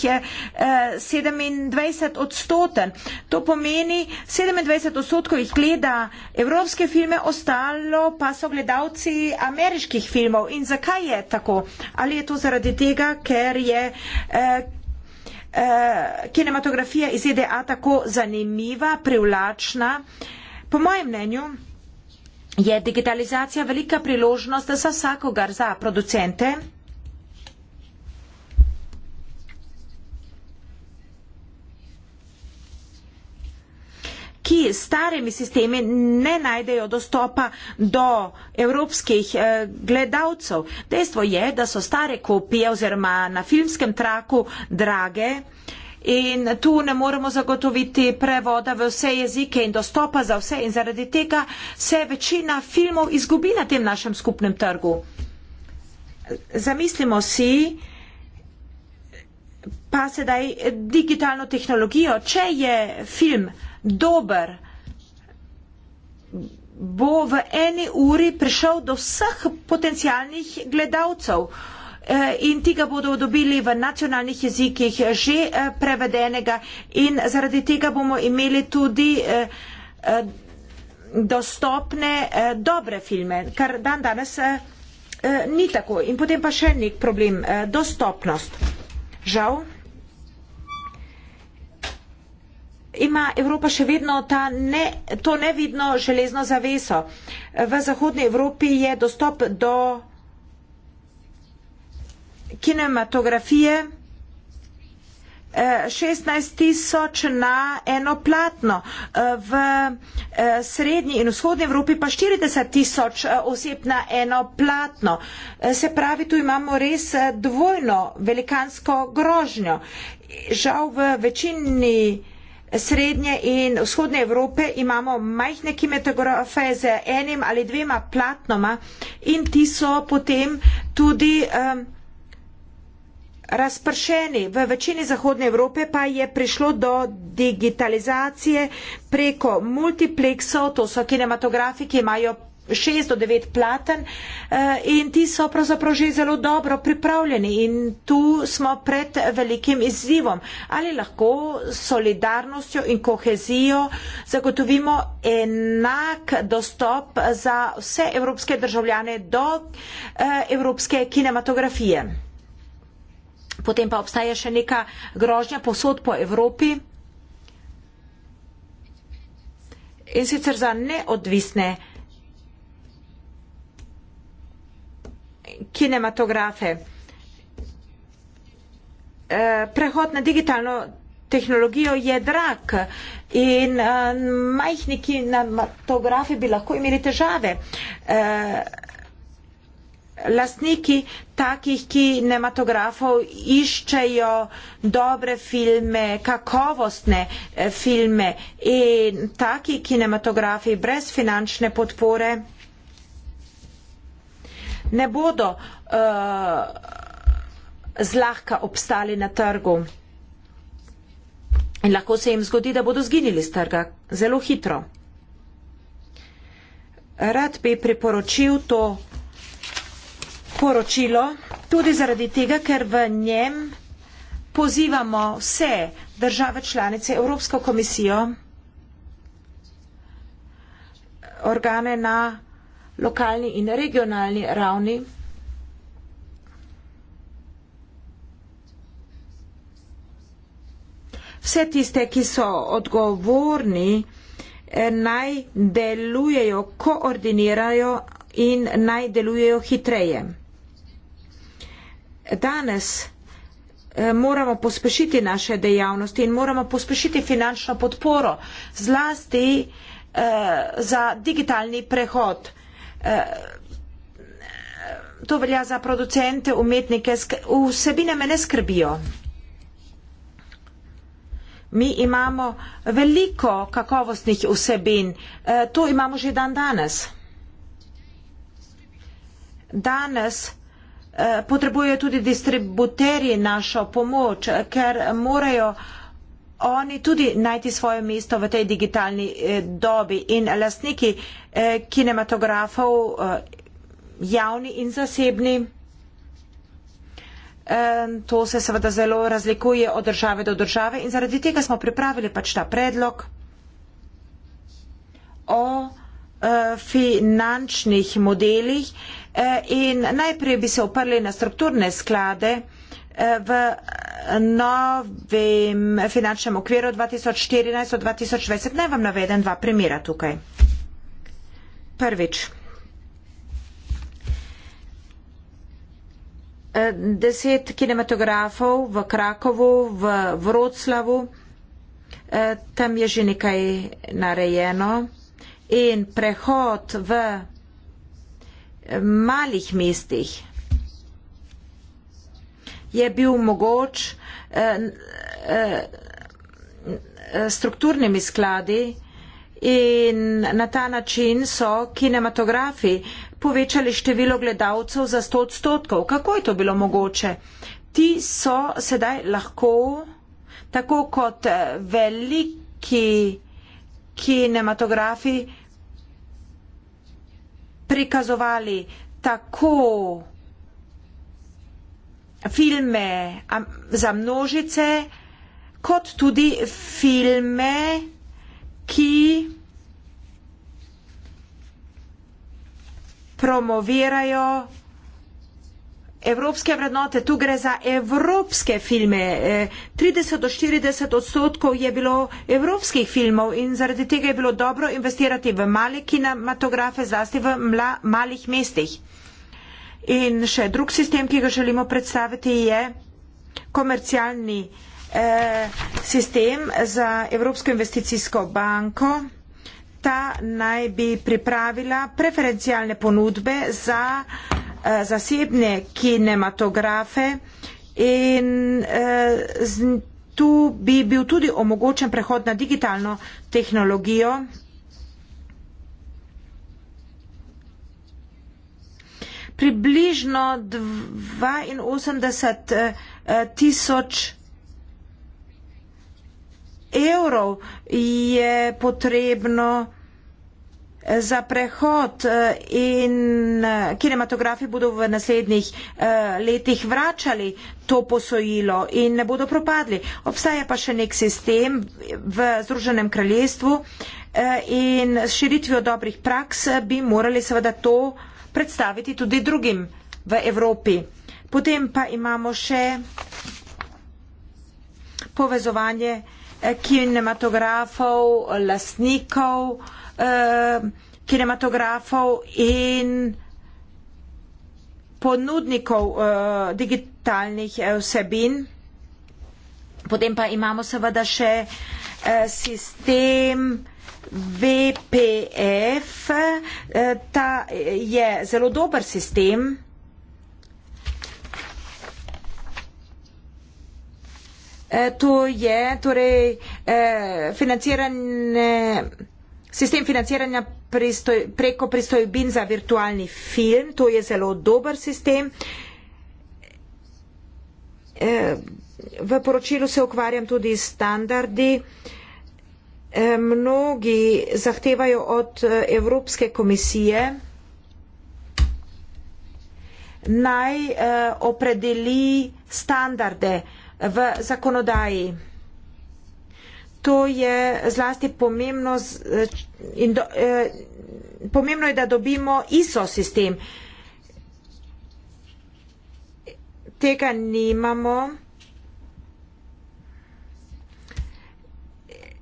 Speaker 2: 27 eh, odstoten. To pomeni, 27 odstotkov jih gleda evropske filme, ostalo pa so gledalci ameriških filmov. In zakaj je tako? Ali je to zaradi tega, ker je eh, Eh, kinematografija iz EDA tako zanimiva, privlačna? Po mojem mnenju je digitalizacija velika priložnost za vsakogar, za producente, ki starimi sistemi ne najdejo dostopa do evropskih eh, gledalcev. Dejstvo je, da so stare kopije oziroma na filmskem traku drage. In tu ne moremo zagotoviti prevoda v vse jezike in dostopa za vse. In zaradi tega se večina filmov izgubi na tem našem skupnem trgu. Zamislimo si pa sedaj digitalno tehnologijo. Če je film dober, bo v eni uri prišel do vseh potencijalnih gledalcev eh, in ti ga bodo dobili v nacionalnih jezikih že eh, prevedenega in zaradi tega bomo imeli tudi eh, dostopne dobre filme, kar dan danes ni tako. In potem pa še nek problem, dostopnost. Žal. ima Evropa še vedno ne, to nevidno železno zaveso. V Zahodnji Evropi je dostop do kinematografije 16 eh, tisoč na eno platno, eh, v eh, srednji in vzhodni Evropi pa 40 tisoč oseb na eno platno. Se pravi, tu imamo res dvojno velikansko grožnjo. Žal v večini srednje in vzhodne Evrope imamo majhne kimetografe z enim ali dvema platnoma in ti so potem tudi um, razpršeni. V večini zahodne Evrope pa je prišlo do digitalizacije preko multiplexov, to so kinematografi, ki imajo šest do devet platen eh, in ti so pravzaprav že zelo dobro pripravljeni in tu smo pred velikim izzivom. Ali lahko solidarnostjo in kohezijo zagotovimo enak dostop za vse evropske državljane do eh, evropske kinematografije? Potem pa obstaja še neka grožnja posod po Evropi in sicer za neodvisne državljane kinematografe. Eh, prehod na digitalno tehnologijo je drag in eh, majhni kinematografi bi lahko imeli težave. Eh, lastniki takih kinematografov iščejo dobre filme, kakovostne filme in taki kinematografi brez finančne podpore ne bodo uh, zlahka obstali na trgu. In lahko se jim zgodi, da bodo zginili z trga zelo hitro. Rad bi priporočil to poročilo tudi zaradi tega, ker v njem pozivamo vse države članice Evropsko komisijo, organe na lokalni in regionalni ravni. Vse tiste, ki so odgovorni, eh, naj delujejo, koordinirajo in naj delujejo hitreje. Danes eh, moramo pospešiti naše dejavnosti in moramo pospešiti finančno podporo zlasti eh, za digitalni prehod. Eh, Eh, to velja za producente, umetnike, vsebine me ne skrbijo. Mi imamo veliko kakovostnih vsebin, e, to imamo že dan danes. Danes eh, e, potrebujejo tudi distributerji našo pomoč, ker morajo oni tudi najti svoje mesto v tej digitalni eh, dobi in lastniki eh, kinematografov, eh, javni in zasebni. To se seveda zelo razlikuje od države do države in zaradi tega smo pripravili pač ta predlog o finančnih modelih in najprej bi se oprli na strukturne sklade, v novem finančnem okviru 2014 do 2020. Naj vam navedem dva primera tukaj. Prvič. Deset kinematografov v Krakovu, v Vroclavu, tam je že nekaj narejeno in prehod v malih mestih, je bil mogoč eh, eh, eh, strukturnimi skladi in na ta način so kinematografi povečali število gledalcev za 100 odstotkov. Kako je to bilo mogoče? Ti so sedaj lahko, tako kot eh, veliki kinematografi, prikazovali tako filme za množice, kot tudi filme, ki promovirajo evropske vrednote. Tu gre za evropske filme. 30 e, do 40 odstotkov je bilo evropskih filmov in zaradi tega je bilo dobro investirati v male kinematografe, zlasti v mla, malih mestih. In še drug sistem, ki ga želimo predstaviti, je komercialni eh, sistem za Evropsko investicijsko banko. Ta naj bi pripravila preferencialne ponudbe za eh, zasebne kinematografe in eh, z, tu bi bil tudi omogočen prehod na digitalno tehnologijo. približno 82 eh, eh, tisoč evrov je potrebno eh, za prehod in kinematografi bodo v naslednjih letih vračali to posojilo in ne bodo propadli. Obstaja pa še nek sistem v Združenem kraljestvu in s širitvijo dobrih praks bi morali seveda to predstaviti tudi drugim v Evropi. Potem pa imamo še povezovanje eh, kinematografov, lastnikov eh, kinematografov in ponudnikov eh, digitalnih eh, vsebin. Potem pa imamo seveda še eh, sistem eh, VPF, eh, ta eh, je zelo dober sistem. Eh, to je torej financiranje, sistem financiranja pristoj, preko pristojbin za virtualni film. To je zelo dober sistem. V poročilu se ukvarjam tudi s standardi. Eh, mnogi zahtevajo od eh, Evropske komisije, naj eh, opredeli standarde v zakonodaji. To je zlasti pomembno, in do, eh, pomembno je, da dobimo ISO sistem. Tega nimamo.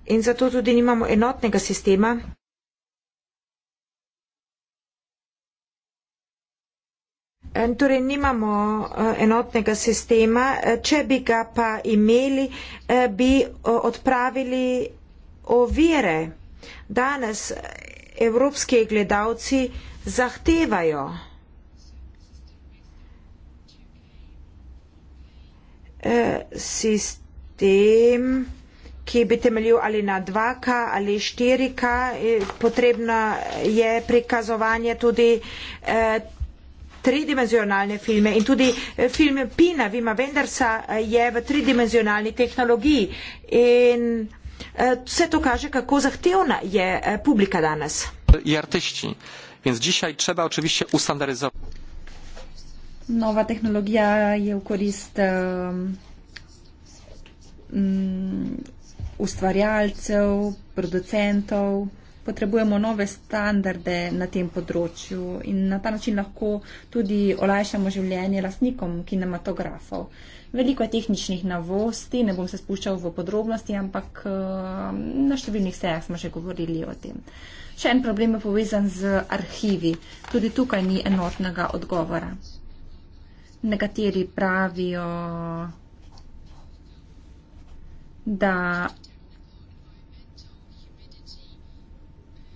Speaker 2: in zato tudi nimamo enotnega sistema. Torej, nimamo e, enotnega sistema. E, če bi ga pa imeli, e, bi odpravili ovire. Danes evropski gledalci zahtevajo sistem ki bi temeljil ali na 2K ali 4K. E, potrebno je prikazovanje tudi e, tridimenzionalne filme in tudi e, film Pina Vima Vendersa je v tridimenzionalni tehnologiji in vse to kaže, kako zahtevna je publika danes. Nova tehnologija je v
Speaker 3: korist um, ustvarjalcev, producentov. Potrebujemo nove standarde na tem področju in na ta način lahko tudi olajšamo življenje lasnikom kinematografov. Veliko je tehničnih novosti, ne bom se spuščal v podrobnosti, ampak eh, na številnih sejah smo že govorili o tem. Še en problem je povezan z arhivi. Tudi tukaj ni enotnega odgovora. Nekateri pravijo, da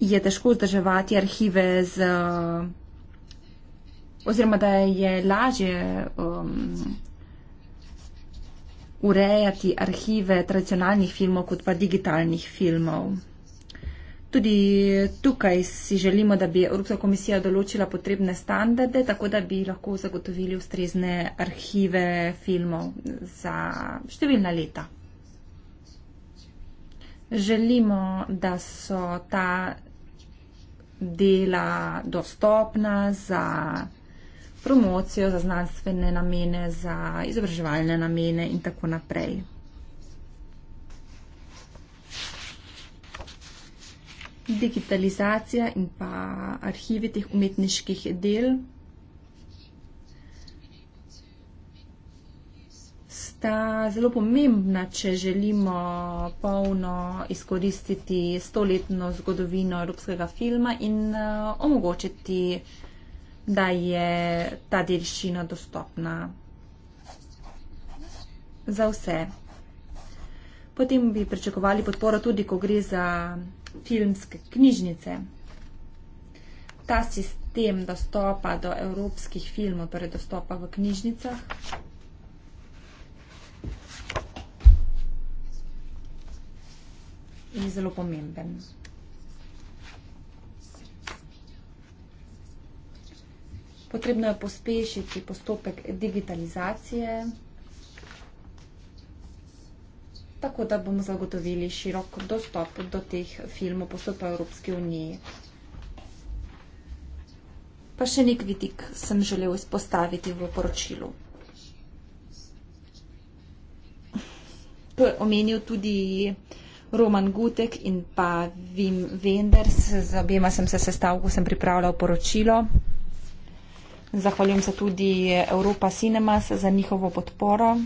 Speaker 3: je težko vzdrževati arhive z, eh, oziroma da je lažje um, urejati arhive tradicionalnih filmov kot pa digitalnih filmov. Tudi tukaj si želimo, da bi Evropska komisija določila potrebne standarde, tako da bi lahko zagotovili ustrezne arhive filmov za številna leta. Želimo, da so ta dela dostopna za promocijo, za znanstvene namene, za izobraževalne namene in tako naprej. Digitalizacija in pa arhivi teh umetniških del. sta zelo pomembna, če želimo polno izkoristiti stoletno zgodovino evropskega filma in eh, omogočiti, da je ta delšina dostopna za vse. Potem bi pričakovali podporo tudi, ko gre za filmske knjižnice. Ta sistem dostopa do evropskih filmov, torej dostopa v knjižnicah. in zelo pomemben. Potrebno je pospešiti postopek digitalizacije, tako da bomo zagotovili širok dostop do teh filmov postopka Evropske unije. Pa še nek vidik sem želel izpostaviti v poročilu. To je omenil tudi uh, Roman Gutek in pa Vim Venders. Z obema sem se sestavil, ko sem pripravljal poročilo. Zahvaljujem se tudi Evropa Cinemas za njihovo podporo.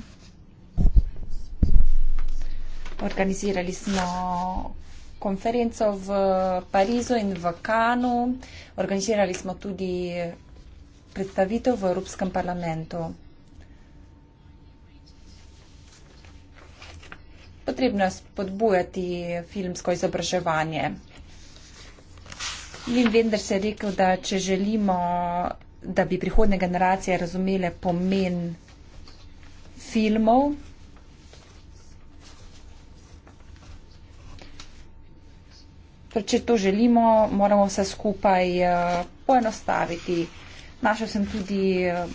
Speaker 3: Organizirali smo konferenco v Parizu in v Kanu. Organizirali smo tudi predstavitev v Evropskem parlamentu. potrebno spodbujati filmsko izobraževanje. Lin Vendr se je rekel, da če želimo, da bi prihodne generacije razumele pomen filmov, torej, Če to želimo, moramo vse skupaj eh, poenostaviti. Našel sem tudi eh,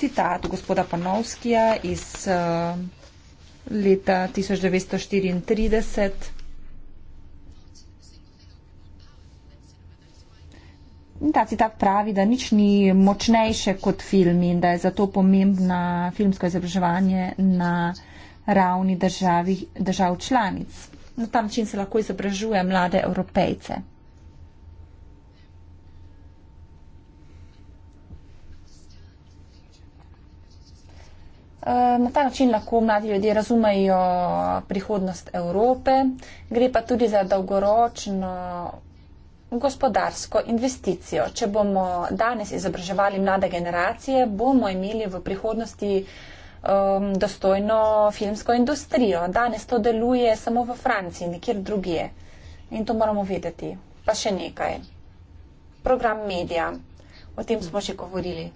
Speaker 3: citat gospoda Panovskija iz eh, leta 1934. In ta citat pravi, da nič ni močnejše kot film in da je zato pomembna filmsko izobraževanje na ravni državi, držav članic. Na ta način se lahko izobražuje mlade evropejce. Eh, na ta način lahko mladi ljudje razumejo prihodnost Evrope, gre pa tudi za dolgoročno gospodarsko investicijo. Če bomo danes izobraževali mlade generacije, bomo imeli v prihodnosti um, dostojno filmsko industrijo. Danes to deluje samo v Franciji, nikjer drugje. In to moramo vedeti. Pa še nekaj. Program medija. O tem smo že govorili.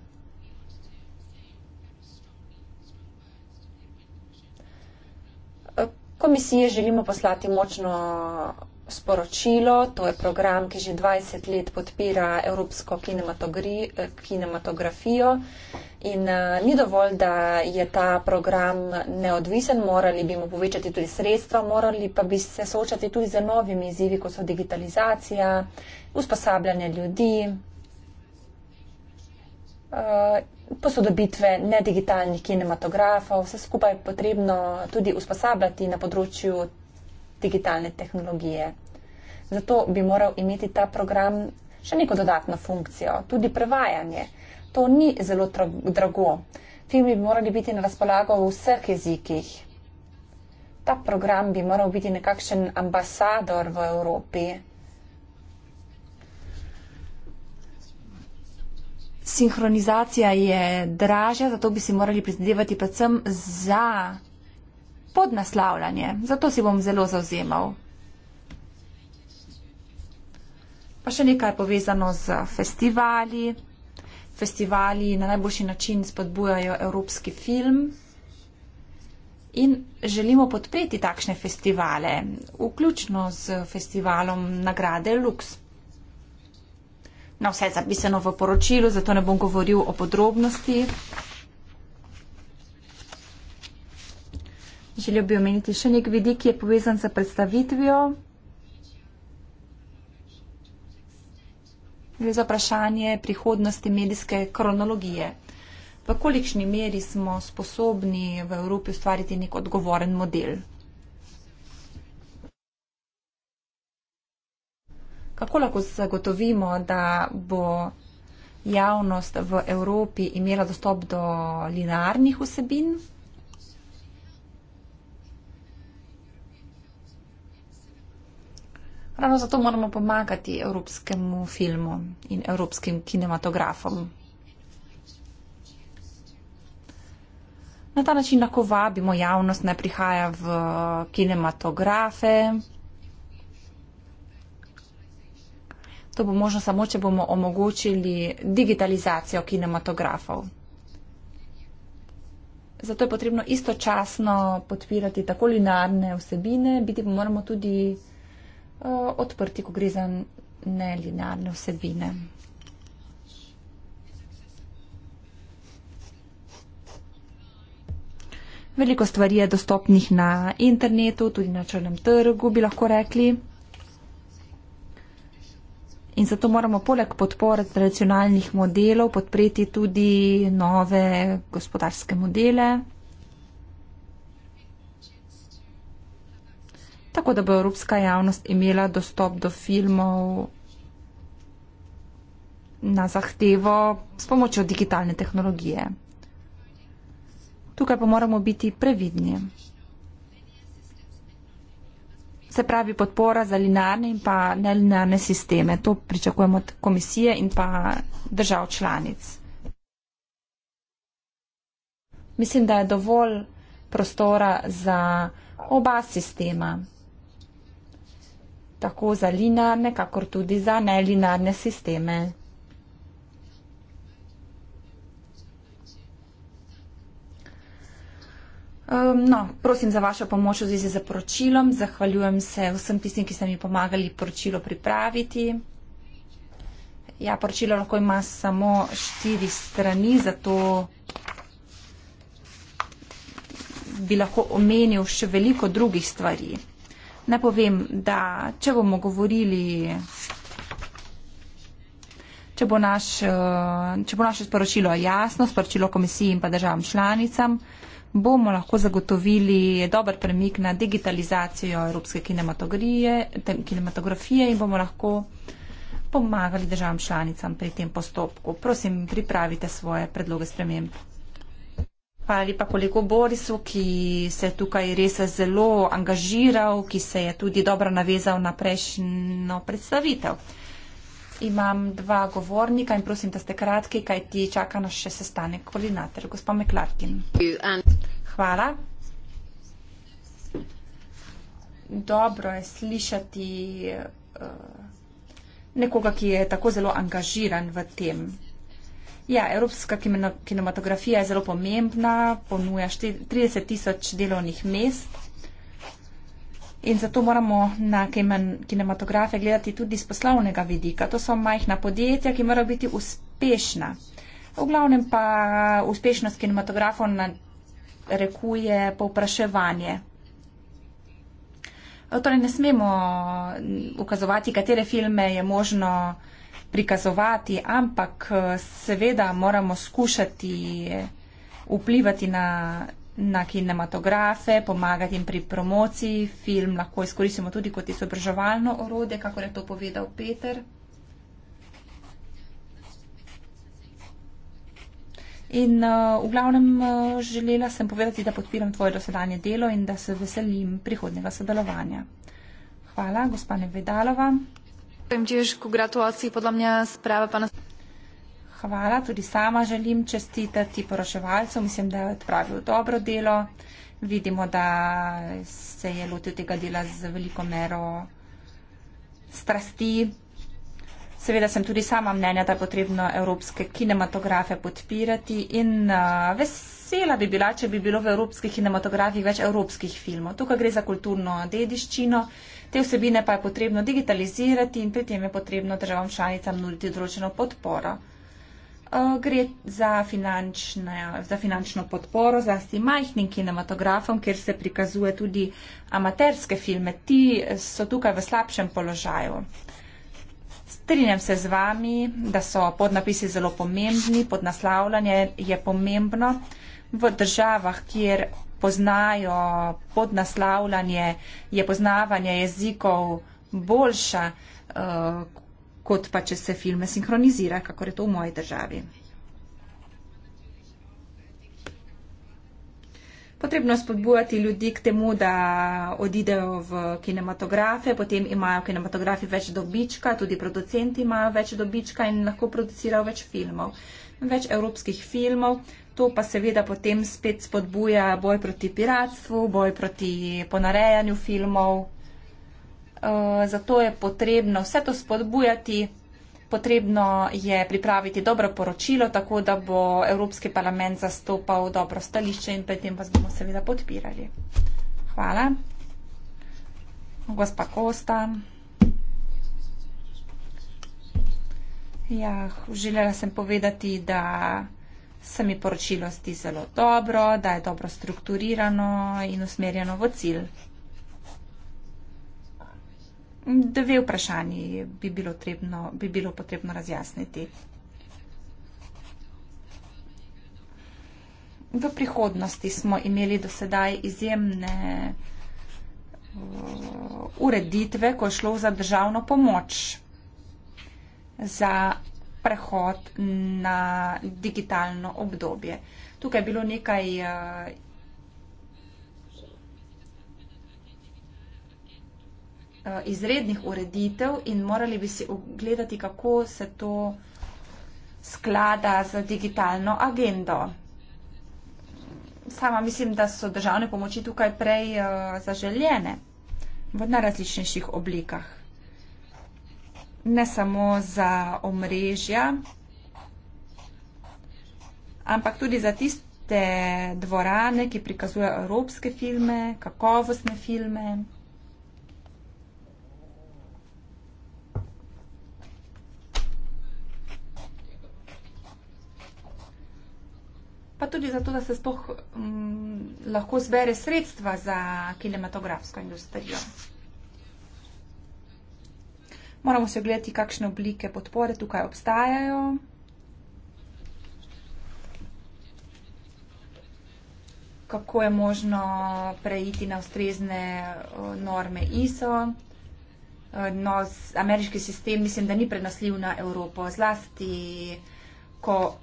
Speaker 3: komisije želimo poslati močno sporočilo. To je program, ki že 20 let podpira evropsko kinematografijo. In uh, ni dovolj, da je ta program neodvisen, morali bi mu povečati tudi sredstva, morali pa bi se soočati tudi z novimi izzivi, kot so digitalizacija, usposabljanje ljudi. Uh, posodobitve nedigitalnih kinematografov, vse skupaj je potrebno tudi usposabljati na področju digitalne tehnologije. Zato bi moral imeti ta program še neko dodatno funkcijo, tudi prevajanje. To ni zelo drago. Filmi bi morali biti na razpolago v vseh jezikih. Ta program bi moral biti nekakšen ambasador v Evropi. sinhronizacija je dražja, zato bi si morali prizadevati predvsem za podnaslavljanje. Zato si bom zelo zauzemal. Pa še nekaj povezano z festivali. Festivali na najboljši način spodbujajo evropski film in želimo podpreti takšne festivale, vključno z festivalom nagrade Lux na vse zapisano v poročilu, zato ne bom govoril o podrobnosti. Želel bi omeniti še nek vidik, ki je povezan z predstavitvijo. Gre za vprašanje prihodnosti medijske kronologije. V kolikšni meri smo sposobni v Evropi ustvariti nek odgovoren model? kako lahko zagotovimo, da bo javnost v Evropi imela dostop do linearnih vsebin? Ravno zato moramo pomagati evropskemu filmu in evropskim kinematografom. Na ta način lahko vabimo javnost, da prihaja v kinematografe. To bo možno samo, če bomo omogočili digitalizacijo kinematografov. Zato je potrebno istočasno podpirati tako linarne vsebine, biti pa moramo tudi uh, odprti, ko gre za nelinarne vsebine. Veliko stvari je dostopnih na internetu, tudi na črnem trgu, bi lahko rekli in zato moramo poleg podpore tradicionalnih modelov podpreti tudi nove gospodarske modele. Tako da bo evropska javnost imela dostop do filmov na zahtevo s pomočjo digitalne tehnologije. Tukaj pa moramo biti previdni se pravi podpora za linarne in pa nelinarne sisteme. To pričakujemo od komisije in pa držav članic. Mislim, da je dovolj prostora za oba sistema, tako za linarne, kakor tudi za nelinarne sisteme. Um, no, prosim za vašo pomoč v zvezi z poročilom. Zahvaljujem se vsem tistim, ki ste mi pomagali poročilo pripraviti. Ja, poročilo lahko ima samo štiri strani, zato bi lahko omenil še veliko drugih stvari. Ne povem, da če bomo govorili, če bo, naš, če bo naše sporočilo jasno, sporočilo komisiji in pa državam članicam, bomo lahko zagotovili dober premik na digitalizacijo evropske kinematografije in bomo lahko pomagali državam članicam pri tem postopku. Prosim, pripravite svoje predloge sprememb. Hvala lepa kolegu Borisu, ki se je tukaj res zelo angažiral, ki se je tudi dobro navezal na prejšnjo predstavitev imam dva govornika in prosim, da ste kratki, kaj ti čaka nas še sestanek koordinator, gospod Meklarkin. Hvala. Dobro je slišati eh, nekoga, ki je tako zelo angažiran v tem. Ja, evropska kinematografija je zelo pomembna, ponuja 30 tisoč delovnih mest. In zato moramo na kinematografe gledati tudi z poslovnega vidika. To so majhna podjetja, ki morajo biti uspešna. V glavnem pa uspešnost kinematografov rekuje povpraševanje. Torej ne smemo ukazovati, katere filme je možno prikazovati, ampak seveda moramo skušati vplivati na na kinematografe, pomagati jim pri promociji. Film lahko izkoristimo tudi kot izobraževalno orodje, kako je to povedal Peter. In uh, v glavnem uh, želela sem povedati, da podpiram tvoje dosedanje delo in da se veselim prihodnega sodelovanja. Hvala, gospa Nevedalova. Vem, če je že kongratulacija, podla mnja sprava pa nas. Hvala, tudi sama želim čestitati poroševalcu, mislim, da je odpravil dobro delo. Vidimo, da se je lotil tega dela z veliko mero strasti. Seveda sem tudi sama mnenja, da je potrebno evropske kinematografe podpirati in uh, vesela bi bila, če bi bilo v evropskih kinematografih več evropskih filmov. Tukaj gre za kulturno dediščino, te vsebine pa je potrebno digitalizirati in pri tem je potrebno državam članicam nuditi določeno podporo. Eh, gre za, za finančno podporo, zlasti majhnim kinematografom, kjer se prikazuje tudi amaterske filme. Ti so tukaj v slabšem položaju. Strinjam se z vami, da so podnapisi zelo pomembni, podnaslavljanje je pomembno. V državah, kjer poznajo podnaslavljanje, je poznavanje jezikov boljša, eh, kot pa če se filme sinhronizira, kako je to v moji državi. Potrebno je spodbujati ljudi k temu, da odidejo v kinematografe, potem imajo kinematografi več dobička, tudi producenti imajo več dobička in lahko producirajo več filmov, več evropskih filmov. To pa seveda potem spet spodbuja boj proti piratstvu, boj proti ponarejanju filmov. Eh, zato je potrebno vse to spodbujati, potrebno je pripraviti dobro poročilo, tako da bo Evropski parlament zastopal dobro stališče in predtem vas bomo seveda podpirali. Hvala. Gospa Kosta. Ja, želela sem povedati, da se mi poročilo zdi zelo dobro, da je dobro strukturirano in usmerjeno v cilj. Dve vprašanji bi bilo, trebno, bi bilo potrebno razjasniti. V prihodnosti smo imeli do sedaj izjemne uh, ureditve, ko je šlo za državno pomoč, za prehod na digitalno obdobje. Tukaj je bilo nekaj uh, Eh, izrednih ureditev in morali bi si ogledati, kako se to sklada z digitalno agendo. Sama mislim, da so državne pomoči tukaj prej eh, zaželjene v najrazličnejših oblikah. Ne samo za omrežja, ampak tudi za tiste dvorane, ki prikazujejo evropske filme, kakovostne filme. pa tudi zato, da se spoh, m, mm, lahko zbere sredstva za kinematografsko industrijo. Moramo se ogledati, kakšne oblike podpore tukaj obstajajo. kako je možno preiti na ustrezne norme ISO. No, ameriški sistem mislim, da ni prenosljiv na Evropo, zlasti, ko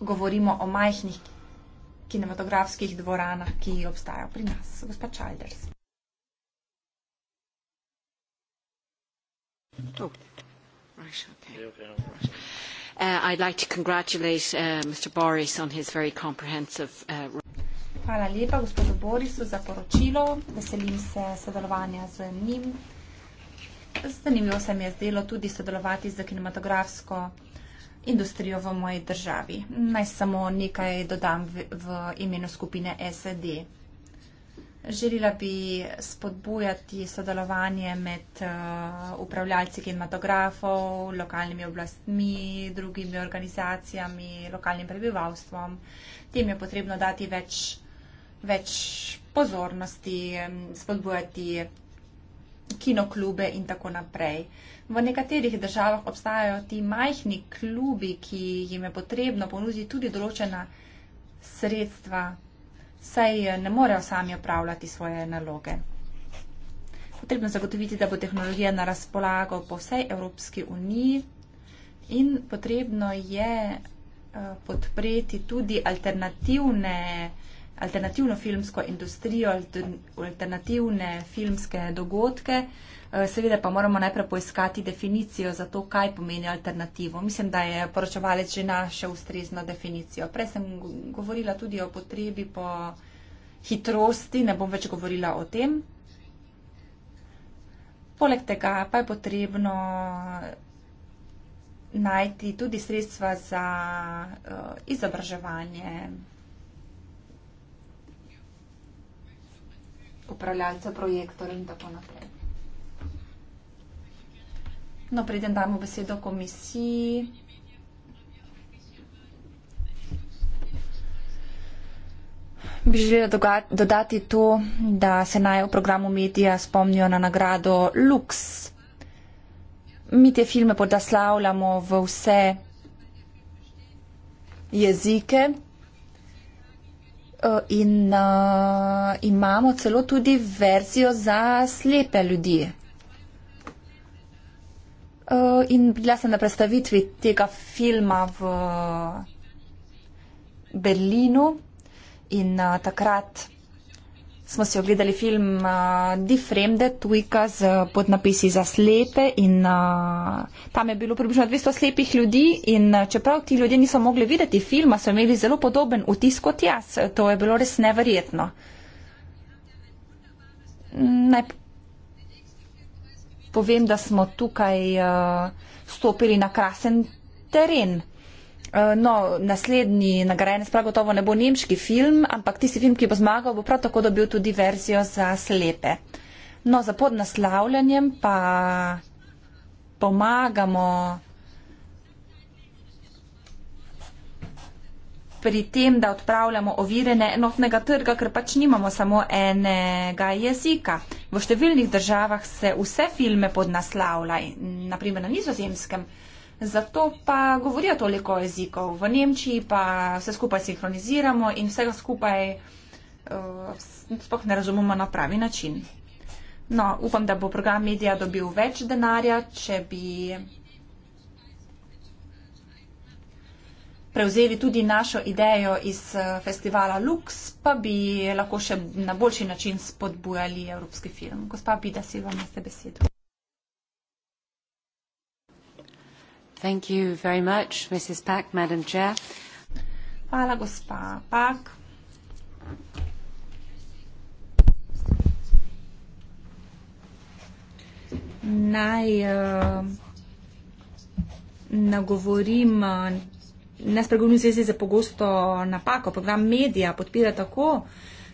Speaker 3: govorimo o majhnih kinematografskih dvoranah, ki obstajajo pri nas. Gospa Čalders.
Speaker 2: Oh, uh,
Speaker 1: uh, uh,
Speaker 3: Hvala lepa gospodu Borisu za poročilo. Veselim se sodelovanja z njim. Zanimivo se mi je zdelo tudi sodelovati z kinematografsko industrijo v moji državi. Naj samo nekaj dodam v, v imenu skupine SED. Želela bi spodbujati sodelovanje med uh, eh, upravljalci kinematografov, lokalnimi oblastmi, drugimi organizacijami, lokalnim prebivalstvom. Tem je potrebno dati več, več pozornosti, spodbujati kinoklube in tako naprej. Uh, V nekaterih državah obstajajo ti majhni klubi, ki jim je potrebno ponuditi tudi določena sredstva, saj eh, ne morejo sami opravljati svoje naloge. Potrebno zagotoviti, da bo tehnologija na razpolago po vsej Evropski uniji in potrebno je eh, podpreti tudi alternativne, alternativno filmsko industrijo, alternativne filmske dogodke, Seveda pa moramo najprej poiskati definicijo za to, kaj pomeni alternativo. Mislim, da je poročevalec že našel ustrezno definicijo. Prej sem govorila tudi o potrebi po hitrosti, ne bom več govorila o tem. Poleg tega pa je potrebno najti tudi sredstva za uh, izobraževanje upravljalcev projektorjev in tako naprej. No, preden damo besedo komisiji. Bi želela dodati to, da se naj v programu medija spomnijo na nagrado Lux. Mi te filme podaslavljamo v vse jezike eh, in uh, imamo celo tudi verzijo za slepe ljudi. Eh, in bila sem na predstavitvi tega filma v Berlinu in uh, takrat smo si ogledali film uh, Die Fremde, tujka z podnapisi za slepe in uh, tam je bilo približno 200 slepih ljudi in uh, čeprav ti ljudje niso mogli videti filma, so imeli zelo podoben vtis kot jaz. To je bilo res neverjetno. Naj povem, da smo tukaj uh, stopili na krasen teren. Uh, no, naslednji nagrajenec prav gotovo ne bo nemški film, ampak tisti film, ki bo zmagal, bo prav tako dobil tudi verzijo za slepe. No, za podnaslavljanjem pa pomagamo pri tem, da odpravljamo ovire enotnega trga, ker pač nimamo samo enega jezika. V številnih državah se vse filme podnaslavlja, naprimer na nizozemskem, zato pa govorijo toliko jezikov. V Nemčiji pa vse skupaj sinhroniziramo in vsega skupaj uh, eh, spoh ne razumemo na pravi način. No, upam, da bo program Media dobil več denarja, če bi prevzeli tudi našo idejo iz eh, festivala Lux, pa bi lahko še na boljši način spodbujali evropski film. Gospa Bida, si vam jaz te besedo. Thank you very much, Mrs. Pak, Madam Chair. Hvala, gospa Pak. Naj uh, nagovorim uh, ne spregovorim v zvezi za pogosto napako, program medija podpira tako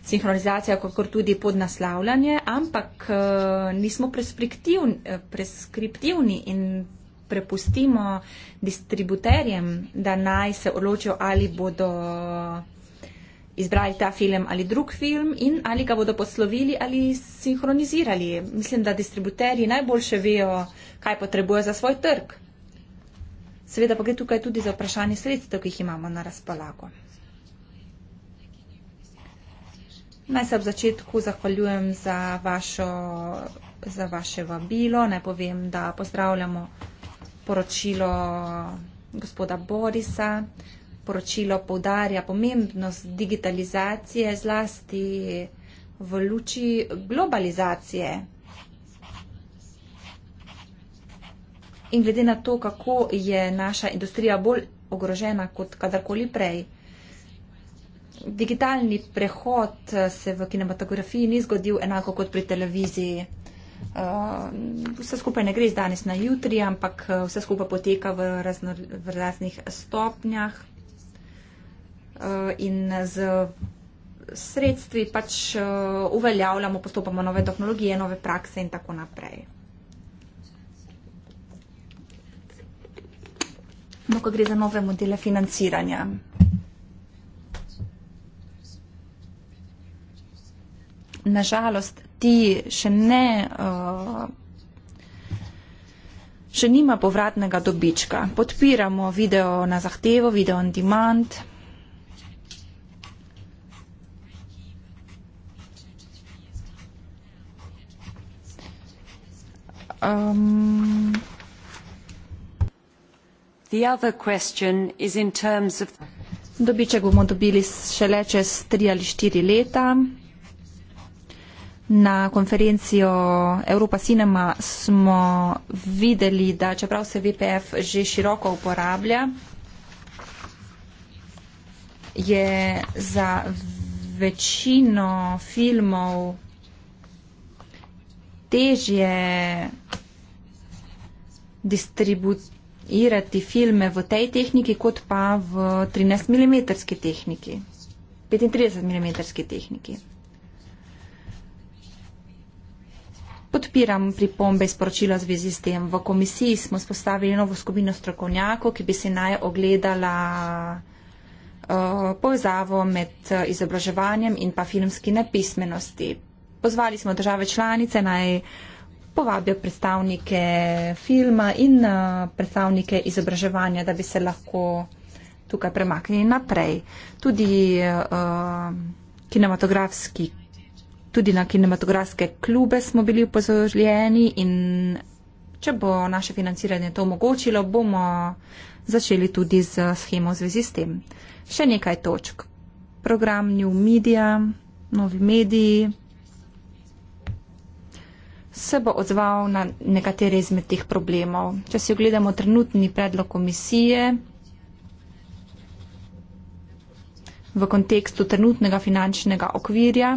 Speaker 3: sinhronizacija, kakor tudi podnaslavljanje, ampak eh, nismo eh, preskriptivni in prepustimo distributerjem, da naj se odločijo, ali bodo izbrali ta film ali drug film in ali ga bodo poslovili ali sinhronizirali. Mislim, da distributerji najboljše vejo, kaj potrebujejo za svoj trg. Seveda pa gre tukaj tudi za vprašanje sredstev, ki jih imamo na razpolago. Naj se ob začetku zahvaljujem za, vašo, za vaše vabilo. Naj povem, da pozdravljamo poročilo gospoda Borisa. Poročilo povdarja pomembnost digitalizacije zlasti v luči globalizacije In glede na to, kako je naša industrija bolj ogrožena kot kadarkoli prej, digitalni prehod eh, se v kinematografiji ni zgodil enako kot pri televiziji. Eh, vse skupaj ne gre z danes na jutri, ampak eh, vse skupaj poteka v, razno, v raznih stopnjah in z sredstvi pač uveljavljamo, postopamo nove tehnologije, nove prakse in tako naprej. no, ko gre za nove modele financiranja. Nažalost, ti še ne, uh, še nima povratnega dobička. Podpiramo video na zahtevo, video on demand. Um, Dobiček bomo dobili šele čez tri ali štiri leta. Na konferencijo Evropa Cinema smo videli, da čeprav se VPF že široko uporablja, je za večino filmov težje distribucijo igrati filme v tej tehniki, kot pa v 13 mm tehniki, 35 mm tehniki. Podpiram pripombe iz poročila v zvezi s tem. V komisiji smo spostavili novo skupino strokovnjakov, ki bi se naj ogledala uh, povezavo med eh, izobraževanjem in pa filmski nepismenosti. Pozvali smo države članice naj uh, povabijo predstavnike filma in eh, predstavnike izobraževanja, da bi se lahko tukaj premaknili naprej. Tudi, uh, kinematografski, tudi na kinematografske klube smo bili upozorjeni in če bo naše financiranje to omogočilo, bomo začeli tudi z schemo v zvezi s tem. Še nekaj točk. Program New Media, novi mediji, se bo odzval na nekatere izmed teh problemov. Če si ogledamo trenutni predlog komisije v kontekstu trenutnega finančnega okvirja,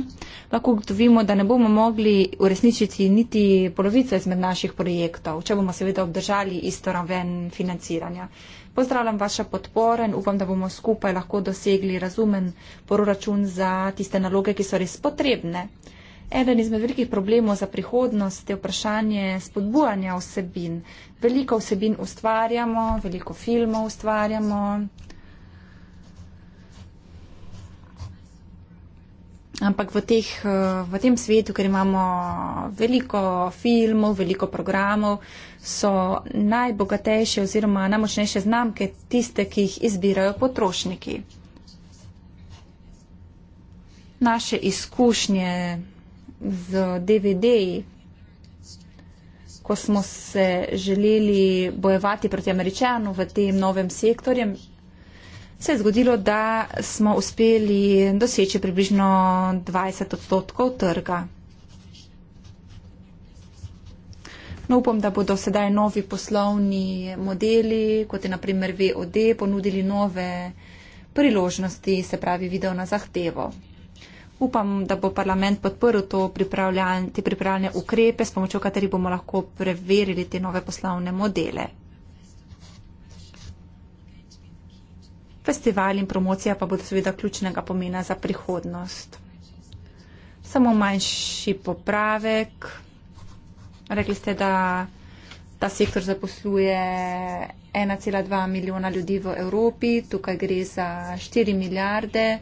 Speaker 3: lahko gotovimo, da ne bomo mogli uresničiti niti polovice izmed naših projektov, če bomo seveda obdržali isto raven financiranja. Pozdravljam vaša podpora in upam, da bomo skupaj lahko dosegli razumen proračun za tiste naloge, ki so res potrebne. Eden izmed velikih problemov za prihodnost je vprašanje spodbujanja vsebin. Veliko vsebin ustvarjamo, veliko filmov ustvarjamo. Ampak v, teh, eh, v tem svetu, ker imamo veliko filmov, veliko programov, so najbogatejše oziroma najmočnejše znamke tiste, ki jih izbirajo potrošniki. Naše izkušnje z DVD-ji, ko smo se želeli bojevati proti američanu v tem novem sektorjem, se je zgodilo, da smo uspeli doseči približno 20 odstotkov trga. No, upam, da bodo sedaj novi poslovni modeli, kot je naprimer VOD, ponudili nove priložnosti, se pravi video na zahtevo upam, da bo parlament podprl pripravljan, te pripravljene ukrepe, s pomočjo katerih bomo lahko preverili te nove poslovne modele. Festival in promocija pa bodo seveda ključnega pomena za prihodnost. Samo manjši popravek. Rekli ste, da ta sektor zaposluje 1,2 milijona ljudi v Evropi, tukaj gre za 4 milijarde.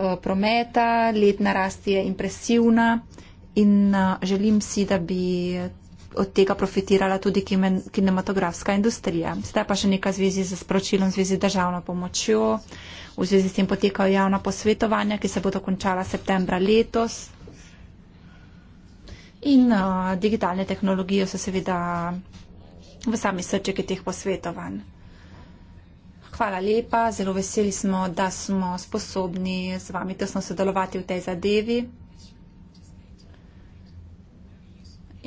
Speaker 3: Eh, prometa, letna rast je impresivna in eh, želim si, da bi od tega profitirala tudi kinematografska industrija. Zdaj pa še nekaj zvezi z sporočilom zvezi državno pomočjo. V zvezi s tem potekajo javna posvetovanja, ki se bodo končala septembra letos. In uh, digitalne tehnologije so seveda v sami srčiki teh posvetovanj. Hvala lepa, zelo veseli smo, da smo sposobni z vami tesno sodelovati v tej zadevi.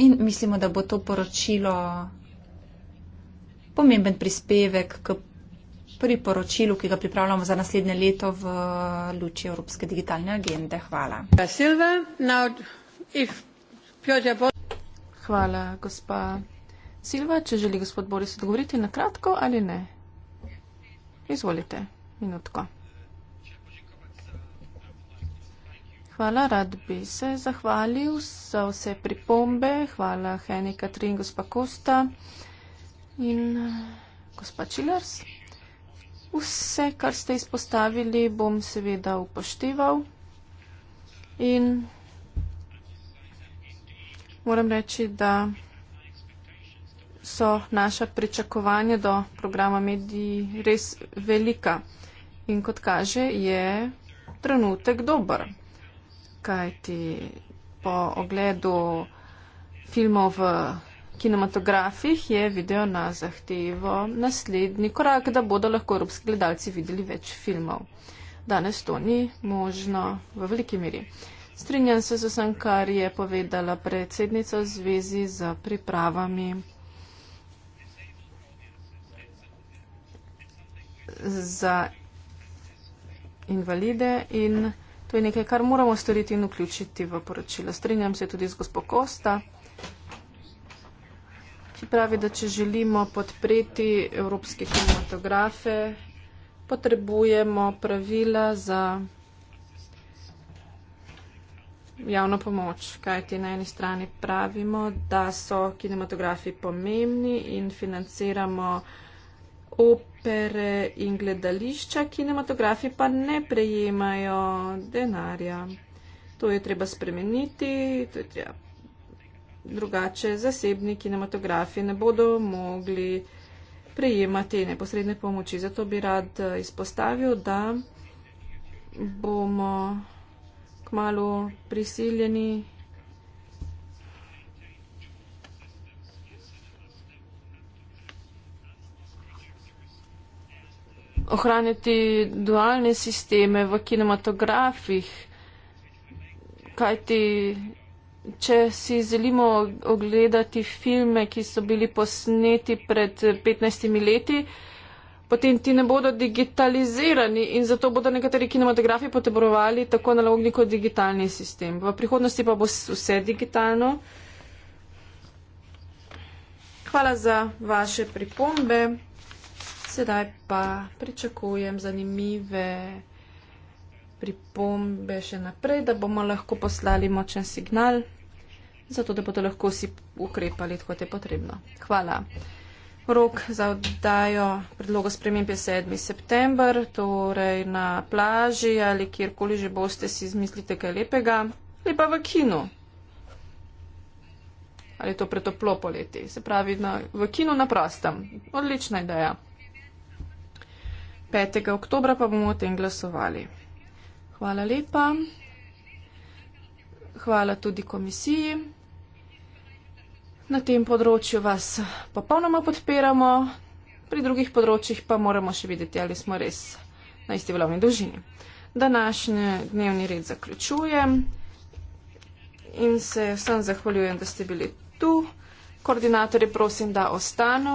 Speaker 3: In mislimo, da bo to poročilo pomemben prispevek k priporočilu, ki ga pripravljamo za naslednje leto v luči Evropske digitalne agende.
Speaker 1: Hvala. Hvala, gospa Silva. Če želi gospod Boris odgovoriti na kratko ali ne? Izvolite, minutko. Hvala, rad bi se zahvalil za vse pripombe. Hvala Heni Katrin, gospa Kosta in eh, gospa Čilers. Vse, kar ste izpostavili, bom seveda upošteval. In moram reči, da so naša pričakovanja do programa mediji res velika. In kot kaže, je trenutek dober. Kaj ti po ogledu filmov v kinematografih je video na zahtevo naslednji korak, da bodo lahko evropski gledalci videli več filmov. Danes to ni možno v veliki meri. Strinjam se z vsem, kar je povedala predsednica v zvezi z pripravami. za invalide in to je nekaj, kar moramo storiti in vključiti v poročilo. Strinjam se tudi z gospo Kosta, ki pravi, da če želimo podpreti evropske kinematografe, potrebujemo pravila za javno pomoč, kajti na eni strani pravimo, da so kinematografi pomembni in financiramo opere in gledališča, kinematografi pa ne prejemajo denarja. To je treba spremeniti, to je treba. Drugače zasebni kinematografi ne bodo mogli prejemati neposredne pomoči. Zato bi rad eh, izpostavil, da bomo kmalo prisiljeni ohranjati dualne sisteme v kinematografih, kajti če si želimo ogledati filme, ki so bili posneti pred 15 leti, potem ti ne bodo digitalizirani in zato bodo nekateri kinematografi potrebovali tako analogni kot digitalni sistem. V prihodnosti pa bo vse digitalno. Hvala za vaše pripombe. Sedaj pa pričakujem zanimive pripombe še naprej, da bomo lahko poslali močen signal, zato da bodo lahko vsi ukrepali, kot je potrebno. Hvala. Rok za oddajo predlogo sprememb je 7. september, torej na plaži ali kjerkoli že boste si izmislite kaj lepega, ali pa v kinu. Ali je to pretoplo poleti, se pravi na, v kinu na prostem. Odlična ideja. 5. oktober pa bomo o tem glasovali. Hvala lepa. Hvala tudi komisiji. Na tem področju vas popolnoma podpiramo, pri drugih področjih pa moramo še videti, ali smo res na isti valovni dolžini. Današnji dnevni red zaključujem in se vsem zahvaljujem, da ste bili tu. Koordinatorje prosim, da ostanu.